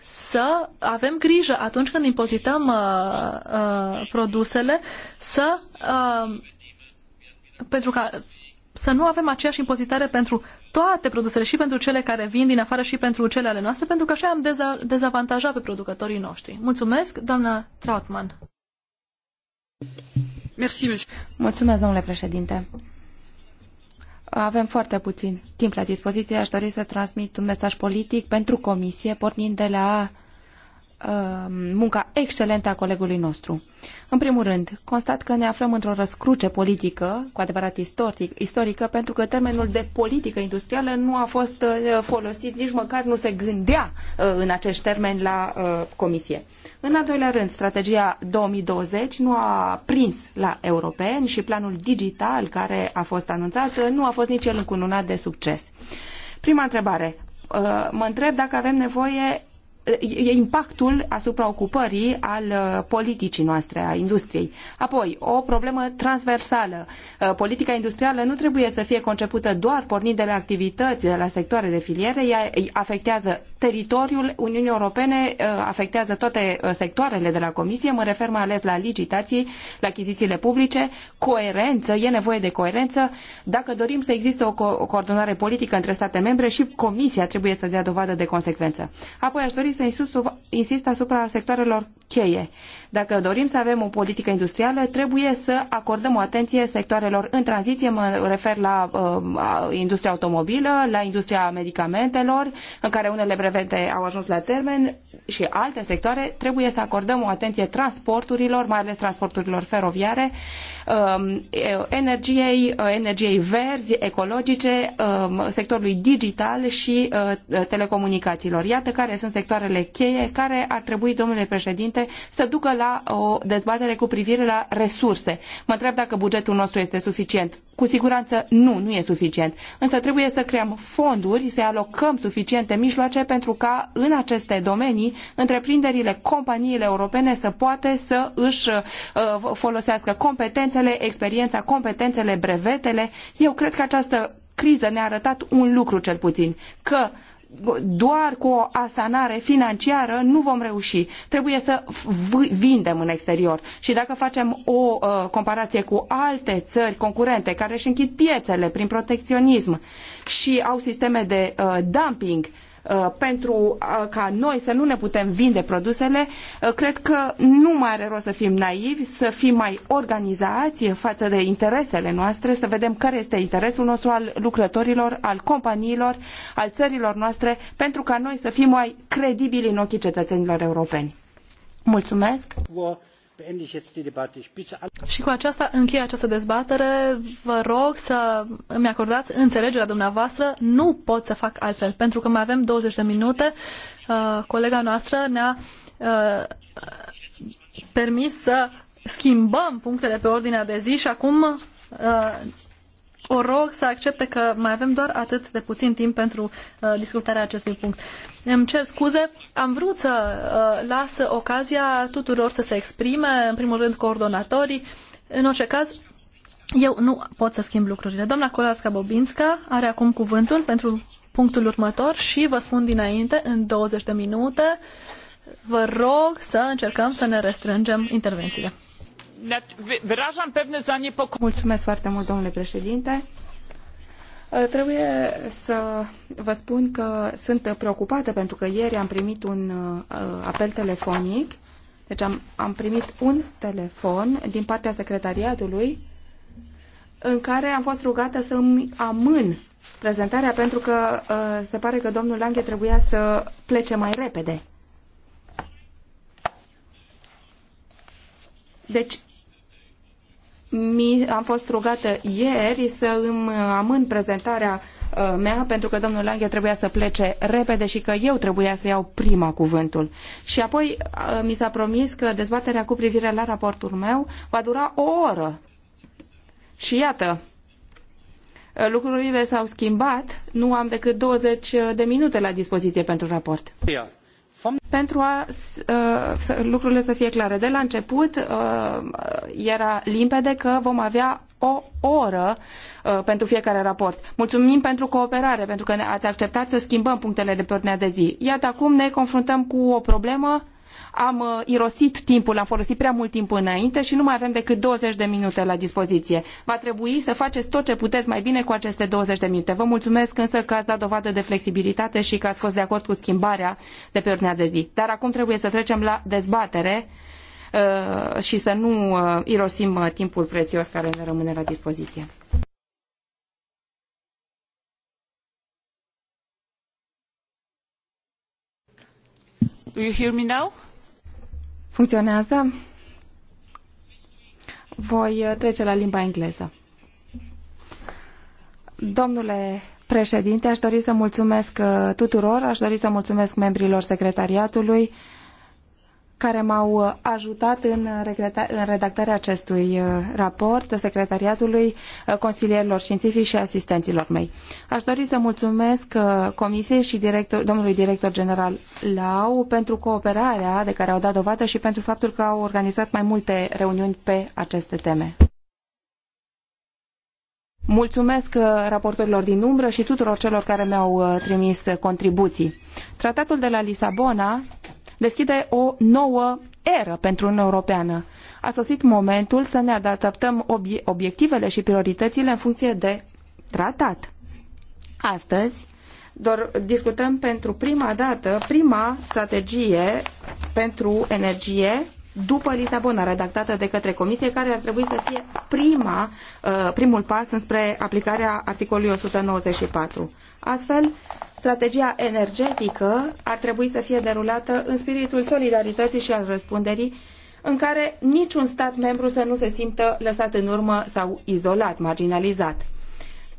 să avem grijă atunci când impozităm uh, uh, produsele să uh, pentru că să nu avem aceeași impozitare pentru toate produsele și pentru cele care vin din afară și pentru cele ale noastre, pentru că așa am deza- dezavantajat pe producătorii noștri. Mulțumesc, doamna Trautmann. Mulțumesc, domnule președinte. Avem foarte puțin timp la dispoziție. Aș dori să transmit un mesaj politic pentru Comisie, pornind de la Um, munca excelentă a colegului nostru. În primul rând, constat că ne aflăm într-o răscruce politică, cu adevărat istoric, istorică, pentru că termenul de politică industrială nu a fost uh, folosit, nici măcar nu se gândea uh, în acești termeni la uh, comisie. În al doilea rând, strategia 2020 nu a prins la europeni și planul digital care a fost anunțat nu a fost nici el încununat de succes. Prima întrebare. Mă întreb dacă avem nevoie impactul asupra ocupării al uh, politicii noastre, a industriei. Apoi, o problemă transversală. Uh, politica industrială nu trebuie să fie concepută doar pornind de la activități, de la sectoare de filiere, ea afectează teritoriul Uniunii Europene uh, afectează toate uh, sectoarele de la Comisie, mă refer mai ales la licitații, la achizițiile publice, coerență, e nevoie de coerență. Dacă dorim să existe o, co- o coordonare politică între state membre și Comisia trebuie să dea dovadă de consecvență. Apoi aș dori să insist asupra sectoarelor cheie. Dacă dorim să avem o politică industrială, trebuie să acordăm o atenție sectoarelor în tranziție, mă refer la uh, industria automobilă, la industria medicamentelor, în care unele brevete au ajuns la termen și alte sectoare, trebuie să acordăm o atenție transporturilor, mai ales transporturilor feroviare, um, energiei, uh, energiei verzi, ecologice, um, sectorului digital și uh, telecomunicațiilor. Iată care sunt sectoarele cheie care ar trebui, domnule președinte, să ducă la o dezbatere cu privire la resurse. Mă întreb dacă bugetul nostru este suficient. Cu siguranță nu, nu e suficient. Însă trebuie să creăm fonduri, să alocăm suficiente mijloace pentru pentru ca în aceste domenii întreprinderile, companiile europene să poată să își uh, folosească competențele, experiența, competențele, brevetele. Eu cred că această criză ne-a arătat un lucru cel puțin, că doar cu o asanare financiară nu vom reuși. Trebuie să vindem în exterior. Și dacă facem o uh, comparație cu alte țări concurente care își închid piețele prin protecționism și au sisteme de uh, dumping, uh, Uh, pentru uh, ca noi să nu ne putem vinde produsele, uh, cred că nu mai are rost să fim naivi, să fim mai organizați față de interesele noastre, să vedem care este interesul nostru al lucrătorilor, al companiilor, al țărilor noastre, pentru ca noi să fim mai credibili în ochii cetățenilor europeni. Mulțumesc! Și cu aceasta închei această dezbatere. Vă rog să îmi acordați înțelegerea dumneavoastră. Nu pot să fac altfel, pentru că mai avem 20 de minute. Uh, colega noastră ne-a uh, permis să schimbăm punctele pe ordinea de zi și acum uh, o rog să accepte că mai avem doar atât de puțin timp pentru uh, discutarea acestui punct. Îmi cer scuze, am vrut să uh, las ocazia tuturor să se exprime, în primul rând coordonatorii. În orice caz, eu nu pot să schimb lucrurile. Doamna Colasca Bobinska are acum cuvântul pentru punctul următor și vă spun dinainte, în 20 de minute, vă rog să încercăm să ne restrângem intervențiile wyrażam pewne zaniepokojenie. Mulțumesc domnule președinte. Ă, trebuie să vă spun că sunt preocupată pentru că ieri am primit un ă, apel telefonic, deci am, am primit un telefon din partea secretariatului în care am fost rugată să îmi amân prezentarea pentru că ă, se pare că domnul Lange trebuia să plece mai repede. Deci mi, am fost rugată ieri să îmi uh, amân prezentarea uh, mea, pentru că domnul Lange trebuia să plece repede și că eu trebuia să iau prima cuvântul. Și apoi uh, mi s-a promis că dezbaterea cu privire la raportul meu va dura o oră. Și iată, lucrurile s-au schimbat, nu am decât 20 de minute la dispoziție pentru raport. Pentru a uh, să, lucrurile să fie clare, de la început uh, era limpede că vom avea o oră uh, pentru fiecare raport. Mulțumim pentru cooperare, pentru că ne ați acceptat să schimbăm punctele de pe ordinea de zi. Iată acum ne confruntăm cu o problemă am uh, irosit timpul, am folosit prea mult timp înainte și nu mai avem decât 20 de minute la dispoziție. Va trebui să faceți tot ce puteți mai bine cu aceste 20 de minute. Vă mulțumesc însă că ați dat dovadă de flexibilitate și că ați fost de acord cu schimbarea de pe ordinea de zi. Dar acum trebuie să trecem la dezbatere uh, și să nu uh, irosim timpul prețios care ne rămâne la dispoziție. Do you hear me now? Funcționează? Voi uh, trece la limba engleză. Domnule președinte, aș dori să mulțumesc uh, tuturor, aș dori să mulțumesc membrilor secretariatului, care m-au uh, ajutat uh, în, redactarea acestui uh, raport, secretariatului, consilierilor științifici și asistenților mei. Aș dori să mulțumesc Comisiei și director, domnului director general Lau pentru cooperarea de care au dat dovadă și pentru faptul că au organizat mai multe reuniuni pe aceste teme. Mulțumesc raportorilor din umbră și tuturor celor care mi-au trimis contribuții. Tratatul de la Lisabona deschide o nouă eră pentru Uniunea Europeană. A sosit momentul să ne adaptăm obiectivele și prioritățile în funcție de tratat. Astăzi, doar discutăm pentru prima dată prima strategie pentru energie după Lisabona, redactată de către Comisie, care ar trebui să fie prima, uh, primul pas înspre aplicarea articolului 194. Astfel, strategia energetică ar trebui să fie derulată în spiritul solidarității și al răspunderii, în care niciun stat membru să nu se simtă lăsat în urmă sau izolat, marginalizat.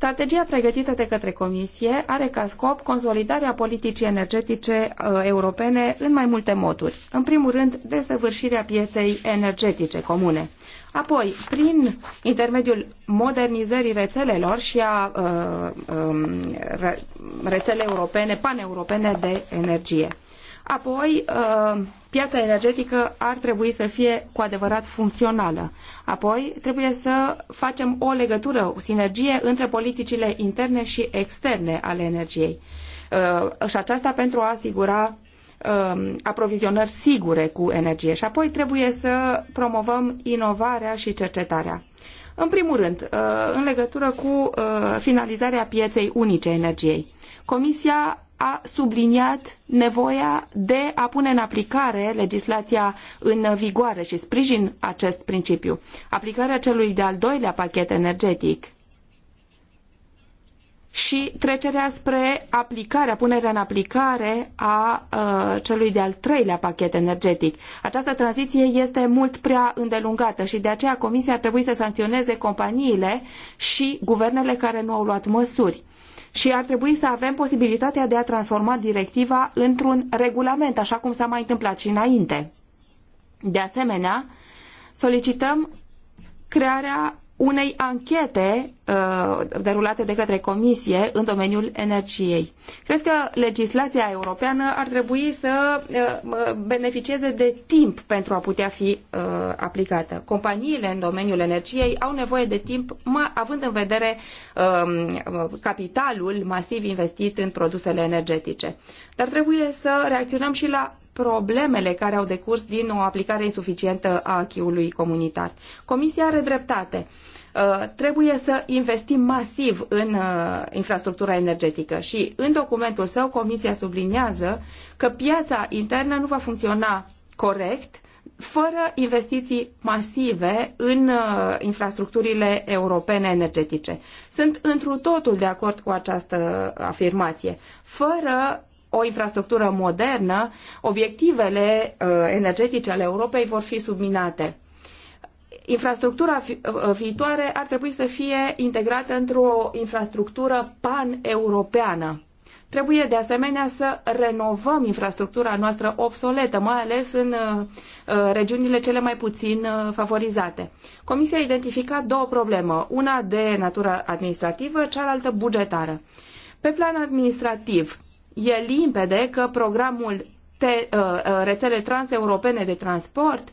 Strategia pregătită de către Comisie are ca scop consolidarea politicii energetice uh, europene în mai multe moduri. În primul rând, desăvârșirea pieței energetice comune. Apoi, prin intermediul modernizării rețelelor și a uh, um, rețele europene, paneuropene de energie. Apoi, uh, piața energetică ar trebui să fie cu adevărat funcțională. Apoi, trebuie să facem o legătură, o sinergie între politicile interne și externe ale energiei. Uh, și aceasta pentru a asigura um, aprovizionări sigure cu energie și apoi trebuie să promovăm inovarea și cercetarea. În primul rând, uh, în legătură cu uh, finalizarea pieței unice energiei, Comisia a subliniat nevoia de a pune în aplicare legislația în vigoare și sprijin acest principiu. Aplicarea celui de-al doilea pachet energetic și trecerea spre aplicarea, punerea în aplicare a uh, celui de-al treilea pachet energetic. Această tranziție este mult prea îndelungată și de aceea Comisia ar trebui să sancționeze companiile și guvernele care nu au luat măsuri. Și ar trebui să avem posibilitatea de a transforma directiva într-un regulament, așa cum s-a mai întâmplat și înainte. De asemenea, solicităm crearea unei anchete uh, derulate de către Comisie în domeniul energiei. Cred că legislația europeană ar trebui să uh, beneficieze de timp pentru a putea fi uh, aplicată. Companiile în domeniul energiei au nevoie de timp, având în vedere um, capitalul masiv investit în produsele energetice. Dar trebuie să reacționăm și la problemele care au decurs din o aplicare insuficientă a acquis-ului comunitar. Comisia are dreptate. Uh, trebuie să investim masiv în uh, infrastructura energetică și în documentul său Comisia subliniază că piața internă nu va funcționa corect fără investiții masive în uh, infrastructurile europene energetice. Sunt întru totul de acord cu această afirmație. Fără o infrastructură modernă, obiectivele uh, energetice ale Europei vor fi subminate. Infrastructura uh, uh, viitoare ar trebui să fie integrată într-o infrastructură pan-europeană. Trebuie de asemenea să renovăm infrastructura noastră obsoletă, mai ales în regiunile cele mai puțin favorizate. Comisia a identificat două probleme, una de natură administrativă, cealaltă bugetară. Pe plan administrativ, e limpede că programul te, uh, uh, rețele transeuropene de transport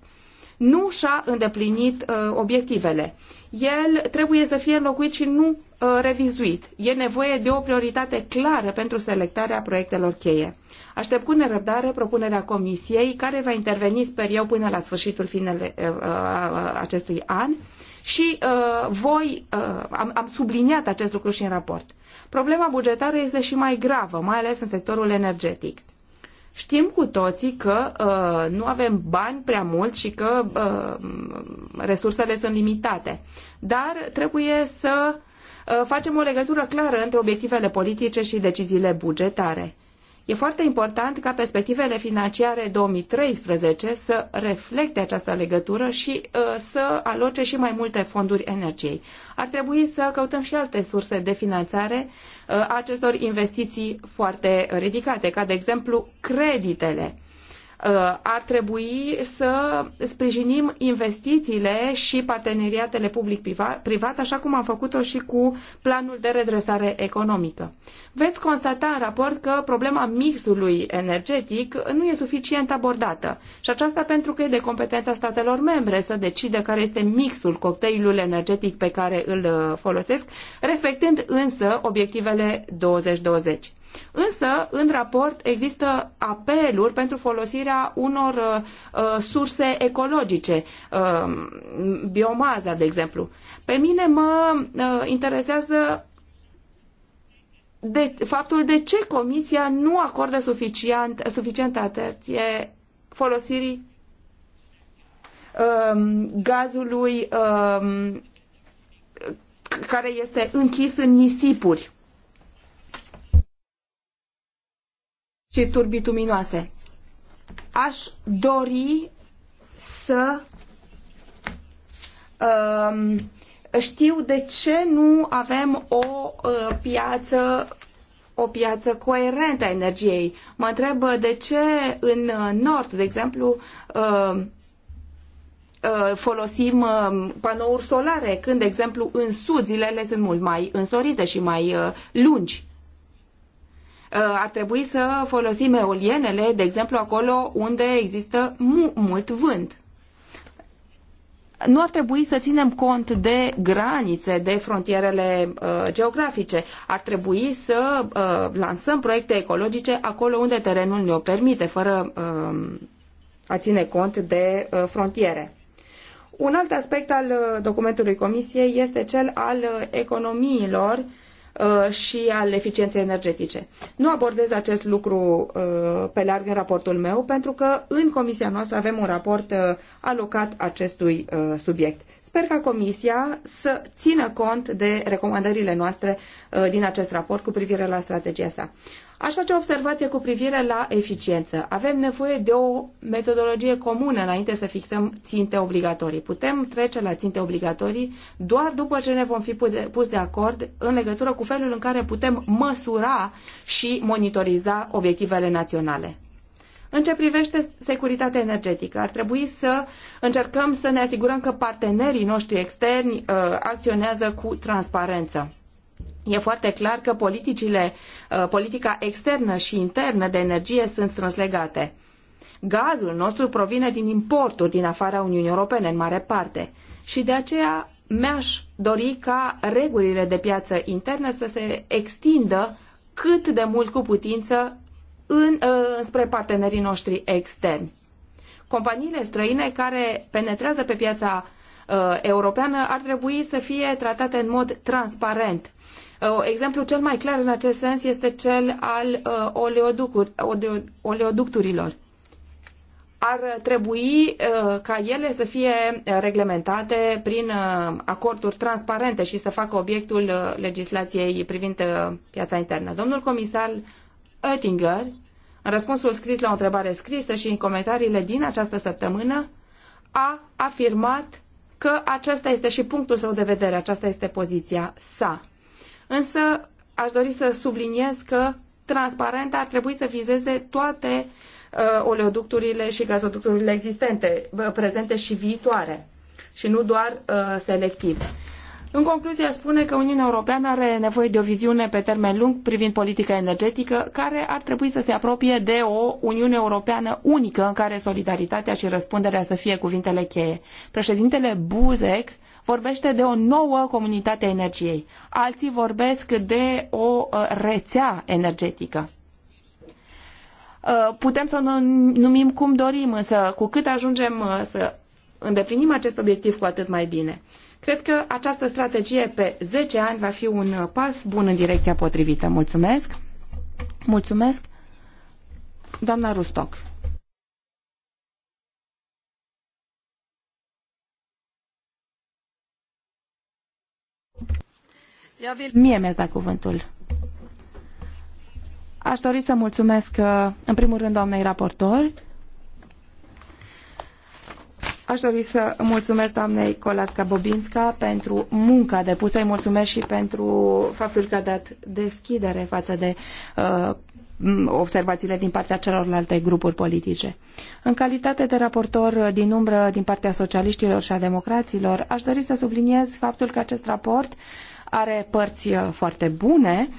nu și-a îndeplinit uh, obiectivele. El trebuie să fie înlocuit și nu revizuit. E nevoie de o prioritate clară pentru selectarea proiectelor cheie. Aștept cu nerăbdare propunerea Comisiei, care va interveni, sper eu, până la sfârșitul finele acestui an și uh, voi uh, am, am subliniat acest lucru și în raport. Problema bugetară este și mai gravă, mai ales în sectorul energetic. Știm cu toții că uh, nu avem bani prea mult și că uh, resursele sunt limitate, dar trebuie să uh, facem o legătură clară între obiectivele politice și deciziile bugetare E foarte important ca perspectivele financiare 2013 să reflecte această legătură și uh, să aloce și mai multe fonduri energiei. Ar trebui să căutăm și alte surse de finanțare uh, a acestor investiții foarte ridicate, ca de exemplu creditele Uh, ar trebui să sprijinim investițiile și parteneriatele public-privat, așa cum am făcut-o și cu planul de redresare economică. Veți constata în raport că problema mixului energetic nu e suficient abordată și aceasta pentru că e de competența statelor membre să decide care este mixul, cocktailul energetic pe care îl uh, folosesc, respectând însă obiectivele 2020. Însă, în raport există apeluri pentru folosirea unor uh, uh, surse ecologice, uh, biomaza, de exemplu. Pe mine mă uh, interesează de, faptul de ce Comisia nu acordă suficient, suficientă atenție folosirii um, gazului um, care este închis în nisipuri. cisturi bituminoase. Aș dori să um, știu de ce nu avem o uh, piață o piață coerentă a energiei. Mă întreb uh, de ce în uh, nord, de exemplu, uh, folosim panouri solare, când, de exemplu, în sud zilele sunt mult mai însorite și mai lungi. Uh, ar trebui să folosim eolienele, de exemplu, acolo unde există mu- mult vânt. Nu ar trebui să ținem cont de granițe, de frontierele uh, geografice. Ar trebui să uh, lansăm proiecte ecologice acolo unde terenul ne-o permite, fără uh, a ține cont de uh, frontiere. Un alt aspect al uh, documentului Comisiei este cel al uh, economiilor uh, Uh, și al eficienței energetice. Nu abordez acest lucru uh, pe larg în raportul meu pentru că în comisia noastră avem un raport uh, alocat acestui subiect. Sper ca comisia să țină cont de recomandările noastre din acest raport cu privire la strategia sa. Aș face o observație cu privire la eficiență. Avem nevoie de o metodologie comună înainte să fixăm ținte obligatorii. Putem trece la ținte obligatorii doar după ce ne vom fi pus de acord în legătură cu felul în care putem măsura și monitoriza obiectivele naționale. În ce privește securitatea energetică, ar trebui să încercăm să ne asigurăm că partenerii noștri externi uh, acționează cu transparență. E foarte clar că politicile, uh, politica externă și internă de energie sunt strâns legate. Gazul nostru provine din importuri din afara Uniunii Europene, în mare parte, și de aceea mi-aș dori ca regulile de piață internă să se extindă cât de mult cu putință în, uh, spre partenerii noștri externi. Companiile străine care penetrează pe piața uh, europeană ar trebui să fie tratate în mod transparent Uh, Exemplul cel mai clar în acest sens este cel al uh, oleoducturilor. Ar trebui uh, ca ele să fie reglementate prin acorduri transparente și să facă obiectul legislației privind piața internă. Domnul comisar Oettinger, în răspunsul scris la o întrebare scrisă și în comentariile din această săptămână, a afirmat că acesta este și punctul său de vedere, aceasta este poziția sa însă aș dori să subliniez că transparent ar trebui să vizeze toate uh, oleoducturile și gazoducturile existente, uh, prezente și viitoare, și nu doar uh, selectiv. În concluzie, aș spune că Uniunea Europeană are nevoie de o viziune pe termen lung privind politica energetică, care ar trebui să se apropie de o Uniune Europeană unică în care solidaritatea și răspunderea să fie cuvintele cheie. Președintele Buzek vorbește de o nouă comunitate a energiei, alții vorbesc de o uh, rețea energetică. Uh, putem să o numim cum dorim, însă cu cât ajungem uh, să îndeplinim acest obiectiv, cu atât mai bine. Cred că această strategie pe 10 ani va fi un pas bun în direcția potrivită. Mulțumesc! Mulțumesc! Doamna Rustoc. Mie mi-ați dat cuvântul. Aș dori să mulțumesc, uh, în primul rând, doamnei raportor. Aș dori să mulțumesc doamnei Colasca Bobinska pentru munca depusă. Îi mulțumesc și pentru faptul că a dat deschidere față de uh, observațiile din partea celorlalte grupuri politice. În calitate de raportor din umbră din partea socialiștilor și a democraților, aș dori să subliniez faptul că acest raport are părți uh, foarte bune.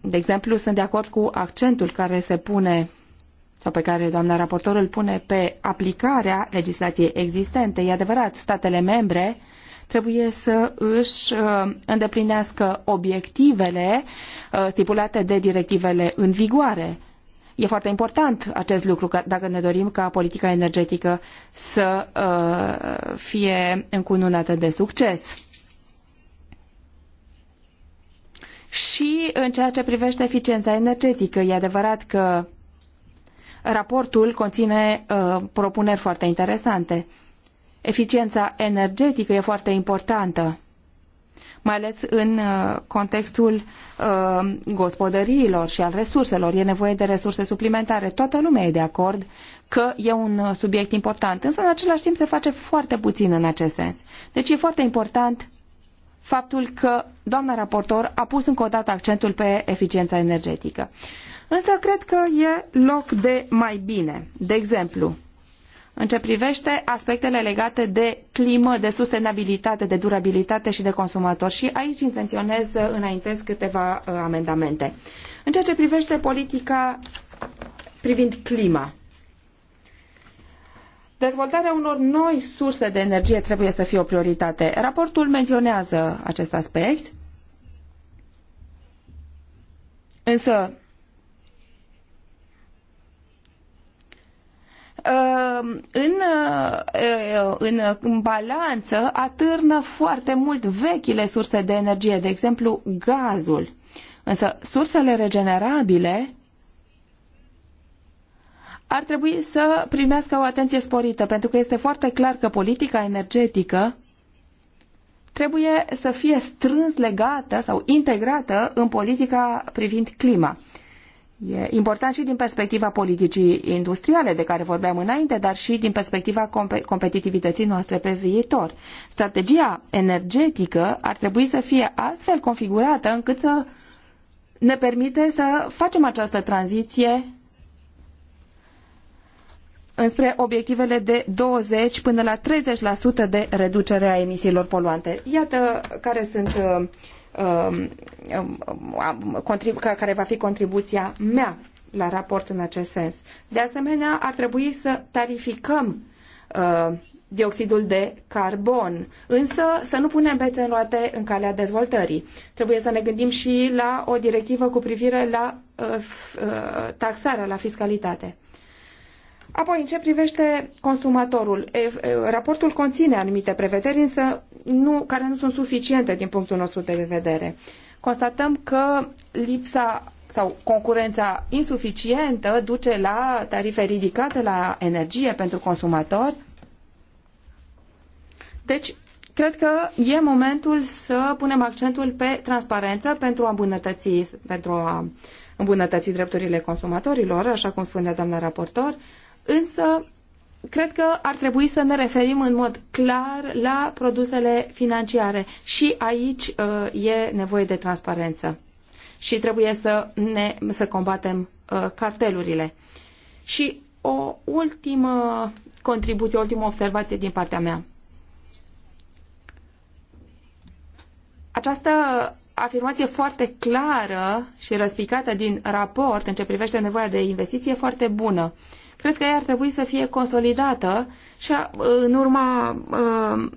De exemplu, sunt de acord cu accentul care se pune sau pe care doamna raportor îl pune pe aplicarea legislației existente. E adevărat, statele membre trebuie să își uh, îndeplinească obiectivele uh, stipulate de directivele în vigoare. E foarte important acest lucru dacă ne dorim ca politica energetică să fie încununată de succes. Și în ceea ce privește eficiența energetică, e adevărat că raportul conține uh, propuneri foarte interesante. Eficiența energetică e foarte importantă, mai ales în uh, contextul uh, gospodăriilor și al resurselor. E nevoie de resurse suplimentare. Toată lumea e de acord că e un uh, subiect important, însă în același timp se face foarte puțin în acest sens. Deci e foarte important faptul că doamna raportor a pus încă o dată accentul pe eficiența energetică. Însă cred că e loc de mai bine. De exemplu, în ce privește aspectele legate de climă, de sustenabilitate, de durabilitate și de consumator. Și aici intenționez să înaintez câteva uh, amendamente. În ceea ce privește politica privind clima, Dezvoltarea unor noi surse de energie trebuie să fie o prioritate. Raportul menționează acest aspect, însă ă, în, ă, în, în balanță atârnă foarte mult vechile surse de energie, de exemplu gazul. Însă sursele regenerabile ar trebui să primească o atenție sporită, pentru că este foarte clar că politica energetică trebuie să fie strâns legată sau integrată în politica privind clima. E important și din perspectiva politicii industriale de care vorbeam înainte, dar și din perspectiva competitivității noastre pe viitor. Strategia energetică ar trebui să fie astfel configurată încât să ne permite să facem această tranziție înspre obiectivele de 20 până la 30% de reducere a emisiilor poluante. Iată care sunt uh, um, um, care va fi contribuția mea la raport în acest sens. De asemenea, ar trebui să tarificăm uh, dioxidul de carbon, însă să nu punem bețe în roate în calea dezvoltării. Trebuie să ne gândim și la o directivă cu privire la uh, taxarea, la fiscalitate. Apoi, în ce privește consumatorul, raportul conține anumite prevederi, însă nu, care nu sunt suficiente din punctul nostru de vedere. Constatăm că lipsa sau concurența insuficientă duce la tarife ridicate la energie pentru consumator. Deci, cred că e momentul să punem accentul pe transparență pentru a îmbunătăți, pentru a îmbunătăți drepturile consumatorilor, așa cum spunea doamna raportor, însă cred că ar trebui să ne referim în mod clar la produsele financiare și aici uh, e nevoie de transparență și trebuie să, ne, să combatem uh, cartelurile. Și o ultimă contribuție, o ultimă observație din partea mea. Această afirmație foarte clară și răspicată din raport în ce privește nevoia de investiție foarte bună. Uh, cred că ea ar trebui să fie consolidată și în urma uh,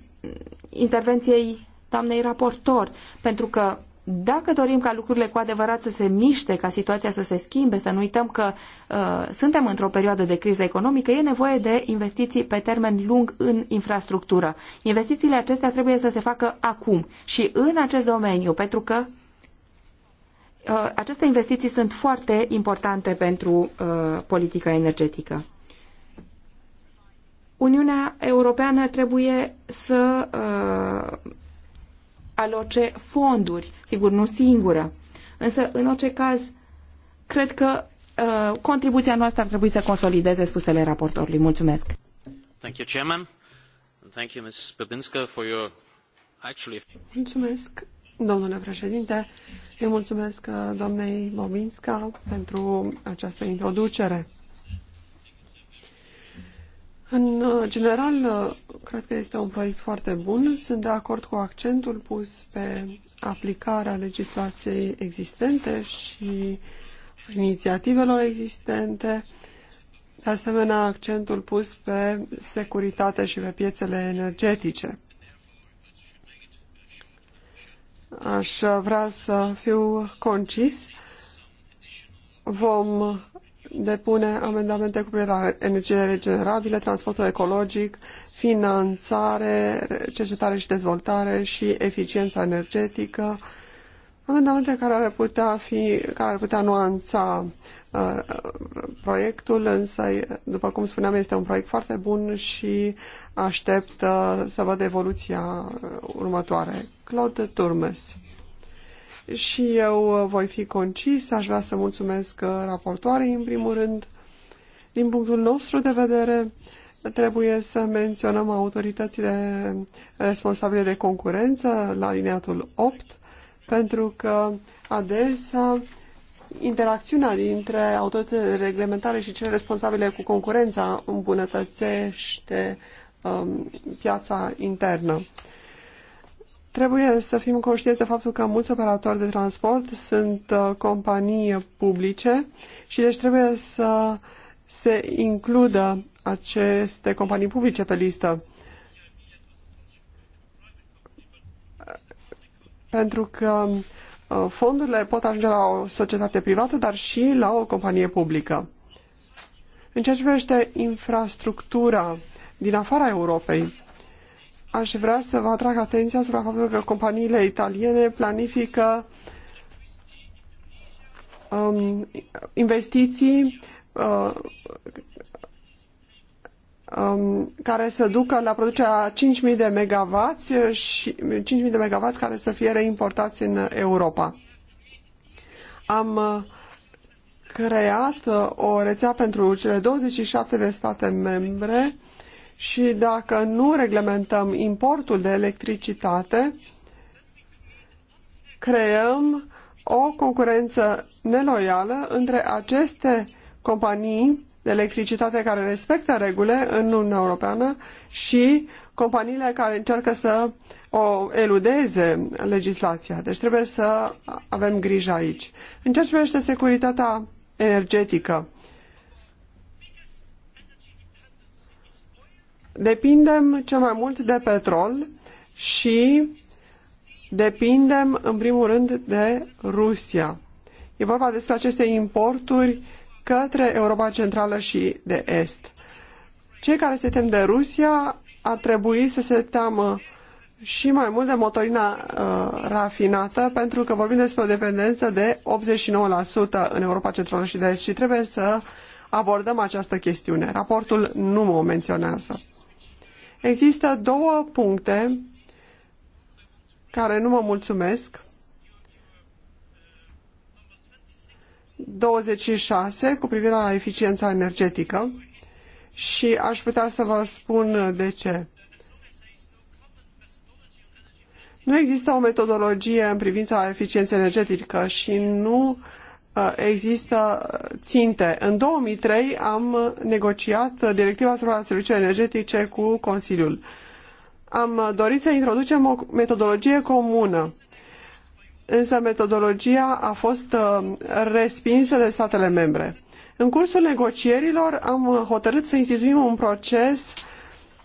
intervenției doamnei raportor, pentru că dacă dorim ca lucrurile cu adevărat să se miște, ca situația să se schimbe, să nu uităm că uh, suntem într-o perioadă de criză economică, e nevoie de investiții pe termen lung în infrastructură. Investițiile acestea trebuie să se facă acum și în acest domeniu, pentru că Uh, aceste investiții sunt foarte importante pentru uh, politica energetică. Uniunea Europeană trebuie să uh, aloce fonduri, sigur, nu singură. Însă, în orice caz, cred că uh, contribuția noastră ar trebui să consolideze spusele raportorului. Mulțumesc. Thank you, Chairman. And thank you, for your actually... Mulțumesc, domnule președinte. Îi mulțumesc uh, doamnei Bobinska pentru această introducere. În uh, general, uh, cred că este un proiect foarte bun. Sunt de acord cu accentul pus pe aplicarea legislației existente și inițiativelor existente. De asemenea, accentul pus pe securitate și pe piețele energetice. Aș vrea să fiu concis. Vom depune amendamente cu privire la energie regenerabile, transportul ecologic, finanțare, cercetare și dezvoltare și eficiența energetică, amendamente care ar putea, fi, care ar putea nuanța Uh, proiectul însă, după cum spuneam, este un proiect foarte bun și aștept uh, să văd evoluția uh, următoare. Claude Turmes. Și eu voi fi concis, aș vrea să mulțumesc raportoarei în primul rând. Din punctul nostru de vedere, trebuie să menționăm autoritățile responsabile de concurență la lineatul 8, pentru că adesea interacțiunea dintre autoritățile reglementare și cele responsabile cu concurența îmbunătățește um, piața internă. Trebuie să fim conștienți de faptul că mulți operatori de transport sunt uh, companii publice și deci trebuie să se includă aceste companii publice pe listă. Pentru că Uh, fondurile pot ajunge la o societate privată, dar și la o companie publică. În ceea ce privește infrastructura din afara Europei, aș vrea să vă atrag atenția asupra faptului că companiile italiene planifică um, investiții uh, Um, care să ducă la producerea 5.000 de megavați și 5.000 de megavați care să fie reimportați în Europa. Am uh, creat uh, o rețea pentru cele 27 de state membre și dacă nu reglementăm importul de electricitate, creăm o concurență neloială între aceste companii de electricitate care respectă regulile în Uniunea Europeană și companiile care încearcă să o eludeze legislația. Deci trebuie să avem grijă aici. În ceea ce privește securitatea energetică, depindem cel mai mult de petrol și depindem în primul rând de Rusia. E vorba despre aceste importuri către Europa Centrală și de Est. Cei care se tem de Rusia ar trebui să se teamă și mai mult de motorina uh, rafinată, pentru că vorbim despre o dependență de 89% în Europa Centrală și de Est și trebuie să abordăm această chestiune. Raportul nu o menționează. Există două puncte care nu mă mulțumesc 26 cu privire la eficiența energetică și aș putea să vă spun de ce. Nu există o metodologie în privința eficienței energetică și nu uh, există ținte. În 2003 am negociat directiva asupra serviciilor energetice cu Consiliul. Am dorit să introducem o metodologie comună însă metodologia a fost uh, respinsă de statele membre. În cursul negocierilor am hotărât să instituim un proces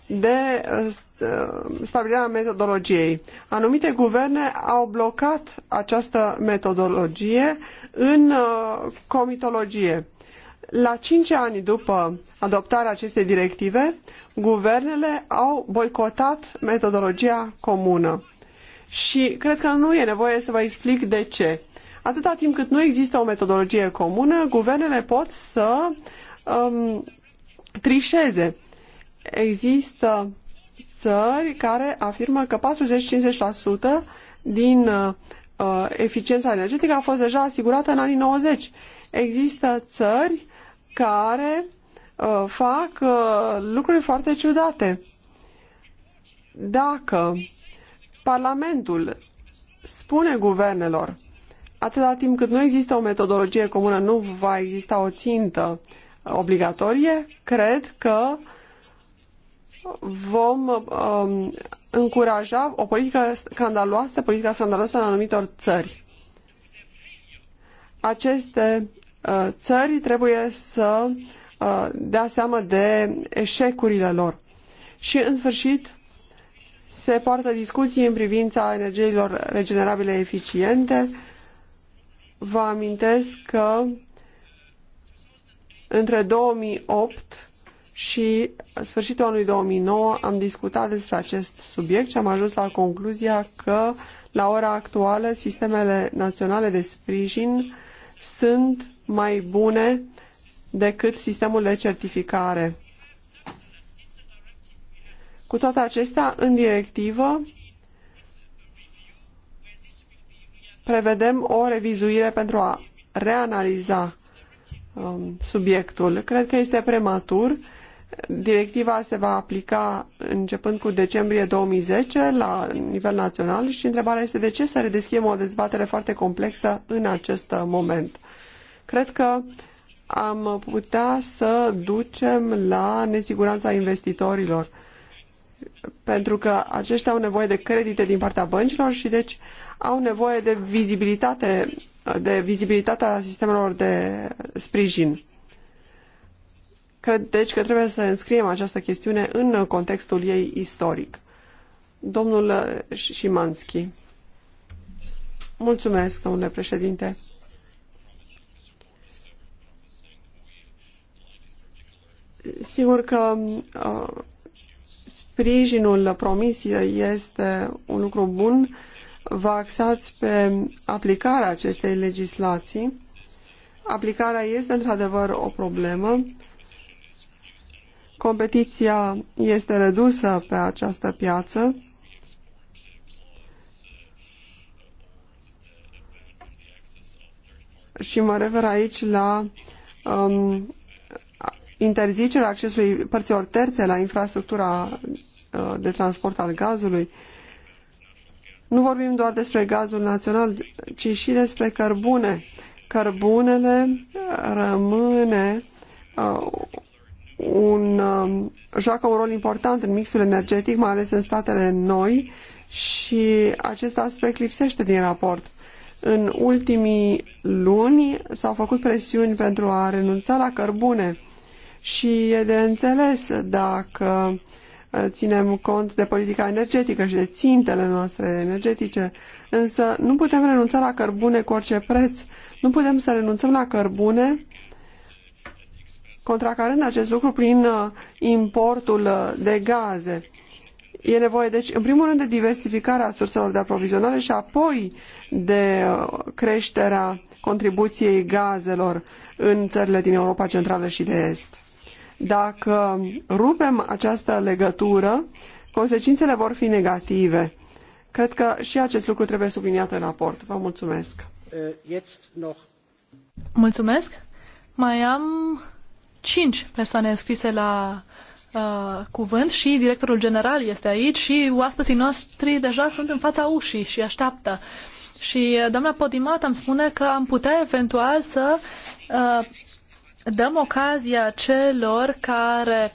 de uh, stabilire a metodologiei. Anumite guverne au blocat această metodologie în uh, comitologie. La cinci ani după adoptarea acestei directive, guvernele au boicotat metodologia comună. Și cred că nu e nevoie să vă explic de ce. Atâta timp cât nu există o metodologie comună, guvernele pot să um, trișeze. Există țări care afirmă că 40-50% din uh, uh, eficiența energetică a fost deja asigurată în anii 90. Există țări care uh, fac uh, lucruri foarte ciudate. Dacă Parlamentul spune guvernelor, atâta timp cât nu există o metodologie comună, nu va exista o țintă obligatorie, cred că vom um, încuraja o politică scandaloasă, politica scandaloasă în anumitor țări. Aceste uh, țări trebuie să uh, dea seama de eșecurile lor. Și, în sfârșit, se poartă discuții în privința energiilor regenerabile eficiente. Vă amintesc că între 2008 și sfârșitul anului 2009 am discutat despre acest subiect și am ajuns la concluzia că la ora actuală sistemele naționale de sprijin sunt mai bune decât sistemul de certificare. Cu toate acestea, în directivă prevedem o revizuire pentru a reanaliza um, subiectul. Cred că este prematur. Directiva se va aplica începând cu decembrie 2010 la nivel național și întrebarea este de ce să redeschidem o dezbatere foarte complexă în acest moment. Cred că am putea să ducem la nesiguranța investitorilor pentru că aceștia au nevoie de credite din partea băncilor și deci au nevoie de vizibilitate, de vizibilitatea sistemelor de sprijin. Cred deci că trebuie să înscriem această chestiune în contextul ei istoric. Domnul Șimanski. Mulțumesc, domnule președinte. Sigur că uh, sprijinul promis este un lucru bun, vă axați pe aplicarea acestei legislații. Aplicarea este într-adevăr o problemă. Competiția este redusă pe această piață. Și mă refer aici la um, interzicerea accesului părților terțe la infrastructura Uh, de transport al gazului. Nu vorbim doar despre gazul național, ci și despre cărbune. Cărbunele rămâne uh, un, um, joacă un rol important în mixul energetic, mai ales în statele noi și acest aspect lipsește din raport. În ultimii luni s-au făcut presiuni pentru a renunța la cărbune și e de înțeles dacă uh, Eh, ținem cont de politica energetică și de țintele noastre energetice, însă nu putem renunța la cărbune cu orice preț. Nu putem să renunțăm la cărbune contracarând acest lucru prin eh, importul eh, de gaze. E nevoie, deci, în primul rând, de diversificarea surselor de aprovizionare și apoi de creșterea contribuției gazelor în țările din Europa Centrală și de Est. Dacă rupem această legătură, consecințele vor fi negative. Cred că și acest lucru trebuie subliniat în raport. Vă mulțumesc. Eh, mulțumesc. Mai am cinci persoane înscrise la uh, cuvânt și directorul general este aici și oaspeții noștri deja sunt în fața ușii și așteaptă. Și eh, doamna Podimat îmi spune că am putea eventual să uh, dăm ocazia celor care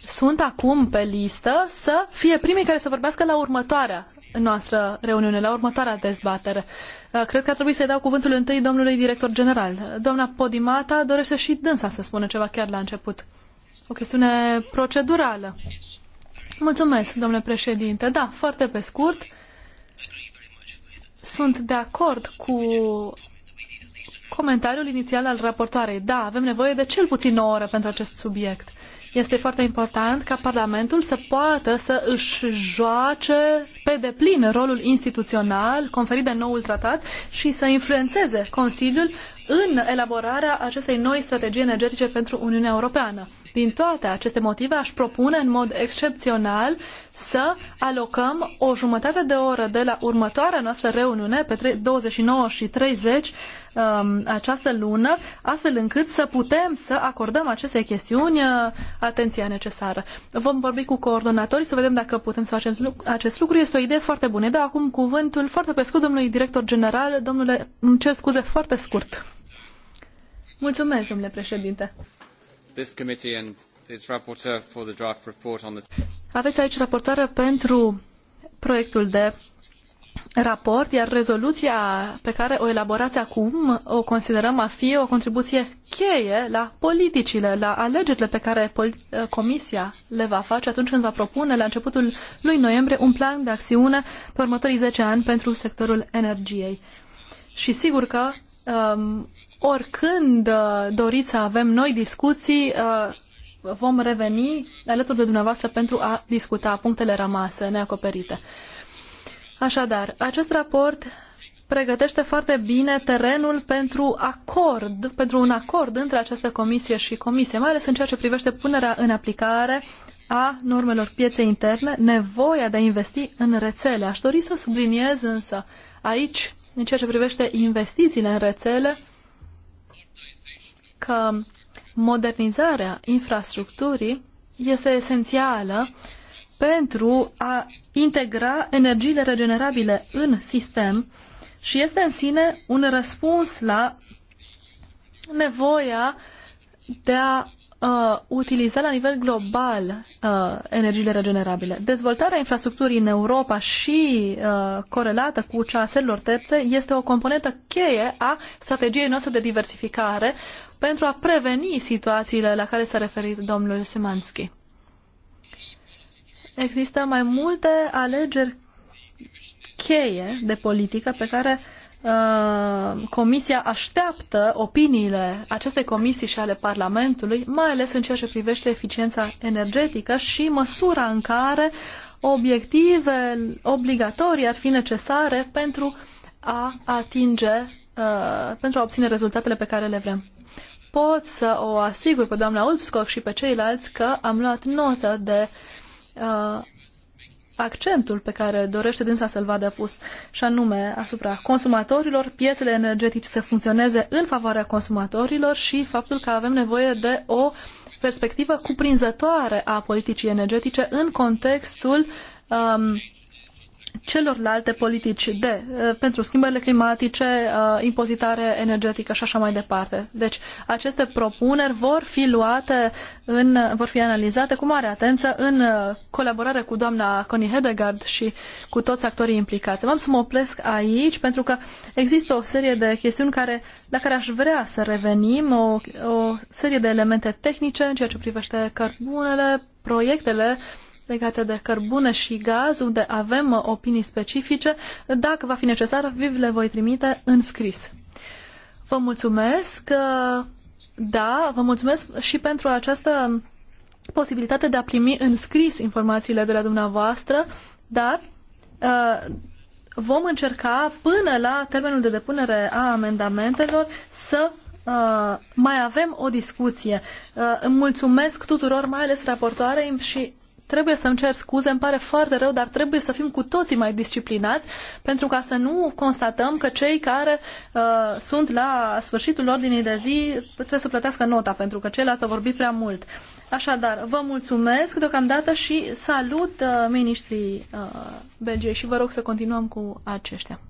sunt acum pe listă să fie primii care să vorbească la următoarea noastră reuniune, la următoarea dezbatere. Uh, cred că ar trebui să-i dau cuvântul întâi domnului director general. Doamna Podimata dorește și dânsa să spună ceva chiar la început. O chestiune procedurală. Mulțumesc, domnule președinte. Da, foarte pe scurt. Sunt de acord cu comentariul inițial al raportoarei. Da, avem nevoie de cel puțin o oră pentru acest subiect. Este foarte important ca Parlamentul să poată să își joace pe deplin rolul instituțional conferit de noul tratat și să influențeze Consiliul în elaborarea acestei noi strategii energetice pentru Uniunea Europeană. Din toate aceste motive, aș propune în mod excepțional să alocăm o jumătate de oră de la următoarea noastră reuniune, pe 29 și 30 um, această lună, astfel încât să putem să acordăm acestei chestiuni uh, atenția necesară. Vom vorbi cu coordonatorii să vedem dacă putem să facem acest lucru. Este o idee foarte bună. Dau acum cuvântul foarte pe scurt domnului director general. Domnule, îmi cer scuze foarte scurt. Mulțumesc, domnule președinte. Aveți aici raportare pentru proiectul de raport, iar rezoluția pe care o elaborați acum o considerăm a fi o contribuție cheie la politicile, la alegerile pe care Comisia le va face atunci când va propune la începutul lui noiembrie un plan de acțiune pe următorii 10 ani pentru sectorul energiei. Și sigur că um, oricând uh, doriți să avem noi discuții, uh, vom reveni alături de dumneavoastră pentru a discuta punctele rămase, neacoperite. Așadar, acest raport pregătește foarte bine terenul pentru acord, pentru un acord între această comisie și comisie, mai ales în ceea ce privește punerea în aplicare a normelor pieței interne, nevoia de a investi în rețele. Aș dori să subliniez însă aici, în ceea ce privește investițiile în rețele, că modernizarea infrastructurii este esențială pentru a integra energiile regenerabile în sistem și este în sine un răspuns la nevoia de a uh, utiliza la nivel global uh, energiile regenerabile. Dezvoltarea infrastructurii în Europa și uh, corelată cu cea a țărilor terțe este o componentă cheie a strategiei noastre de diversificare, pentru a preveni situațiile la care s-a referit domnul Simanski. Există mai multe alegeri cheie de politică pe care uh, Comisia așteaptă opiniile acestei comisii și ale Parlamentului, mai ales în ceea ce privește eficiența energetică și măsura în care obiective obligatorii ar fi necesare pentru a atinge, uh, pentru a obține rezultatele pe care le vrem pot să o asigur pe doamna Ulfscock și pe ceilalți că am luat notă de uh, accentul pe care dorește dânsa să-l vadă pus, și anume asupra consumatorilor, piețele energetice să funcționeze în favoarea consumatorilor și faptul că avem nevoie de o perspectivă cuprinzătoare a politicii energetice în contextul um, celorlalte politici de, uh, pentru schimbările climatice, uh, impozitare energetică și așa mai departe. Deci aceste propuneri vor fi luate, în, vor fi analizate cu mare atenție în uh, colaborare cu doamna Connie Hedegaard și cu toți actorii implicați. V-am să mă opresc aici pentru că există o serie de chestiuni care, la care aș vrea să revenim, o, o serie de elemente tehnice în ceea ce privește cărbunele, proiectele legate de cărbune și gaz, unde avem uh, opinii specifice. Dacă va fi necesar, vi le voi trimite în scris. Vă mulțumesc. Uh, da, vă mulțumesc și pentru această posibilitate de a primi în scris informațiile de la dumneavoastră, dar uh, vom încerca până la termenul de depunere a amendamentelor să mai avem o discuție. Uh, îmi mulțumesc tuturor, mai ales raportoarei și trebuie să-mi cer scuze, îmi pare foarte rău, dar trebuie să fim cu toții mai disciplinați pentru ca să nu constatăm că cei care uh, sunt la sfârșitul ordinii de zi trebuie să plătească nota pentru că ceilalți au vorbit prea mult. Așadar, vă mulțumesc deocamdată și salut uh, ministrii uh, Belgiei și vă rog să continuăm cu aceștia.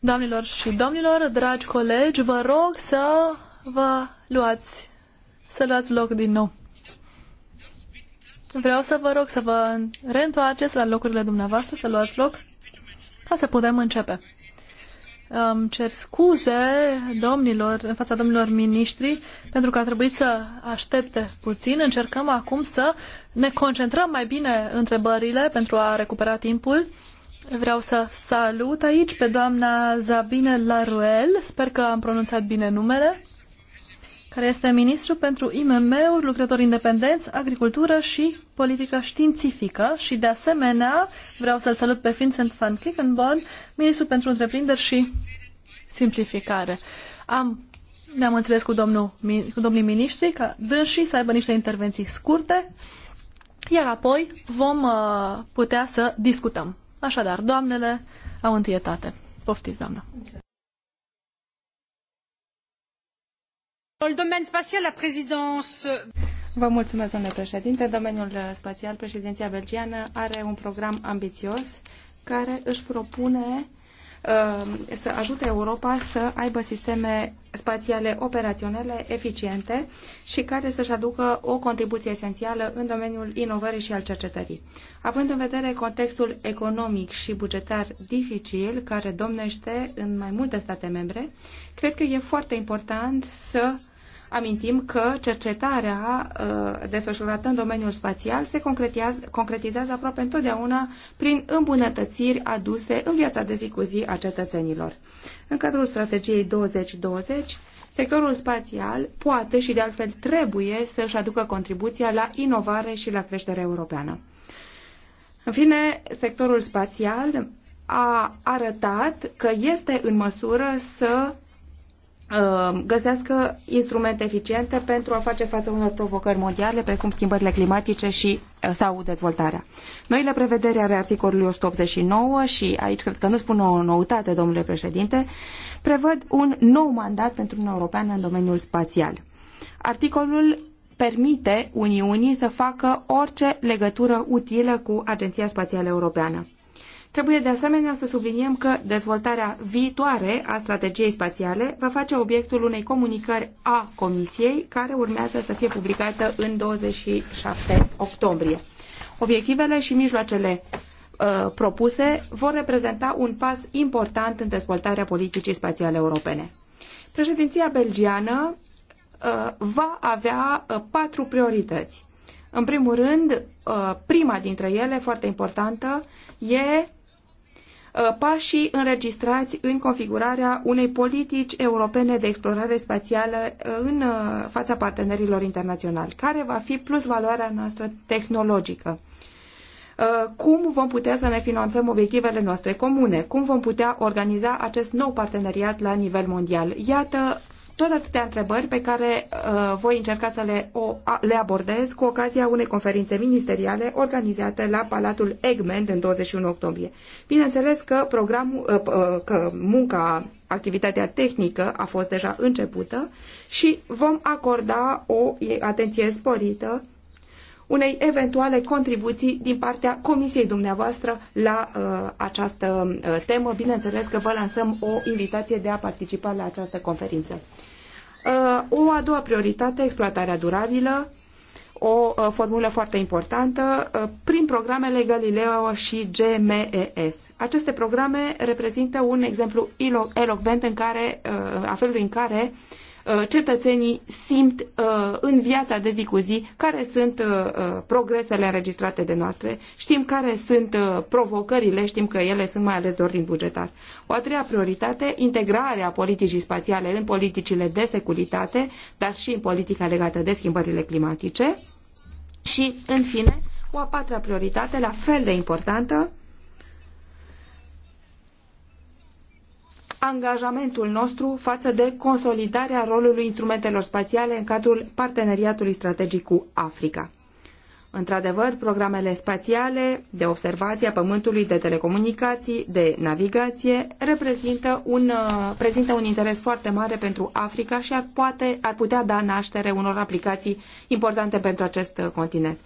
Doamnelor și domnilor, dragi colegi, vă rog să vă luați, să luați loc din nou. Vreau să vă rog să vă reîntoarceți la locurile dumneavoastră, să luați loc, ca să putem începe. Îmi cer scuze domnilor, în fața domnilor miniștri pentru că a trebuit să aștepte puțin. Încercăm acum să ne concentrăm mai bine întrebările pentru a recupera timpul. Vreau să salut aici pe doamna Zabine Laruel. Sper că am pronunțat bine numele care este ministru pentru IMM-uri, lucrători independenți, agricultură și politică științifică și, de asemenea, vreau să-l salut pe Vincent van Kickenborn, ministru pentru întreprinderi și simplificare. Am, ne-am înțeles cu, domnul, cu domnii miniștri ca dânsii să aibă niște intervenții scurte, iar apoi vom uh, putea să discutăm. Așadar, doamnele au întâietate. Poftiți, doamnă. Okay. Euh, Vă mulțumesc, domnule președinte. Domeniul uh, spațial, președinția belgiană are un program ambițios care își propune uh, să ajute Europa să aibă sisteme spațiale operaționale eficiente și care să-și aducă o contribuție esențială în domeniul inovării și al cercetării. Având în vedere contextul economic și bugetar dificil care domnește în mai multe state membre, cred că e foarte important să amintim că cercetarea uh, desfășurată în domeniul spațial se concretizează aproape întotdeauna prin îmbunătățiri aduse în viața de zi cu zi a cetățenilor. În cadrul strategiei 2020, sectorul spațial poate și de altfel trebuie să-și aducă contribuția la inovare și la creșterea europeană. În fine, sectorul spațial a arătat că este în măsură să Uh, găsească instrumente eficiente pentru a face față unor provocări mondiale, precum schimbările climatice și uh, sau dezvoltarea. Noile prevederi ale articolului 189 și aici cred că nu spun o noutate, domnule președinte, prevăd un nou mandat pentru Uniunea Europeană în domeniul spațial. Articolul permite Uniunii să facă orice legătură utilă cu Agenția Spațială Europeană. Trebuie de asemenea să subliniem că dezvoltarea viitoare a strategiei spațiale va face obiectul unei comunicări a Comisiei, care urmează să fie publicată în 27 octombrie. Obiectivele și mijloacele uh, propuse vor reprezenta un pas important în dezvoltarea politicii spațiale europene. Președinția belgiană uh, va avea uh, patru priorități. În primul rând, uh, prima dintre ele, foarte importantă, e Uh, pașii înregistrați în configurarea unei politici europene de explorare spațială uh, în uh, fața partenerilor internaționali, care va fi plus valoarea noastră tehnologică cum vom putea să ne finanțăm obiectivele noastre comune, cum vom putea organiza acest nou parteneriat la nivel mondial. Iată tot atâtea întrebări pe care uh, voi încerca să le, o, a, le abordez cu ocazia unei conferințe ministeriale organizate la Palatul Egmont în 21 octombrie. Bineînțeles că, programul, uh, uh, că munca, activitatea tehnică a fost deja începută și vom acorda o atenție sporită unei eventuale contribuții din partea Comisiei dumneavoastră la uh, această uh, temă. Bineînțeles că vă lansăm o invitație de a participa la această conferință. Uh, o a doua prioritate, exploatarea durabilă, o uh, formulă foarte importantă, uh, prin programele Galileo și GMES. Aceste programe reprezintă un exemplu elocvent în care, uh, a felului în care uh, Uh, cetățenii simt uh, în viața de zi cu zi care sunt uh, progresele înregistrate de noastre, știm care sunt provocările, știm că ele sunt mai ales de ordin bugetar. O a treia prioritate, integrarea politicii spațiale în politicile de securitate, dar și în politica legată de schimbările climatice. Și, în fine, o a patra prioritate, la fel de importantă, angajamentul nostru față de consolidarea rolului instrumentelor spațiale în cadrul parteneriatului strategic cu Africa. Într-adevăr, programele spațiale de observație a Pământului, de telecomunicații, de navigație reprezintă un, uh, prezintă un interes foarte mare pentru Africa și ar, poate, ar putea da naștere unor aplicații importante pentru acest uh, continent.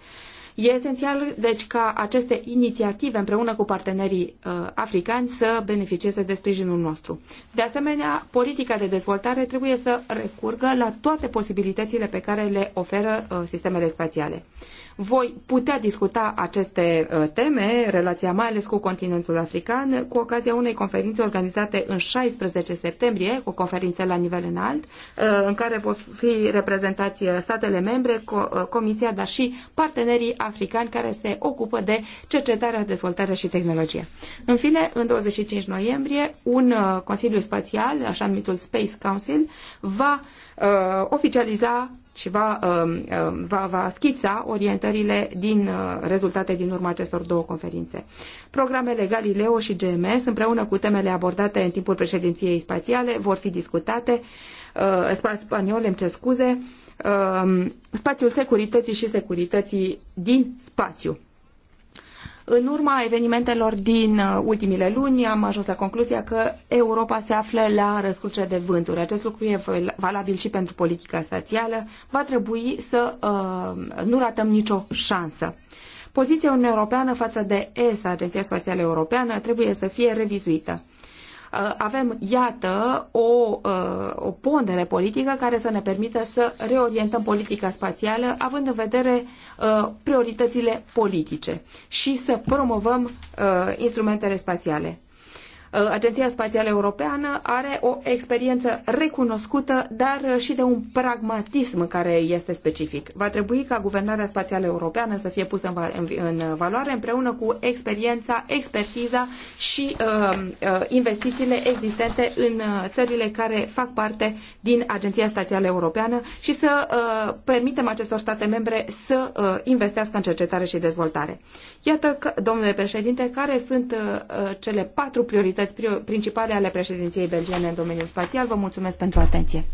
E esențial, deci, ca aceste inițiative împreună cu partenerii uh, africani să beneficieze de sprijinul nostru. De asemenea, politica de dezvoltare trebuie să recurgă la toate posibilitățile pe care le oferă uh, sistemele spațiale voi putea discuta aceste uh, teme, relația mai ales cu continentul african, cu ocazia unei conferințe organizate în 16 septembrie, o conferință la nivel înalt, uh, în care vor fi reprezentați uh, statele membre, Comisia, dar și partenerii africani care se ocupă de cercetarea, dezvoltare și tehnologie. În fine, în 25 noiembrie, un Consiliu Spațial, așa numitul Space Council, va oficializa și va, um, um, va, va schița orientările din uh, rezultate din urma acestor două conferințe. Programele Galileo și GMS, împreună cu temele abordate în timpul președinției spațiale, vor fi discutate. Uh, Spaniole, îmi cer scuze, um, spațiul securității și securității din spațiu. În urma evenimentelor din uh, ultimile luni am ajuns la concluzia că Europa se află la răscruce de vânturi. Acest lucru e valabil și pentru politica stațială. Va trebui să uh, nu ratăm nicio șansă. Poziția Uniunii Europeană față de ESA, Agenția Spațială Europeană, trebuie să fie revizuită. Uh, avem, iată, o, uh, o pondere politică care să ne permită să reorientăm politica spațială, având în vedere uh, prioritățile politice și să promovăm instrumentele spațiale. Uh, Agenția Spațială Europeană are o experiență recunoscută, dar uh, și de un pragmatism care este specific. Va trebui ca guvernarea spațială europeană să fie pusă în valoare împreună cu experiența, expertiza și uh, investițiile existente în țările care fac parte din Agenția Spațială Europeană și să permitem acestor state membre să investească în cercetare și dezvoltare. Iată, domnule președinte, care sunt cele patru priorități priorități principale ale președinției belgiene în domeniul spațial. Vă mulțumesc pentru atenție.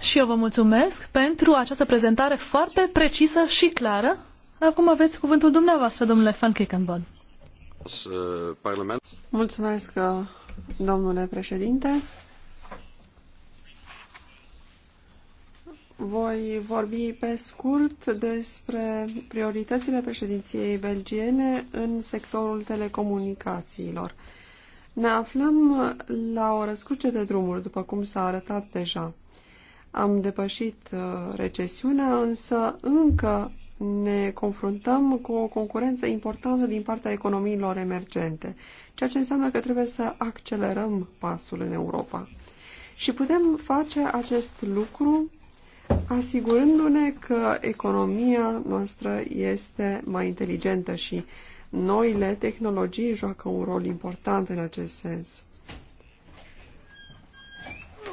Și eu vă mulțumesc pentru această prezentare foarte precisă și clară. Acum aveți cuvântul dumneavoastră, domnule Van Kickenbod. Uh, mulțumesc, uh, domnule președinte. Voi vorbi pe scurt despre prioritățile președinției belgiene în sectorul telecomunicațiilor. Ne aflăm la o răscruce de drumuri, după cum s-a arătat deja. Am depășit uh, recesiunea, însă încă ne confruntăm cu o concurență importantă din partea economiilor emergente, ceea ce înseamnă că trebuie să accelerăm pasul în Europa. Și putem face acest lucru asigurându-ne că economia noastră este mai inteligentă și noile tehnologii joacă un rol important în acest sens.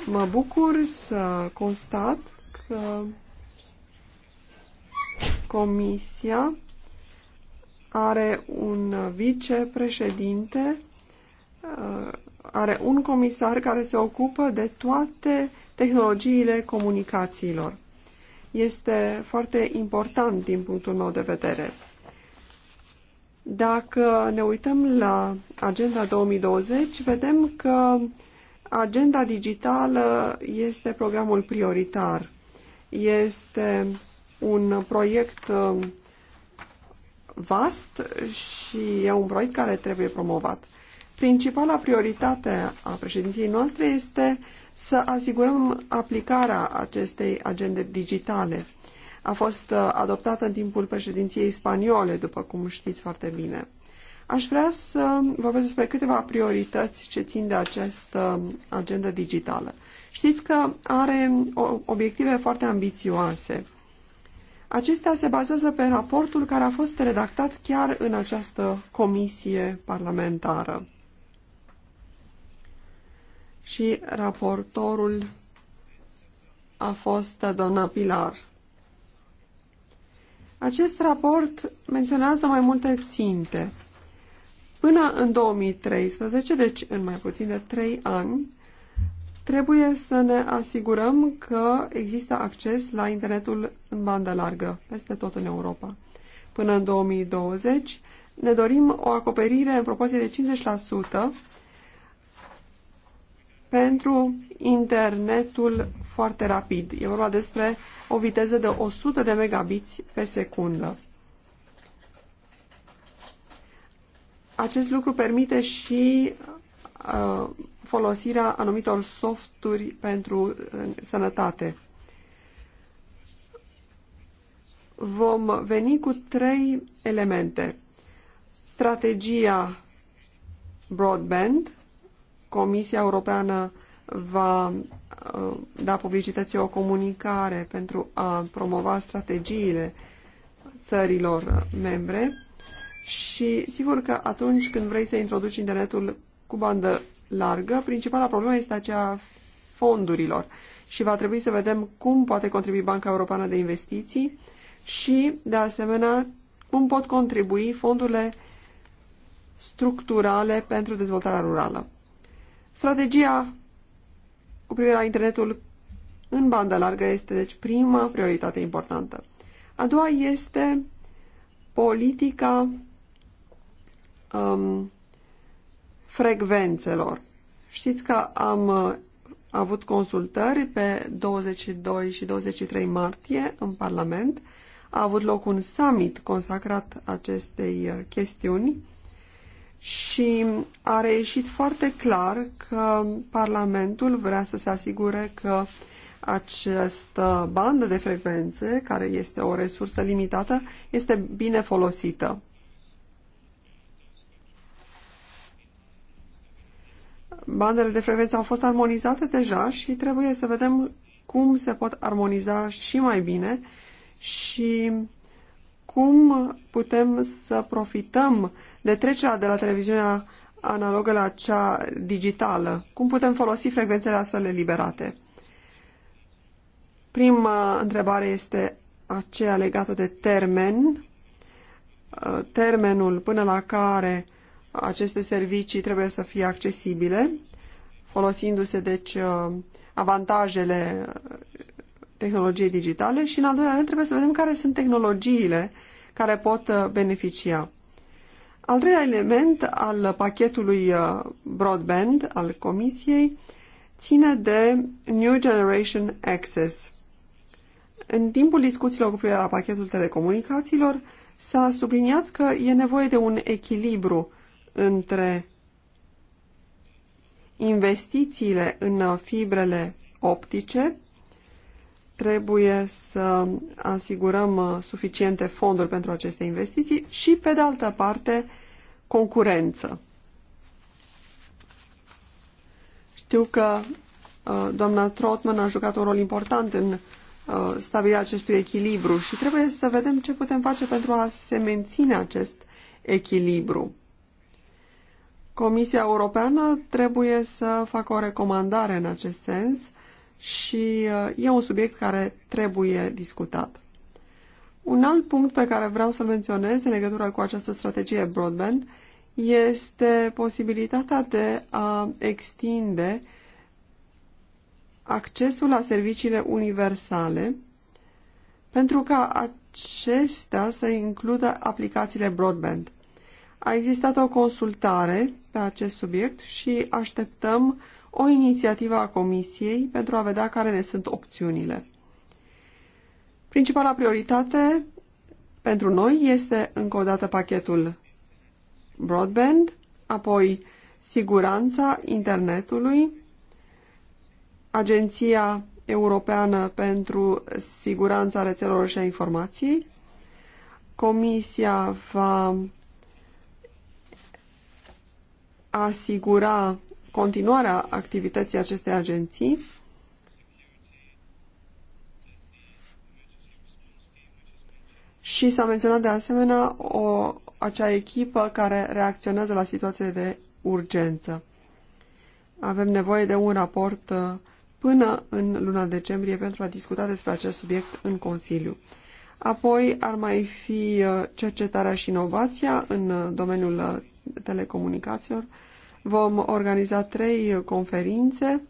Mă bucur să constat că Comisia are un vicepreședinte, uh, are un comisar care se ocupă de toate tehnologiile comunicațiilor. Este foarte important din punctul meu de vedere. Dacă ne uităm la Agenda 2020, vedem că agenda digitală este programul prioritar. Este un proiect uh, vast și e un proiect care trebuie promovat. Principala prioritate a președinției noastre este să asigurăm aplicarea acestei agende digitale. A fost uh, adoptată în timpul președinției spaniole, după cum știți foarte bine. Aș vrea să vorbesc despre câteva priorități ce țin de această uh, agendă digitală. Știți că are obiective foarte ambițioase. Acestea se bazează pe raportul care a fost redactat chiar în această comisie parlamentară și raportorul a fost doamna Pilar. Acest raport menționează mai multe ținte. Până în 2013, deci în mai puțin de 3 ani, trebuie să ne asigurăm că există acces la internetul în bandă largă, peste tot în Europa. Până în 2020, ne dorim o acoperire în proporție de 50% pentru internetul foarte rapid. E vorba despre o viteză de 100 de megabiți pe secundă. Acest lucru permite și uh, folosirea anumitor softuri pentru uh, sănătate. Vom veni cu trei elemente. Strategia broadband, Comisia Europeană va uh, da publicității o comunicare pentru a promova strategiile țărilor membre și sigur că atunci când vrei să introduci internetul cu bandă largă, principala problemă este aceea fondurilor și va trebui să vedem cum poate contribui Banca Europeană de Investiții și, de asemenea, cum pot contribui fondurile structurale pentru dezvoltarea rurală. Strategia cu privire la internetul în bandă largă este, deci, prima prioritate importantă. A doua este politica um, frecvențelor. Știți că am uh, avut consultări pe 22 și 23 martie în Parlament. A avut loc un summit consacrat acestei uh, chestiuni și a reieșit foarte clar că Parlamentul vrea să se asigure că această bandă de frecvențe, care este o resursă limitată, este bine folosită. Bandele de frecvențe au fost armonizate deja și trebuie să vedem cum se pot armoniza și mai bine și cum putem să profităm de trecerea de la televiziunea analogă la cea digitală? Cum putem folosi frecvențele astfel eliberate? Prima întrebare este aceea legată de termen. Uh, termenul până la care aceste servicii trebuie să fie accesibile, folosindu-se deci uh, avantajele tehnologiei digitale și, în al doilea rând, trebuie să vedem care sunt tehnologiile care pot uh, beneficia. Al treilea element al pachetului uh, broadband al Comisiei ține de New Generation Access. În timpul discuțiilor cu privire la pachetul telecomunicațiilor, s-a subliniat că e nevoie de un echilibru între investițiile în fibrele optice trebuie să asigurăm uh, suficiente fonduri pentru aceste investiții și, pe de altă parte, concurență. Știu că uh, doamna Trotman a jucat un rol important în uh, stabilirea acestui echilibru și trebuie să vedem ce putem face pentru a se menține acest echilibru. Comisia Europeană trebuie să facă o recomandare în acest sens și uh, e un subiect care trebuie discutat. Un alt punct pe care vreau să-l menționez în legătură cu această strategie broadband este posibilitatea de a extinde accesul la serviciile universale pentru ca acestea să includă aplicațiile broadband. A existat o consultare pe acest subiect și așteptăm o inițiativă a Comisiei pentru a vedea care ne sunt opțiunile. Principala prioritate pentru noi este încă o dată pachetul broadband, apoi siguranța internetului, Agenția Europeană pentru Siguranța Rețelelor și a Informației. Comisia va asigura continuarea activității acestei agenții și s-a menționat de asemenea o, acea echipă care reacționează la situații de urgență. Avem nevoie de un raport uh, până în luna decembrie pentru a discuta despre acest subiect în Consiliu. Apoi ar mai fi uh, cercetarea și inovația în uh, domeniul telecomunicațiilor, Vom organiza trei conferințe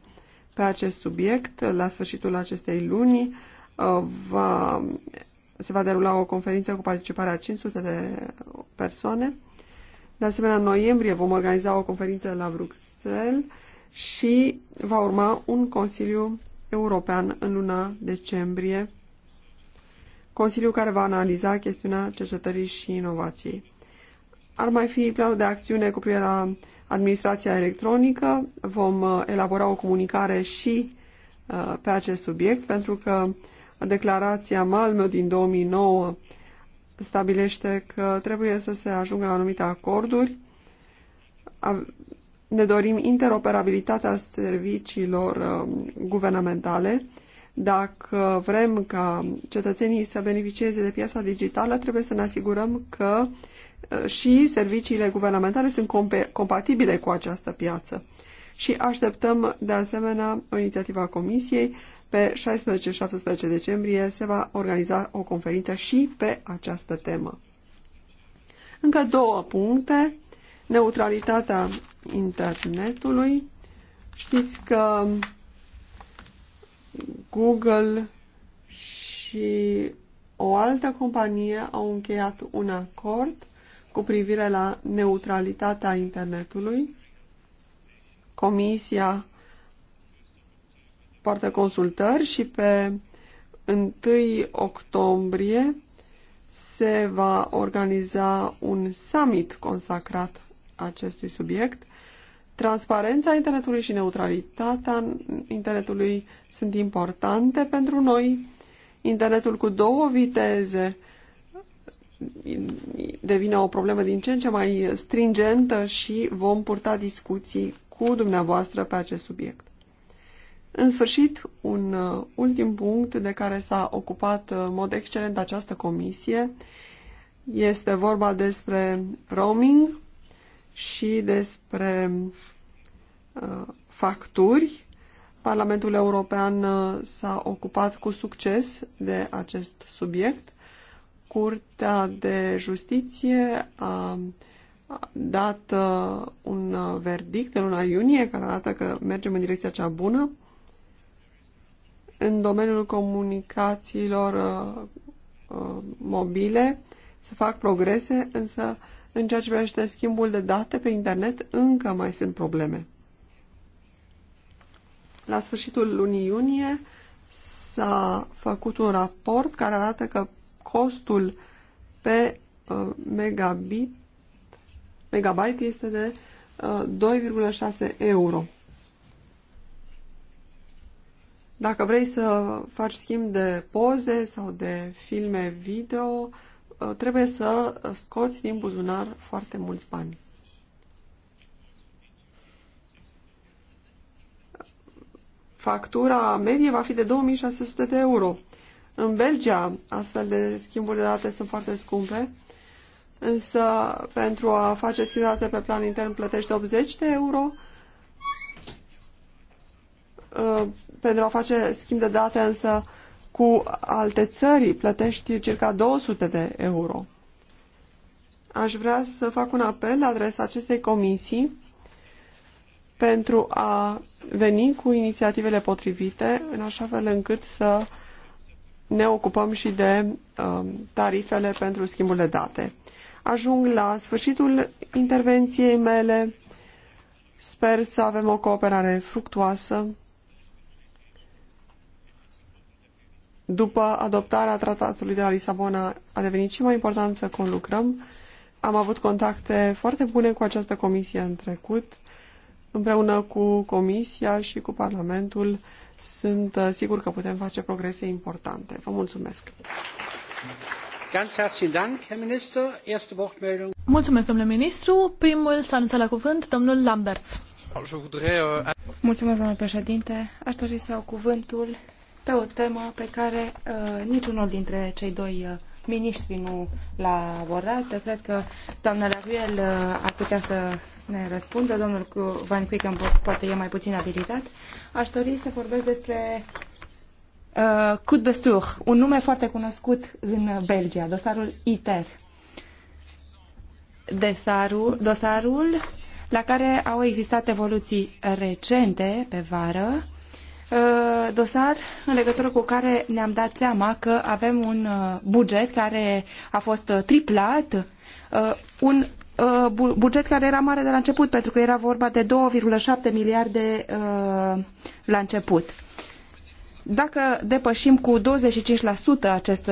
pe acest subiect. La sfârșitul acestei luni uh, va, se va derula o conferință cu participarea 500 de persoane. De asemenea, în noiembrie vom organiza o conferință la Bruxelles și va urma un Consiliu European în luna decembrie, Consiliu care va analiza chestiunea cercetării și inovației. Ar mai fi planul de acțiune cu privire la administrația electronică. Vom uh, elabora o comunicare și uh, pe acest subiect, pentru că declarația Malmö din 2009 stabilește că trebuie să se ajungă la anumite acorduri. Ne dorim interoperabilitatea serviciilor uh, guvernamentale. Dacă vrem ca cetățenii să beneficieze de piața digitală, trebuie să ne asigurăm că Uh, și serviciile guvernamentale sunt compatibile cu această piață. Și așteptăm, de asemenea, o inițiativă a Comisiei. Pe 16-17 decembrie se va organiza o conferință și pe această temă. Încă două puncte. Neutralitatea internetului. Știți că Google și o altă companie au încheiat un acord cu privire la neutralitatea internetului. Comisia poartă consultări și pe 1 octombrie se va organiza un summit consacrat acestui subiect. Transparența internetului și neutralitatea internetului sunt importante pentru noi. Internetul cu două viteze devine o problemă din ce în ce mai stringentă și vom purta discuții cu dumneavoastră pe acest subiect. În sfârșit, un uh, ultim punct de care s-a ocupat uh, în mod excelent această comisie este vorba despre roaming și despre uh, facturi. Parlamentul European s-a ocupat cu succes de acest subiect Curtea de Justiție a dat uh, un uh, verdict în luna iunie care arată că mergem în direcția cea bună. În domeniul comunicațiilor uh, mobile se fac progrese, însă în ceea ce privește schimbul de date pe internet încă mai sunt probleme. La sfârșitul lunii iunie s-a făcut un raport care arată că costul pe uh, megabit, megabyte este de 2,6 uh, euro. Dacă vrei să faci schimb de poze sau de filme video, uh, trebuie să scoți din buzunar foarte mulți bani. Factura medie va fi de 2600 de euro. În Belgia, astfel de schimburi de date sunt foarte scumpe, însă pentru a face schimburi de date pe plan intern plătești 80 de euro, uh, pentru a face schimb de date însă cu alte țări plătești circa 200 de euro. Aș vrea să fac un apel la adresa acestei comisii pentru a veni cu inițiativele potrivite în așa fel încât să ne ocupăm și de um, tarifele pentru schimbul de date. Ajung la sfârșitul intervenției mele. Sper să avem o cooperare fructuoasă. După adoptarea tratatului de la Lisabona a devenit și mai important să conlucrăm. Am avut contacte foarte bune cu această comisie în trecut, împreună cu comisia și cu Parlamentul sunt uh, sigur că putem face progrese importante. Vă mulțumesc! Mulțumesc, domnule ministru. Primul s-a anunțat la cuvânt, domnul Lamberts. Euh, mulțumesc, domnule președinte. Aș dori să iau cuvântul pe o temă pe care uh, niciunul dintre cei doi uh, miniștrii nu l-a abordat. Cred că doamna Laruel uh, ar putea să ne răspundă. Domnul Van Quicken poate e mai puțin abilitat. Aș dori să vorbesc despre uh, Cudbestur, un nume foarte cunoscut în Belgia, dosarul ITER. Desarul, dosarul la care au existat evoluții recente pe vară Uh, dosar în legătură cu care ne-am dat seama că avem un uh, buget care a fost uh, triplat, un buget care era mare de la început, pentru că era vorba de 2,7 miliarde la început. Dacă depășim cu 25% acest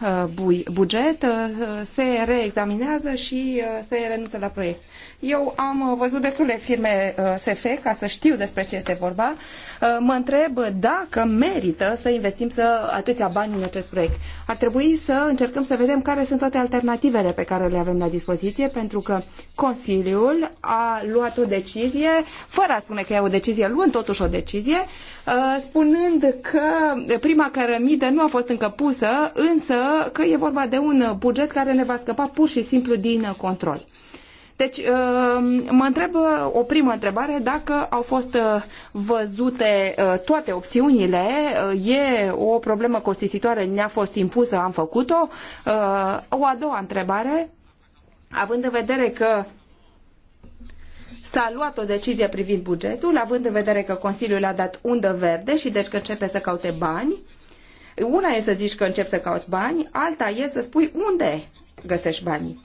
Uh, buget, uh, se reexaminează și uh, se renunță la proiect. Eu am văzut destule firme SF ca să știu despre ce este vorba. Mă întreb dacă merită să investim să atâția bani în acest proiect. Ar trebui să încercăm să vedem care sunt toate alternativele pe care le avem la dispoziție, pentru că Consiliul a luat o decizie, fără a spune că e o decizie, luând totuși o decizie, spunând că prima cărămidă nu a fost încă pusă, însă că e vorba de un buget care ne va scăpa pur și simplu din control. Deci, um, mă întreb o primă întrebare, dacă au fost uh, văzute uh, toate opțiunile, uh, e o problemă costisitoare, ne-a fost impusă, am făcut-o. O a doua întrebare, având în vedere că s-a luat o decizie privind bugetul, având în vedere că Consiliul a dat undă verde și deci că începe să caute bani, una e să zici că începi să cauți bani, alta e să spui unde găsești banii.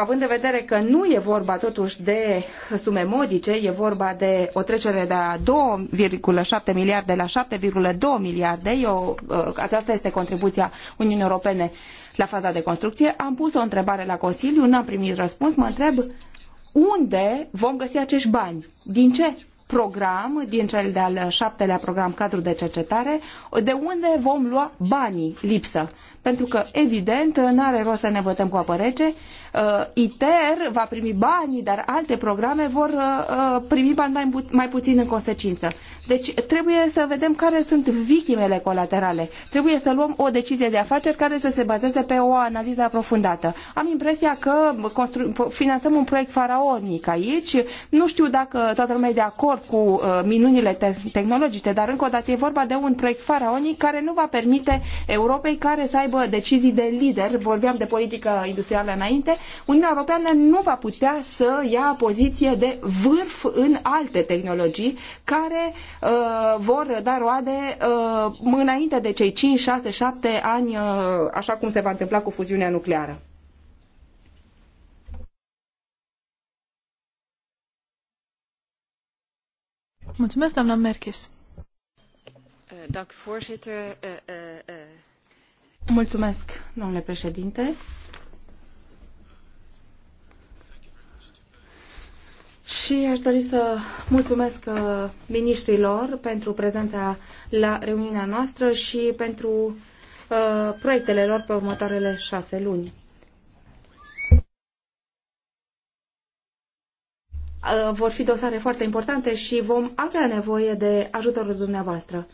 Având în vedere că nu e vorba totuși de sume modice, e vorba de o trecere de la 2,7 miliarde la 7,2 miliarde, eu, ă, aceasta este contribuția Uniunii Europene la faza de construcție, am pus o întrebare la Consiliu, n-am primit răspuns, mă întreb unde vom găsi acești bani, din ce program, din cel de-al șaptelea program cadru de cercetare, de unde vom lua banii lipsă. Pentru că, evident, nu are rost să ne bătăm cu apă rece, Uh, ITER va primi banii, dar alte programe vor uh, uh, primi bani mai, mai puțin în consecință. Deci trebuie să vedem care sunt victimele colaterale. Trebuie să luăm o decizie de afaceri care să se bazeze pe o analiză aprofundată. Am impresia că finanțăm un proiect faraonic aici. Nu știu dacă toată lumea e de acord cu minunile te tehnologice, dar încă o dată e vorba de un proiect faraonic care nu va permite Europei care să aibă decizii de lider, vorbeam de politică industrială înainte, Uniunea Europeană nu va putea să ia poziție de vârf în alte tehnologii care uh, vor da roade uh, înainte de cei 5, 6, 7 ani, uh, așa cum se va întâmpla cu fuziunea nucleară. Mulțumesc, doamna Merkis. Eh, eh, eh, Mulțumesc, domnule președinte. Și aș dori să mulțumesc uh, miniștrilor pentru prezența la reuniunea noastră și pentru uh, proiectele lor pe următoarele șase luni. Uh, vor fi dosare foarte importante și vom avea nevoie de ajutorul dumneavoastră.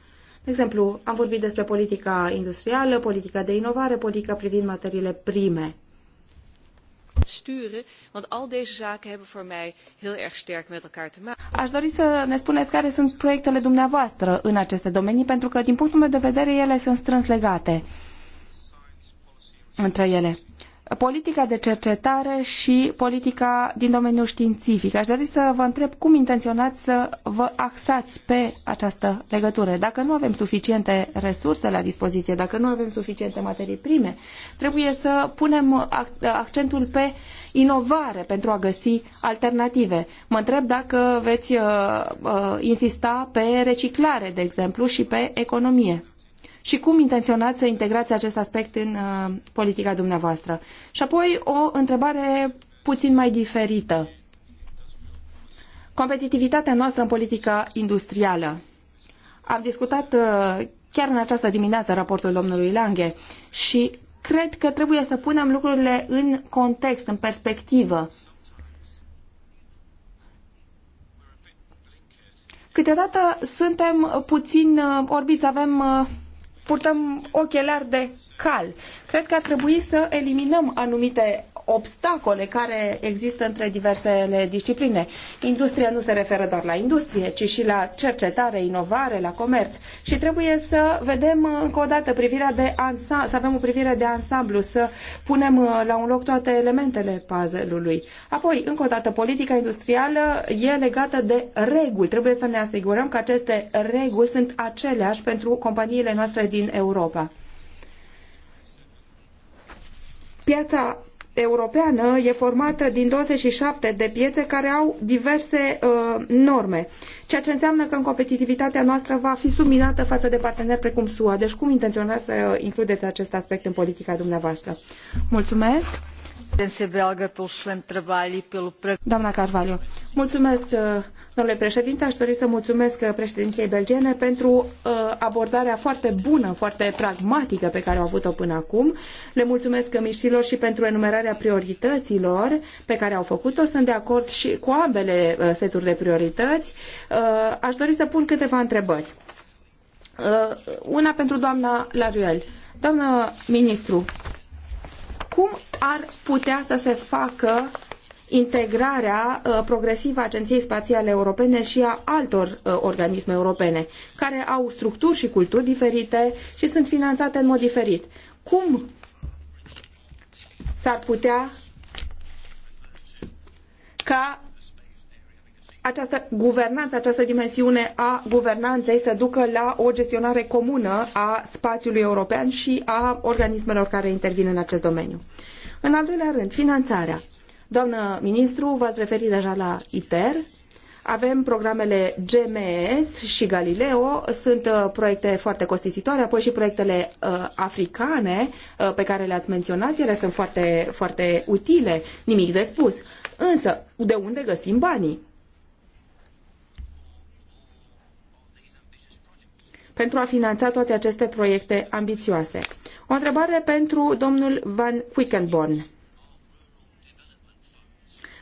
De exemplu, am vorbit despre politica industrială, politica de inovare, politica privind materiile prime sturen, want al deze zaken hebben voor mij heel erg sterk met elkaar te maken. Aș dori să ne spuneți care sunt proiectele dumneavoastră în aceste domenii, pentru că din punctul meu de vedere ele sunt strâns legate între ele politica de cercetare și politica din domeniul științific. Aș dori să vă întreb cum intenționați să vă axați pe această legătură. Dacă nu avem suficiente resurse la dispoziție, dacă nu avem suficiente materii prime, trebuie să punem accentul pe inovare pentru a găsi alternative. Mă întreb dacă veți uh, uh, insista pe reciclare, de exemplu, și pe economie și cum intenționați să integrați acest aspect în uh, politica dumneavoastră. Și apoi o întrebare puțin mai diferită. Competitivitatea noastră în politica industrială. Am discutat uh, chiar în această dimineață raportul domnului Lange și cred că trebuie să punem lucrurile în context, în perspectivă. Câteodată suntem puțin uh, orbiți, avem uh, purtăm ochelari de cal. Cred că ar trebui să eliminăm anumite obstacole care există între diversele discipline. Industria nu se referă doar la industrie, ci și la cercetare, inovare, la comerț și trebuie să vedem uh, încă o dată privirea de ansamblu, să avem o privire de ansamblu, să punem uh, la un loc toate elementele puzzle-ului. Apoi, încă o dată, politica industrială e legată de reguli. Trebuie să ne asigurăm că aceste reguli sunt aceleași pentru companiile noastre din Europa. Piața europeană e formată din 27 de piețe care au diverse uh, norme, ceea ce înseamnă că în competitivitatea noastră va fi subminată față de parteneri precum SUA. Deci cum intenționați să includeți acest aspect în politica dumneavoastră? Mulțumesc! Doamna Carvalho, mulțumesc uh, Domnule președinte, aș dori să mulțumesc președinției belgiene pentru uh, abordarea foarte bună, foarte pragmatică pe care au avut-o până acum. Le mulțumesc miștilor și pentru enumerarea priorităților pe care au făcut-o. Sunt de acord și cu ambele uh, seturi de priorități. Uh, aș dori să pun câteva întrebări. Una pentru doamna Laruel. Doamnă ministru, cum ar putea să se facă integrarea uh, progresivă a Agenției Spațiale Europene și a altor uh, organisme europene, care au structuri și culturi diferite și sunt finanțate în mod diferit. Cum s-ar putea ca această guvernanță, această dimensiune a guvernanței să ducă la o gestionare comună a spațiului european și a organismelor care intervin în acest domeniu. În al doilea rând, finanțarea. Doamnă ministru, v-ați referit deja la ITER. Avem programele GMS și Galileo, sunt uh, proiecte foarte costisitoare, apoi și proiectele uh, africane uh, pe care le-ați menționat, ele sunt foarte, foarte utile, nimic de spus. Însă, de unde găsim banii? pentru a finanța toate aceste proiecte ambițioase. O întrebare pentru domnul Van Quickenborn.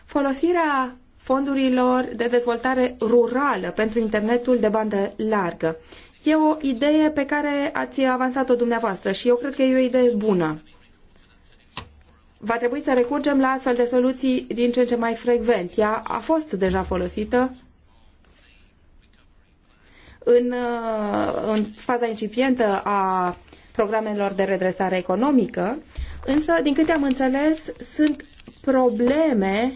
Folosirea fondurilor de dezvoltare rurală pentru internetul de bandă largă. E o idee pe care ați avansat-o dumneavoastră și eu cred că e o idee bună. Va trebui să recurgem la astfel de soluții din ce în ce mai frecvent. Ea a fost deja folosită în, uh, în faza incipientă a programelor de redresare economică, însă, din câte am înțeles, sunt probleme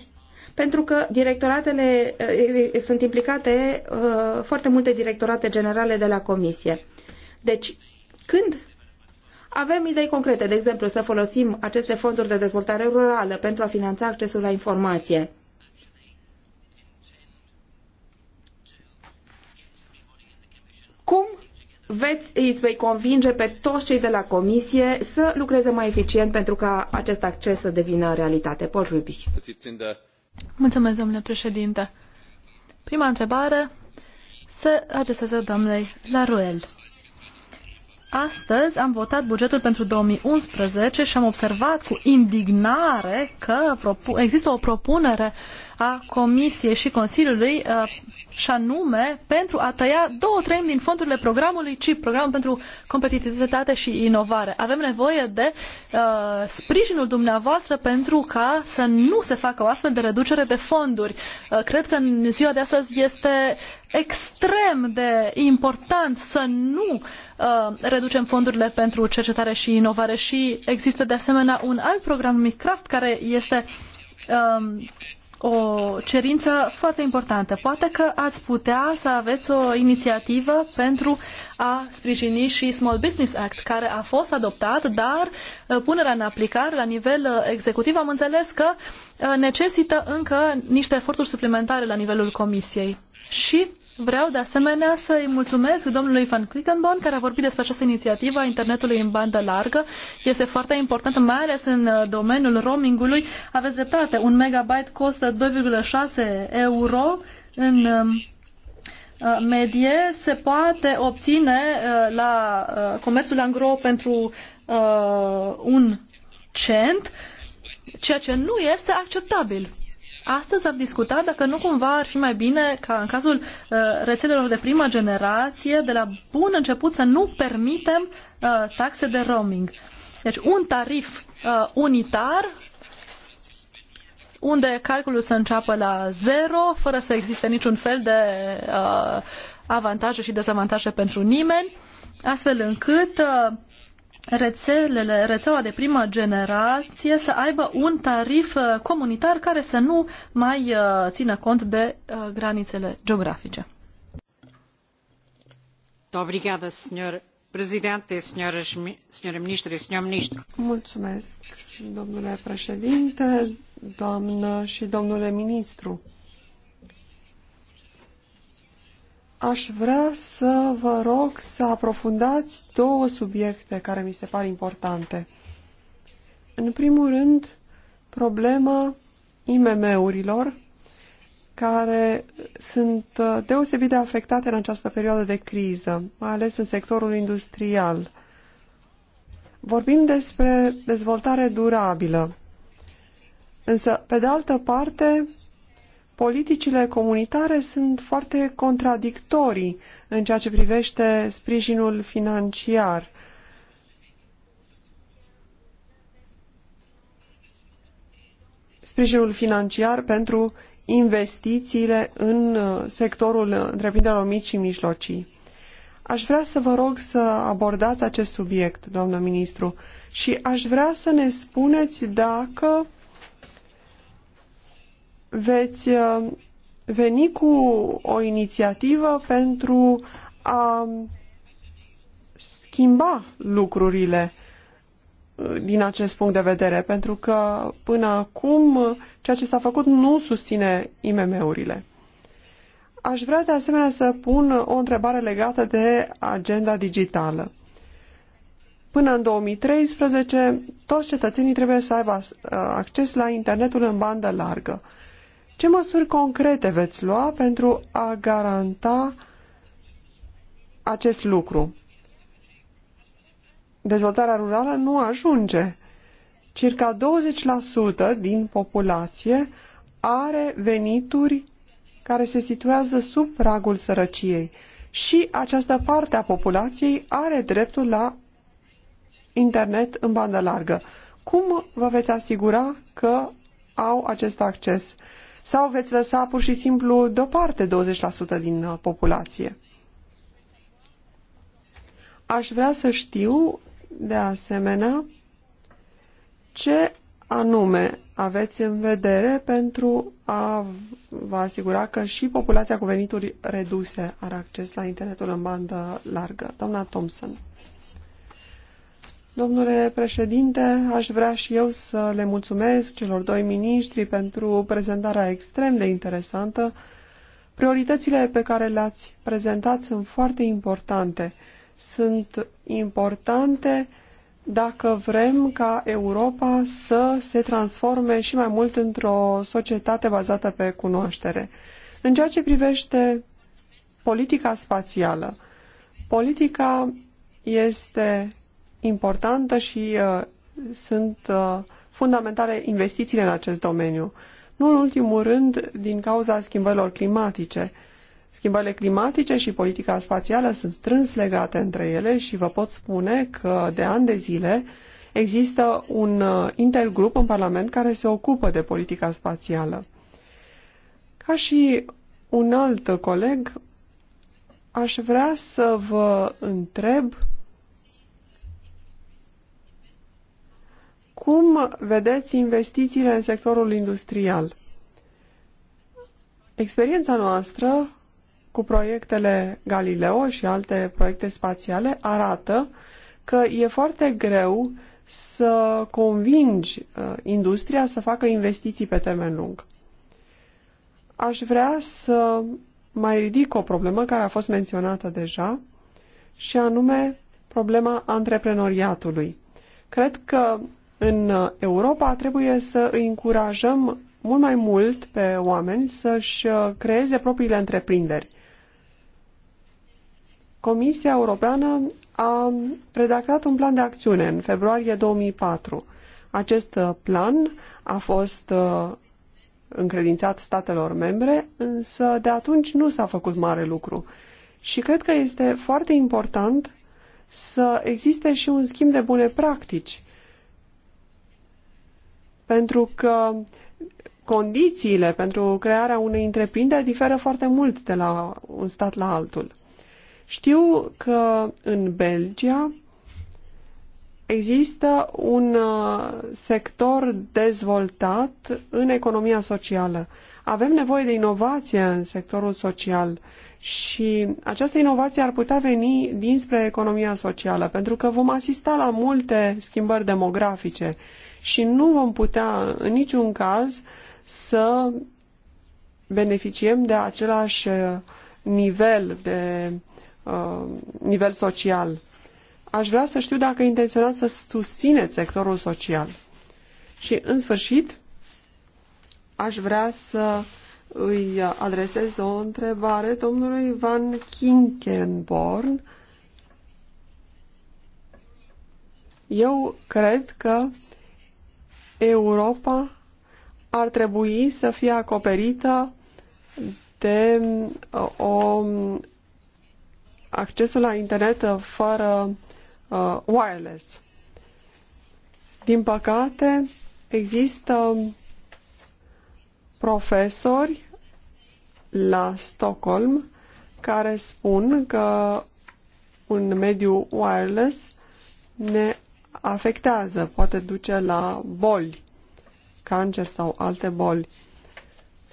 pentru că directoratele eh, sunt implicate eh, foarte multe directorate generale de la Comisie. Deci, când avem idei concrete, de exemplu, să folosim aceste fonduri de dezvoltare rurală pentru a finanța accesul la informație. Cum veți, îți vei convinge pe toți cei de la comisie să lucreze mai eficient pentru ca acest acces să devină realitate? Paul Rubiș. Uh, Mulțumesc, domnule președinte. Prima întrebare se adresează doamnei Laruel. Astăzi am votat bugetul pentru 2011 și am observat cu indignare că există o propunere a Comisiei și Consiliului uh, și anume pentru a tăia două treimi din fondurile programului CIP, Programul pentru Competitivitate și Inovare. Avem nevoie de uh, sprijinul dumneavoastră pentru ca să nu se facă o astfel de reducere de fonduri. Uh, cred că în ziua de astăzi este extrem de important să nu uh, reducem fondurile pentru cercetare și inovare și există de asemenea un alt program Micraft care este uh, o cerință foarte importantă. Poate că ați putea să aveți o inițiativă pentru a sprijini și Small Business Act, care a fost adoptat, dar uh, punerea în aplicare la nivel uh, executiv am înțeles că uh, necesită încă niște eforturi suplimentare la nivelul Comisiei. Și Vreau de asemenea să-i mulțumesc domnului Van Quickenborn care a vorbit despre această inițiativă a internetului în bandă largă. Este foarte importantă, mai ales în uh, domeniul roamingului. Aveți dreptate, un megabyte costă 2,6 euro în um, uh, medie se poate obține uh, la comerțul angro pentru un cent, ceea ce nu este acceptabil. Astăzi am discutat dacă nu cumva ar fi mai bine ca în cazul uh, rețelelor de prima generație, de la bun început să nu permitem uh, taxe de roaming. Deci un tarif uh, unitar unde calculul să înceapă la zero, fără să existe niciun fel de uh, avantaje și dezavantaje pentru nimeni, astfel încât uh, rețelele, rețeaua de primă generație să aibă un tarif uh, comunitar care să nu mai uh, țină cont de uh, granițele geografice. Obrigada, ministru. Mulțumesc, domnule președinte, doamnă și domnule ministru. aș vrea să vă rog să aprofundați două subiecte care mi se par importante. În primul rând, problema IMM-urilor, care sunt uh, deosebit de afectate în această perioadă de criză, mai ales în sectorul industrial. Vorbim despre dezvoltare durabilă, însă, pe de altă parte, politicile comunitare sunt foarte contradictorii în ceea ce privește sprijinul financiar. Sprijinul financiar pentru investițiile în uh, sectorul întreprinderilor mici și mijlocii. Aș vrea să vă rog să abordați acest subiect, doamnă ministru, și aș vrea să ne spuneți dacă veți uh, veni cu o inițiativă pentru a schimba lucrurile uh, din acest punct de vedere, pentru că până acum uh, ceea ce s-a făcut nu susține IMM-urile. Aș vrea de asemenea să pun o întrebare legată de agenda digitală. Până în 2013, toți cetățenii trebuie să aibă acces la internetul în bandă largă. Ce măsuri concrete veți lua pentru a garanta acest lucru? Dezvoltarea rurală nu ajunge. Circa 20% din populație are venituri care se situează sub pragul sărăciei și această parte a populației are dreptul la internet în bandă largă. Cum vă veți asigura că au acest acces? sau veți lăsa pur și simplu deoparte 20% din uh, populație? Aș vrea să știu, de asemenea, ce anume aveți în vedere pentru a vă asigura că și populația cu venituri reduse are acces la internetul în bandă largă? Doamna Thompson. Domnule președinte, aș vrea și eu să le mulțumesc celor doi miniștri pentru prezentarea extrem de interesantă. Prioritățile pe care le-ați prezentat sunt foarte importante. Sunt importante dacă vrem ca Europa să se transforme și mai mult într-o societate bazată pe cunoaștere. În ceea ce privește politica spațială, politica este importantă și uh, sunt uh, fundamentale investițiile în acest domeniu. Nu în ultimul rând din cauza schimbărilor climatice. Schimbările climatice și politica spațială sunt strâns legate între ele și vă pot spune că de ani de zile există un uh, intergrup în Parlament care se ocupă de politica spațială. Ca și un alt coleg, aș vrea să vă întreb Cum vedeți investițiile în sectorul industrial? Experiența noastră cu proiectele Galileo și alte proiecte spațiale arată că e foarte greu să convingi uh, industria să facă investiții pe termen lung. Aș vrea să mai ridic o problemă care a fost menționată deja și anume problema antreprenoriatului. Cred că în uh, Europa trebuie să îi încurajăm mult mai mult pe oameni să-și uh, creeze propriile întreprinderi. Comisia Europeană a redactat un plan de acțiune în februarie 2004. Acest uh, plan a fost încredințat statelor membre, însă de atunci nu s-a făcut mare lucru. Și cred că este foarte important să existe și un schimb de bune practici pentru că condițiile pentru crearea unei întreprinderi diferă foarte mult de la un stat la altul. Știu că în Belgia există un uh, sector dezvoltat în economia socială. Avem nevoie de inovație în sectorul social și această inovație ar putea veni dinspre economia socială, pentru că vom asista la multe schimbări demografice și nu vom putea în niciun caz să beneficiem de același uh, nivel, de, uh, nivel social. Aș vrea să știu dacă intenționați să susțineți sectorul social. Și, în sfârșit, aș vrea să îi adresez o întrebare domnului Van Kinkenborn. Eu cred că Europa ar trebui să fie acoperită de uh, o, accesul la internet fără uh, wireless. Din păcate, există profesori la Stockholm care spun că un mediu wireless ne afectează, poate duce la boli, cancer sau alte boli.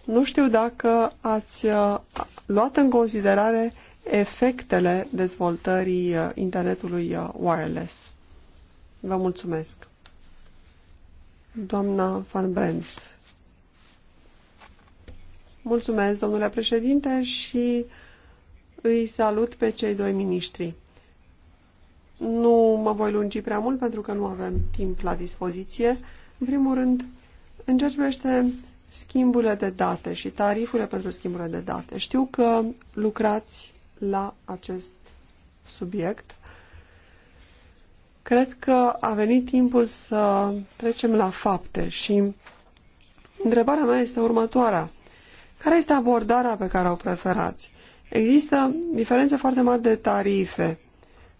Nu știu dacă ați uh, luat în considerare efectele dezvoltării uh, internetului uh, wireless. Vă mulțumesc. Doamna Van Brent. Mulțumesc, domnule președinte, și îi salut pe cei doi miniștri. Nu mă voi lungi prea mult pentru că nu avem timp la dispoziție. În primul rând, în ce privește schimburile de date și tarifurile pentru schimburile de date. Știu că lucrați la acest subiect. Cred că a venit timpul să trecem la fapte și întrebarea mea este următoarea. Care este abordarea pe care o preferați? Există diferențe foarte mari de tarife,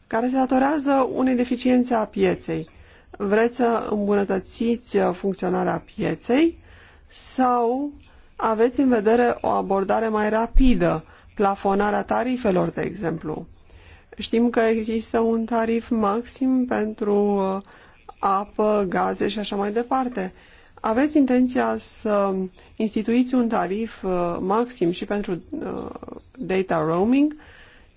care se datorează unei deficiențe a pieței. Vreți să îmbunătățiți funcționarea pieței sau aveți în vedere o abordare mai rapidă, plafonarea tarifelor, de exemplu? Știm că există un tarif maxim pentru uh, apă, gaze și așa mai departe aveți intenția să instituiți un tarif uh, maxim și pentru uh, data roaming?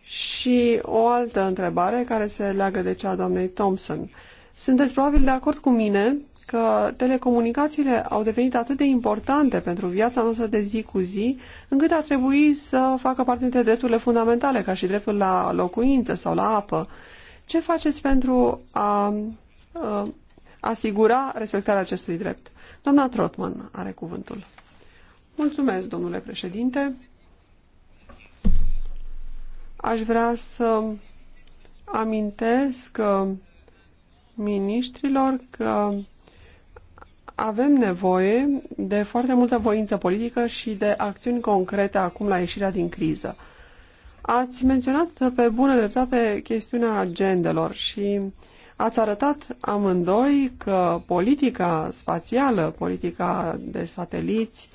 Și o altă întrebare care se leagă de cea a doamnei Thompson. Sunteți probabil de acord cu mine că telecomunicațiile au devenit atât de importante pentru viața noastră de zi cu zi, încât ar trebui să facă parte dintre drepturile fundamentale, ca și dreptul la locuință sau la apă. Ce faceți pentru a, a uh, asigura respectarea acestui drept? Doamna Trotman are cuvântul. Mulțumesc, domnule președinte. Aș vrea să amintesc miniștrilor că avem nevoie de foarte multă voință politică și de acțiuni concrete acum la ieșirea din criză. Ați menționat pe bună dreptate chestiunea agendelor și Ați arătat amândoi că politica spațială, politica de sateliți,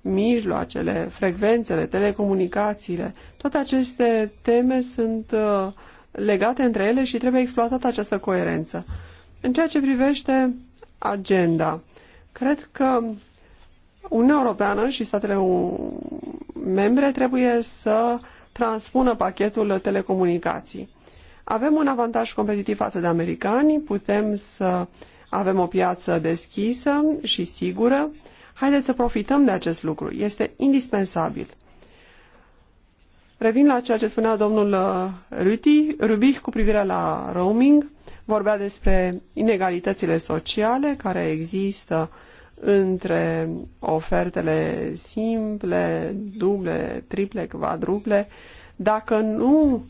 mijloacele, frecvențele, telecomunicațiile, toate aceste teme sunt uh, legate între ele și trebuie exploatată această coerență. În ceea ce privește agenda, cred că Uniunea Europeană și statele membre trebuie să transpună pachetul telecomunicații. Avem un avantaj competitiv față de americani, putem să avem o piață deschisă și sigură. Haideți să profităm de acest lucru. Este indispensabil. Revin la ceea ce spunea domnul uh, Ruti, Rubich cu privire la roaming. Vorbea despre inegalitățile sociale care există între ofertele simple, duble, triple, quadruple. Dacă nu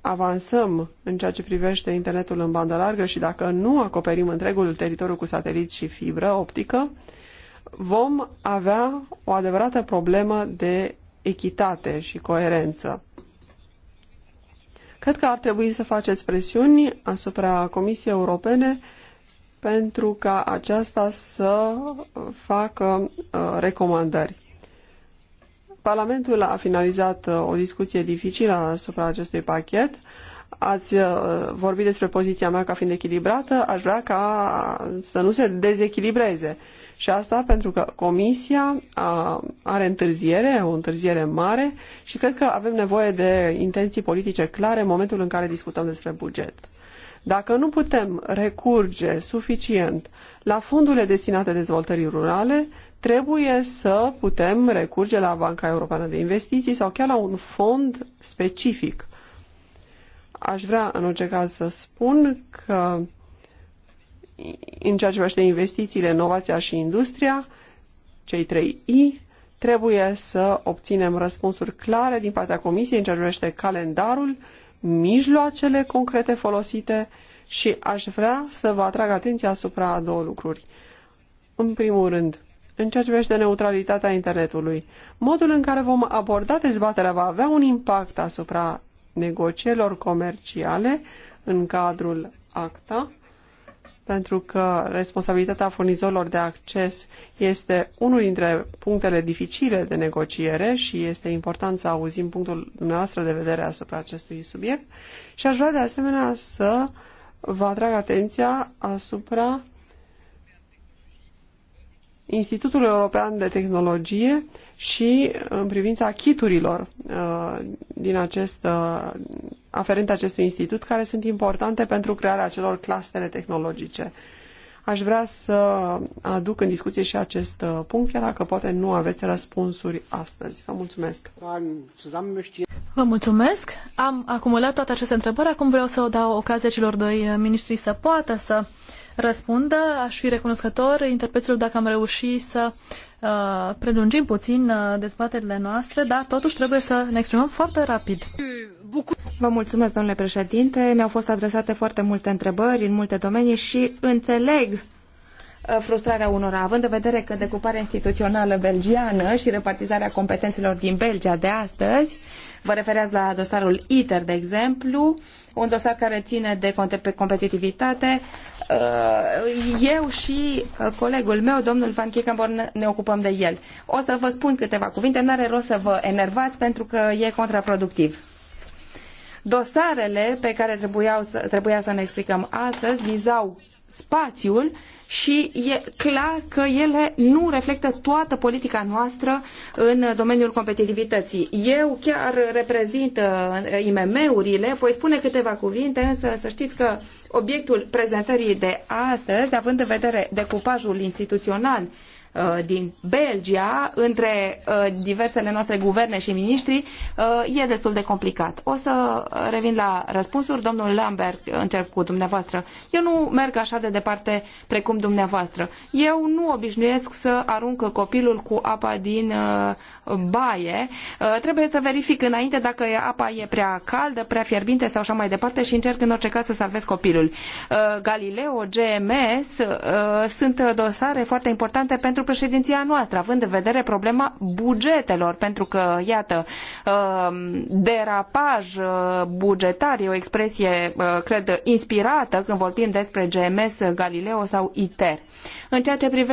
avansăm în ceea ce privește internetul în bandă largă și dacă nu acoperim întregul teritoriu cu satelit și fibră optică, vom avea o adevărată problemă de echitate și coerență. Cred că ar trebui să faceți presiuni asupra Comisiei Europene pentru ca aceasta să facă uh, recomandări. Parlamentul a finalizat uh, o discuție dificilă asupra acestui pachet. Ați uh, vorbit despre poziția mea ca fiind echilibrată. Aș vrea ca uh, să nu se dezechilibreze. Și asta pentru că Comisia are întârziere, o întârziere mare și cred că avem nevoie de intenții politice clare în momentul în care discutăm despre buget. Dacă nu putem recurge suficient la fondurile destinate dezvoltării rurale, trebuie să putem recurge la Banca Europeană de Investiții sau chiar la un fond specific. Aș vrea, în orice caz, să spun că în ceea ce privește investițiile, inovația și industria, cei trei I, trebuie să obținem răspunsuri clare din partea Comisiei în ceea ce privește calendarul, mijloacele concrete folosite și aș vrea să vă atrag atenția asupra a două lucruri. În primul rând, în ceea ce privește neutralitatea internetului. Modul în care vom aborda dezbaterea va avea un impact asupra negocierilor comerciale în cadrul ACTA, pentru că responsabilitatea furnizorilor de acces este unul dintre punctele dificile de negociere și este important să auzim punctul dumneavoastră de vedere asupra acestui subiect. Și aș vrea de asemenea să vă atrag atenția asupra Institutul European de Tehnologie și în privința chiturilor uh, din acest, uh, aferente acestui institut, care sunt importante pentru crearea acelor clastere tehnologice. Aș vrea să aduc în discuție și acest uh, punct, chiar dacă poate nu aveți răspunsuri astăzi. Vă mulțumesc! Vă mulțumesc! Am acumulat toate aceste întrebări, acum vreau să o dau ocazia celor doi ministri să poată să uh, răspundă. Aș fi recunoscător interpreților dacă am reușit să uh, prelungim puțin uh, dezbaterile noastre, dar totuși trebuie să ne exprimăm foarte rapid. Vă mulțumesc, domnule președinte. Mi-au fost adresate foarte multe întrebări în multe domenii și înțeleg uh, frustrarea unora, având în vedere că decuparea instituțională belgiană și repartizarea competențelor din Belgia de astăzi, vă referează la dosarul ITER, de exemplu, un dosar care ține de competitivitate, Uh, eu și uh, colegul meu, domnul Van Kickenborn, ne ocupăm de el. O să vă spun câteva cuvinte, n-are rost să vă enervați pentru că e contraproductiv. Dosarele pe care trebuiau să, trebuia să ne explicăm astăzi vizau spațiul și e clar că ele nu reflectă toată politica noastră în domeniul competitivității. Eu chiar reprezint uh, IMM-urile, voi spune câteva cuvinte, însă să știți că obiectul prezentării de astăzi, având în vedere decupajul instituțional Uh, din Belgia între uh, diversele noastre guverne și miniștri uh, e destul de complicat. O să revin la răspunsuri. Domnul Lambert, încep cu dumneavoastră. Eu nu merg așa de departe precum dumneavoastră. Eu nu obișnuiesc să arunc copilul cu apa din baie. Trebuie să verific înainte dacă apa e prea caldă, prea fierbinte sau așa mai departe și încerc în orice caz să salvez copilul. Galileo, GMS sunt dosare foarte importante pentru pentru președinția noastră, având în vedere problema bugetelor, pentru că, iată, um, derapaj uh, bugetar e o expresie, uh, cred, inspirată când vorbim despre GMS, Galileo sau ITER. În ceea ce privește